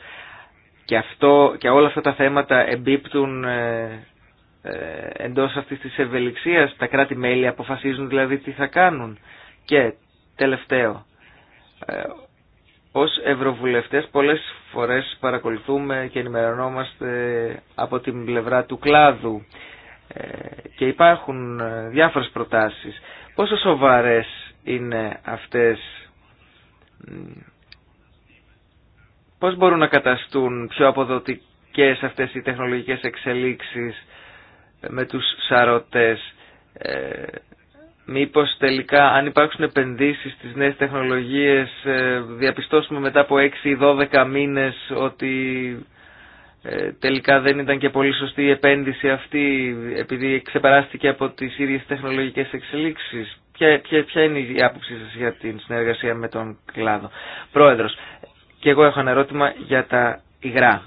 Και, αυτό, και όλα αυτά τα θέματα εμπίπτουν ε, ε εντός αυτής της ευελιξίας. Τα κράτη-μέλη αποφασίζουν δηλαδή τι θα κάνουν. Και τελευταίο, ε, ως ευρωβουλευτές πολλές φορές παρακολουθούμε και ενημερωνόμαστε από την πλευρά του κλάδου ε, και υπάρχουν ε, διάφορες προτάσεις. Πόσο σοβαρές είναι αυτές, πώς μπορούν να καταστούν πιο αποδοτικές αυτές οι τεχνολογικές εξελίξεις ε, με τους σαρωτές, μήπως τελικά αν υπάρξουν επενδύσεις στις νέες τεχνολογίες ε, διαπιστώσουμε μετά από 6 ή 12 μήνες ότι ε, τελικά δεν ήταν και πολύ σωστή η επένδυση αυτή επειδή ξεπεράστηκε από τις ίδιες τεχνολογικές εξελίξεις. Ποια, ποια, ποια είναι η άποψή σας για την συνεργασία με τον κλάδο. Πρόεδρος, και εγώ έχω ένα ερώτημα για τα υγρά.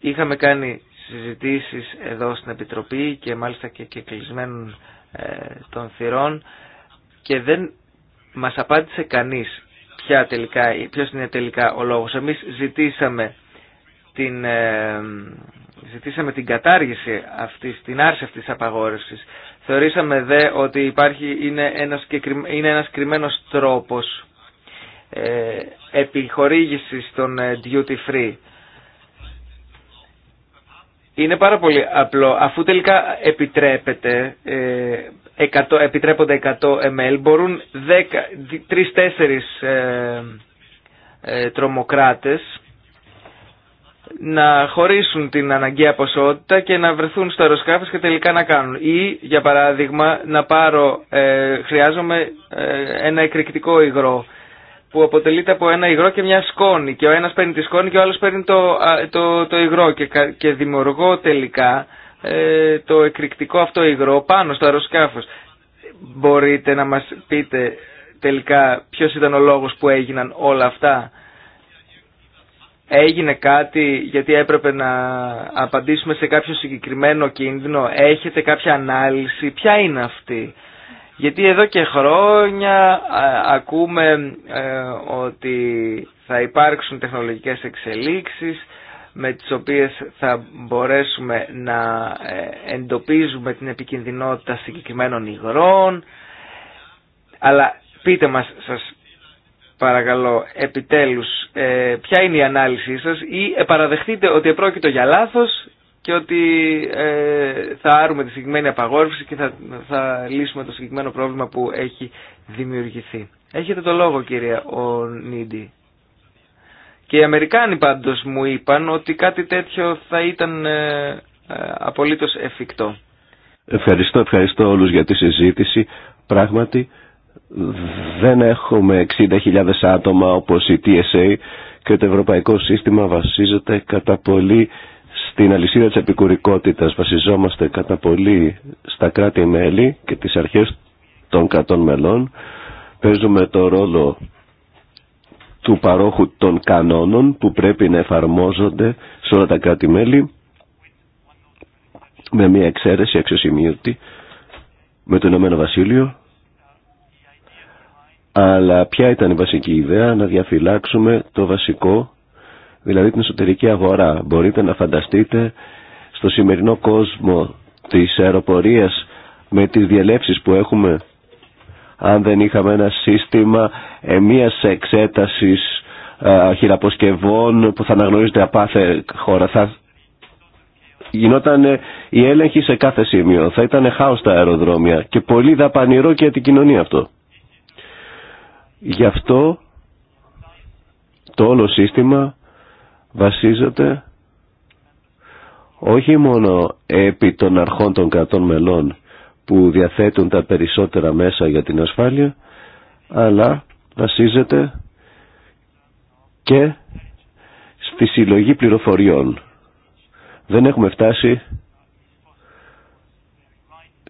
Είχαμε κάνει συζητήσεις εδώ στην Επιτροπή και μάλιστα και, και κλεισμένων ε, των θυρών και δεν μας απάντησε κανείς ποια τελικά, ποιος είναι τελικά ο λόγος. Εμείς ζητήσαμε την, ε, ζητήσαμε την κατάργηση αυτής, την άρση αυτής της απαγόρευσης. Θεωρήσαμε δε ότι υπάρχει, είναι, ένας, είναι ένας κρυμμένος τρόπος ε, επιχορήγησης των ε, duty free είναι πάρα πολύ απλό. Αφού τελικά επιτρέπεται, 100, ε, επιτρέπονται 100 ml, μπορούν 3-4 ε, ε, τρομοκράτες να χωρίσουν την αναγκαία ποσότητα και να βρεθούν στο αεροσκάφο και τελικά να κάνουν. Ή, για παράδειγμα, να πάρω, ε, χρειάζομαι ένα εκρηκτικό υγρό που αποτελείται από ένα υγρό και μια σκόνη και ο ένας παίρνει τη σκόνη και ο άλλος παίρνει το, το, το υγρό και, και δημιουργώ τελικά ε, το εκρηκτικό αυτό υγρό πάνω στο αεροσκάφος. Μπορείτε να μας πείτε τελικά ποιος ήταν ο λόγος που έγιναν όλα αυτά. Έγινε κάτι γιατί έπρεπε να απαντήσουμε σε κάποιο συγκεκριμένο κίνδυνο. Έχετε κάποια ανάλυση. Ποια είναι αυτή. Γιατί εδώ και χρόνια ακούμε ε, ότι θα υπάρξουν τεχνολογικές εξελίξεις με τις οποίες θα μπορέσουμε να ε, εντοπίζουμε την επικινδυνότητα συγκεκριμένων υγρών. Αλλά πείτε μας, σας παρακαλώ, επιτέλους, ε, ποια είναι η ανάλυση σας ή παραδεχτείτε ότι επρόκειτο για λάθος και ότι ε, θα άρουμε τη συγκεκριμένη απαγόρευση και θα, θα λύσουμε το συγκεκριμένο πρόβλημα που έχει δημιουργηθεί. Έχετε το λόγο κύριε ο Και οι Αμερικάνοι πάντως μου είπαν ότι κάτι τέτοιο θα ήταν ε, ε απολύτως εφικτό. Ευχαριστώ, ευχαριστώ όλους για τη συζήτηση. Πράγματι δεν έχουμε 60.000 άτομα όπως η TSA και το Ευρωπαϊκό Σύστημα βασίζεται κατά πολύ στην αλυσίδα της επικουρικότητας βασιζόμαστε κατά πολύ στα κράτη-μέλη και τις αρχές των κρατών μελών. Παίζουμε το ρόλο του παρόχου των κανόνων που πρέπει να εφαρμόζονται σε όλα τα κράτη-μέλη με μια εξαίρεση αξιοσημείωτη με το Ηνωμένο Βασίλειο αλλά ποια ήταν η βασική ιδέα να διαφυλάξουμε το βασικό δηλαδή την εσωτερική αγορά. Μπορείτε να φανταστείτε στο σημερινό κόσμο της αεροπορίας με τις διαλέψεις που έχουμε αν δεν είχαμε ένα σύστημα εμίας μίας εξέτασης ε, χειραποσκευών που θα αναγνωρίζεται από κάθε χώρα. Θα γινόταν ε, η έλεγχη σε κάθε σημείο. Θα ήταν χάος τα αεροδρόμια και πολύ δαπανηρό και για αυτό. Γι' αυτό το όλο σύστημα βασίζεται όχι μόνο επί των αρχών των κρατών μελών που διαθέτουν τα περισσότερα μέσα για την ασφάλεια, αλλά βασίζεται και στη συλλογή πληροφοριών. Δεν έχουμε φτάσει,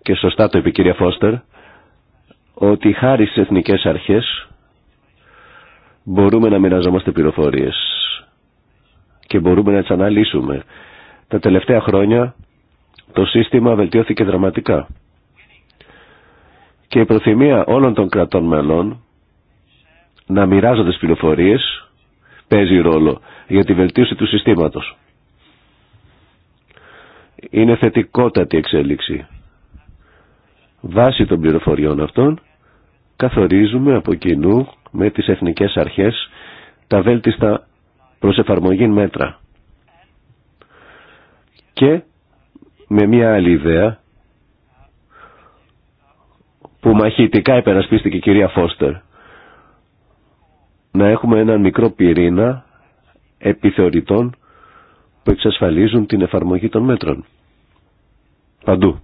και σωστά το είπε κυρία Φώστερ, ότι χάρη στις εθνικές αρχές μπορούμε να μοιραζόμαστε πληροφορίες και μπορούμε να τι αναλύσουμε. Τα τελευταία χρόνια το σύστημα βελτιώθηκε δραματικά. Και η προθυμία όλων των κρατών μελών να μοιράζονται τι πληροφορίε παίζει ρόλο για τη βελτίωση του συστήματος. Είναι θετικότατη εξέλιξη. Βάσει των πληροφοριών αυτών καθορίζουμε από κοινού με τις εθνικές αρχές τα βέλτιστα προς εφαρμογή μέτρα. Και με μια άλλη ιδέα που μαχητικά υπερασπίστηκε η κυρία Φώστερ. Να έχουμε έναν μικρό πυρήνα επιθεωρητών που εξασφαλίζουν την εφαρμογή των μέτρων. Παντού.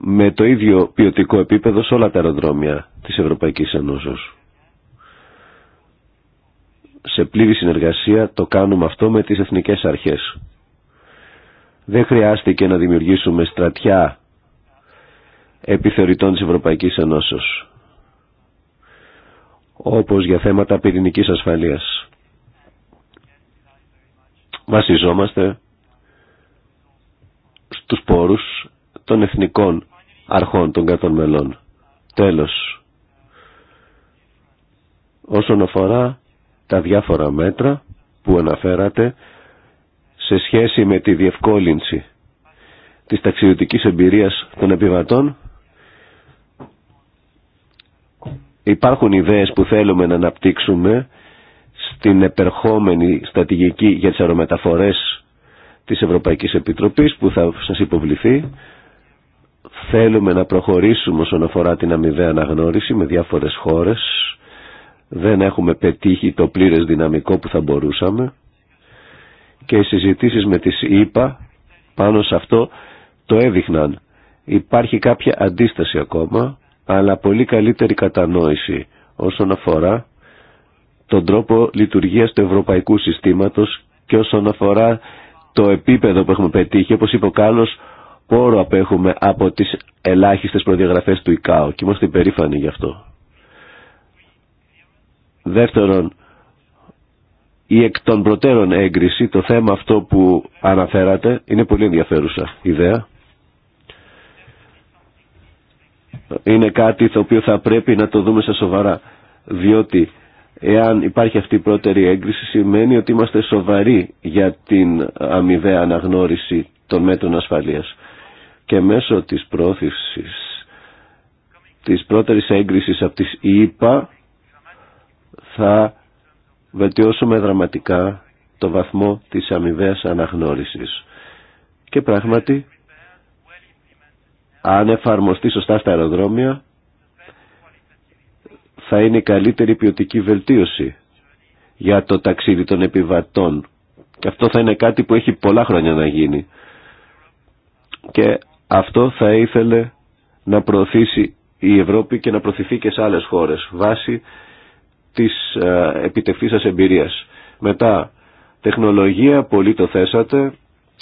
Με το ίδιο ποιοτικό επίπεδο σε όλα τα αεροδρόμια της Ευρωπαϊκής Ενώσεως σε πλήρη συνεργασία το κάνουμε αυτό με τις εθνικές αρχές. Δεν χρειάστηκε να δημιουργήσουμε στρατιά επιθεωρητών της Ευρωπαϊκής Ενώσεως, όπως για θέματα πυρηνικής ασφαλείας. Βασιζόμαστε στους πόρους των εθνικών αρχών των κατών μελών. Τέλος. Όσον αφορά τα διάφορα μέτρα που αναφέρατε σε σχέση με τη διευκόλυνση της ταξιδιωτικής εμπειρίας των επιβατών. Υπάρχουν ιδέες που θέλουμε να αναπτύξουμε στην επερχόμενη στρατηγική για τις αερομεταφορές της Ευρωπαϊκής Επιτροπής που θα σας υποβληθεί. Θέλουμε να προχωρήσουμε όσον αφορά την αμοιβαία αναγνώριση με διάφορες χώρες δεν έχουμε πετύχει το πλήρες δυναμικό που θα μπορούσαμε και οι συζητήσεις με τις ίπα πάνω σε αυτό το έδειχναν. Υπάρχει κάποια αντίσταση ακόμα, αλλά πολύ καλύτερη κατανόηση όσον αφορά τον τρόπο λειτουργίας του ευρωπαϊκού συστήματος και όσον αφορά το επίπεδο που έχουμε πετύχει, όπως είπε ο Κάλλος, πόρο απέχουμε από τις ελάχιστες προδιαγραφές του ΙΚΑΟ και είμαστε υπερήφανοι γι' αυτό. Δεύτερον, η εκ των προτέρων έγκριση, το θέμα αυτό που αναφέρατε, είναι πολύ ενδιαφέρουσα ιδέα. Είναι κάτι το οποίο θα πρέπει να το δούμε σε σοβαρά, διότι εάν υπάρχει αυτή η πρώτερη έγκριση σημαίνει ότι είμαστε σοβαροί για την αμοιβαία αναγνώριση των μέτρων ασφαλείας και μέσω της πρόθεσης της πρώτερης έγκρισης από τις ΙΠΑ θα βελτιώσουμε δραματικά το βαθμό της αμοιβαία αναγνώρισης. Και πράγματι, αν εφαρμοστεί σωστά στα αεροδρόμια, θα είναι η καλύτερη ποιοτική βελτίωση για το ταξίδι των επιβατών. Και αυτό θα είναι κάτι που έχει πολλά χρόνια να γίνει. Και αυτό θα ήθελε να προωθήσει η Ευρώπη και να προωθηθεί και σε άλλες χώρες βάσει της ε, επιτευχής σας εμπειρίας. Μετά, τεχνολογία, πολύ το θέσατε,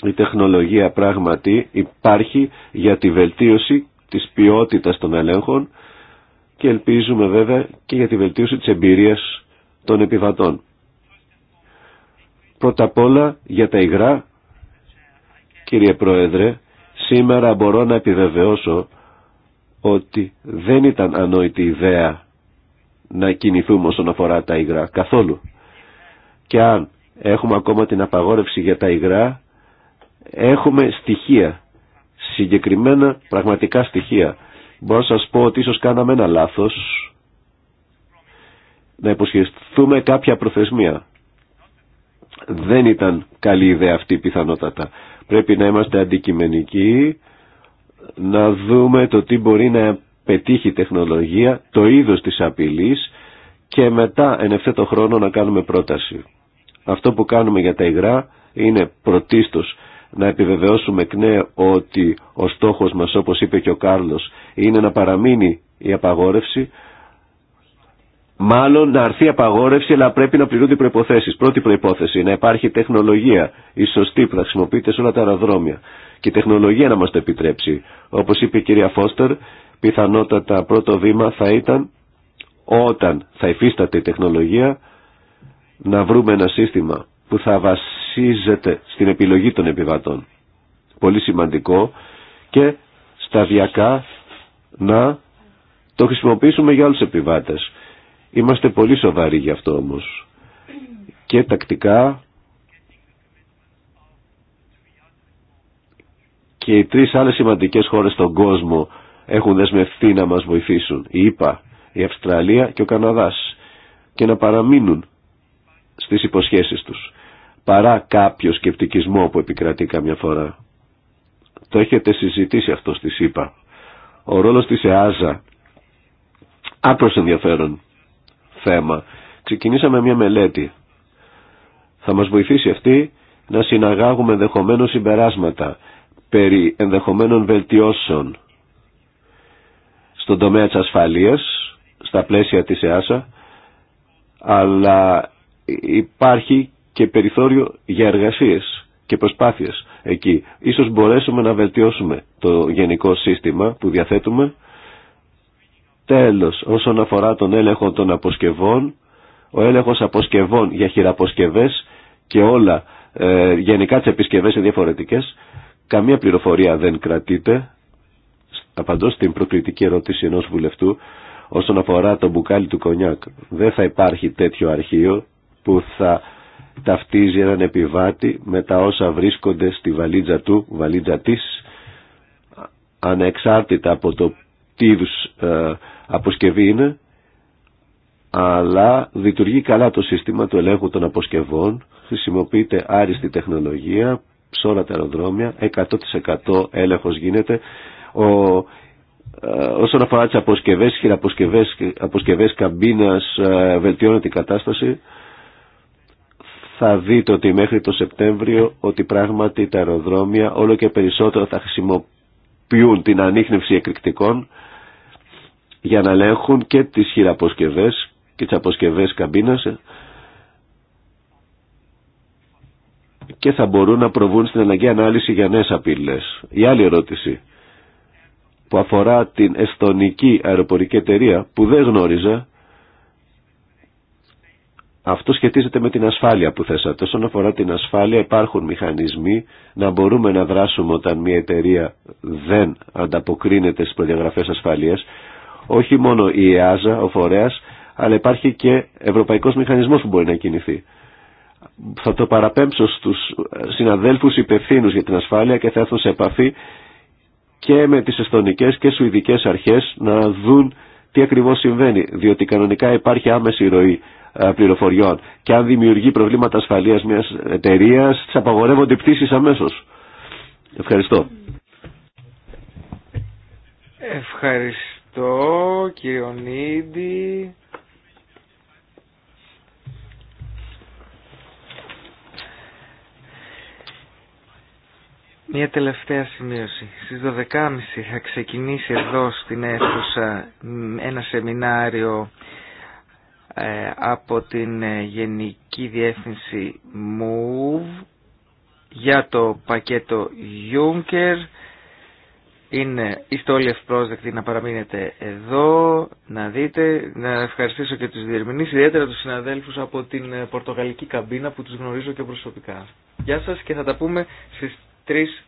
η τεχνολογία πράγματι υπάρχει για τη βελτίωση της ποιότητας των ελέγχων και ελπίζουμε βέβαια και για τη βελτίωση της εμπειρίας των επιβατών. Πρώτα απ' όλα για τα υγρά, κύριε Πρόεδρε, σήμερα μπορώ να επιβεβαιώσω ότι δεν ήταν ανόητη ιδέα να κινηθούμε όσον αφορά τα υγρά. Καθόλου. Και αν έχουμε ακόμα την απαγόρευση για τα υγρά, έχουμε στοιχεία. Συγκεκριμένα πραγματικά στοιχεία. Μπορώ να σας πω ότι ίσως κάναμε ένα λάθος να υποσχεστούμε κάποια προθεσμία. Δεν ήταν καλή ιδέα αυτή πιθανότατα. Πρέπει να είμαστε αντικειμενικοί, να δούμε το τι μπορεί να πετύχει τεχνολογία, το είδος της απειλής και μετά εν ευθέτω χρόνο να κάνουμε πρόταση. Αυτό που κάνουμε για τα υγρά είναι πρωτίστως να επιβεβαιώσουμε νέου ότι ο στόχος μας όπως είπε και ο Κάρλος είναι να παραμείνει η απαγόρευση Μάλλον να αρθεί απαγόρευση, αλλά πρέπει να πληρούνται οι προποθέσει. Πρώτη προπόθεση, να υπάρχει τεχνολογία, η σωστή που θα χρησιμοποιείται σε όλα τα αεροδρόμια. Και η τεχνολογία να μα το επιτρέψει. Όπω είπε η κυρία Φώστερ, Πιθανότατα πρώτο βήμα θα ήταν όταν θα υφίσταται η τεχνολογία να βρούμε ένα σύστημα που θα βασίζεται στην επιλογή των επιβατών. Πολύ σημαντικό και σταδιακά να το χρησιμοποιήσουμε για όλους επιβάτες. Είμαστε πολύ σοβαροί γι' αυτό όμως. Και τακτικά και οι τρεις άλλες σημαντικές χώρες στον κόσμο έχουν δεσμευτεί να μας βοηθήσουν. Η ΙΠΑ, η Αυστραλία και ο Καναδάς. Και να παραμείνουν στις υποσχέσεις τους. Παρά κάποιο σκεπτικισμό που επικρατεί καμιά φορά. Το έχετε συζητήσει αυτό στη ΣΥΠΑ. Ο ρόλος της ΕΑΖΑ, άπρος ενδιαφέρον θέμα. Ξεκινήσαμε μια μελέτη. Θα μας βοηθήσει αυτή να συναγάγουμε ενδεχομένως συμπεράσματα περί ενδεχομένων βελτιώσεων στον τομέα της ασφαλείας, στα πλαίσια της ΕΑΣΑ, αλλά υπάρχει και περιθώριο για εργασίες και προσπάθειες εκεί. Ίσως μπορέσουμε να βελτιώσουμε το γενικό σύστημα που διαθέτουμε. Τέλος, όσον αφορά τον έλεγχο των αποσκευών, ο έλεγχος αποσκευών για χειραποσκευές και όλα ε, γενικά τις επισκευές είναι διαφορετικές. Καμία πληροφορία δεν κρατείται απαντώ στην προκλητική ερώτηση ενός βουλευτού όσον αφορά το μπουκάλι του κονιάκ. Δεν θα υπάρχει τέτοιο αρχείο που θα ταυτίζει έναν επιβάτη με τα όσα βρίσκονται στη βαλίτσα του, βαλίτσα τη ανεξάρτητα από το τι είδους ε, αποσκευή είναι, αλλά λειτουργεί καλά το σύστημα του ελέγχου των αποσκευών, χρησιμοποιείται άριστη τεχνολογία σε όλα τα αεροδρόμια, 100% έλεγχος γίνεται ο, ε, όσον αφορά τι αποσκευέ, χειραποσκευέ, αποσκευέ καμπίνα, ε, βελτιώνεται η κατάσταση. Θα δείτε ότι μέχρι το Σεπτέμβριο ότι πράγματι τα αεροδρόμια όλο και περισσότερο θα χρησιμοποιούν την ανείχνευση εκρηκτικών για να ελέγχουν και τις χειραποσκευές και τις αποσκευές καμπίνας και θα μπορούν να προβούν στην αναγκαία ανάλυση για νέες απειλές. Η άλλη ερώτηση που αφορά την εστονική αεροπορική εταιρεία που δεν γνώριζα. Αυτό σχετίζεται με την ασφάλεια που θέσατε. Όσον αφορά την ασφάλεια υπάρχουν μηχανισμοί να μπορούμε να δράσουμε όταν μια εταιρεία δεν ανταποκρίνεται στις προδιαγραφές ασφαλείας. Όχι μόνο η ΕΑΖΑ, ο φορέας, αλλά υπάρχει και ευρωπαϊκός μηχανισμός που μπορεί να κινηθεί. Θα το παραπέμψω στους συναδέλφους υπευθύνου για την ασφάλεια και θα έρθω σε επαφή και με τις εστονικές και σουηδικές αρχές να δουν τι ακριβώς συμβαίνει, διότι κανονικά υπάρχει άμεση ροή ε, πληροφοριών και αν δημιουργεί προβλήματα ασφαλείας μιας εταιρεία, τις απαγορεύονται πτήσεις αμέσως. Ευχαριστώ. Ευχαριστώ κύριο Νίδη. Μια τελευταία σημείωση. Στις 12.30 θα ξεκινήσει εδώ στην αίθουσα ένα σεμινάριο ε, από την ε, Γενική Διεύθυνση MOVE για το πακέτο Juncker. Είναι, είστε όλοι ευπρόσδεκτοι να παραμείνετε εδώ, να δείτε, να ευχαριστήσω και τους διερμηνείς, ιδιαίτερα τους συναδέλφους από την ε, πορτογαλική καμπίνα που τους γνωρίζω και προσωπικά. Γεια σας και θα τα πούμε στις τρεις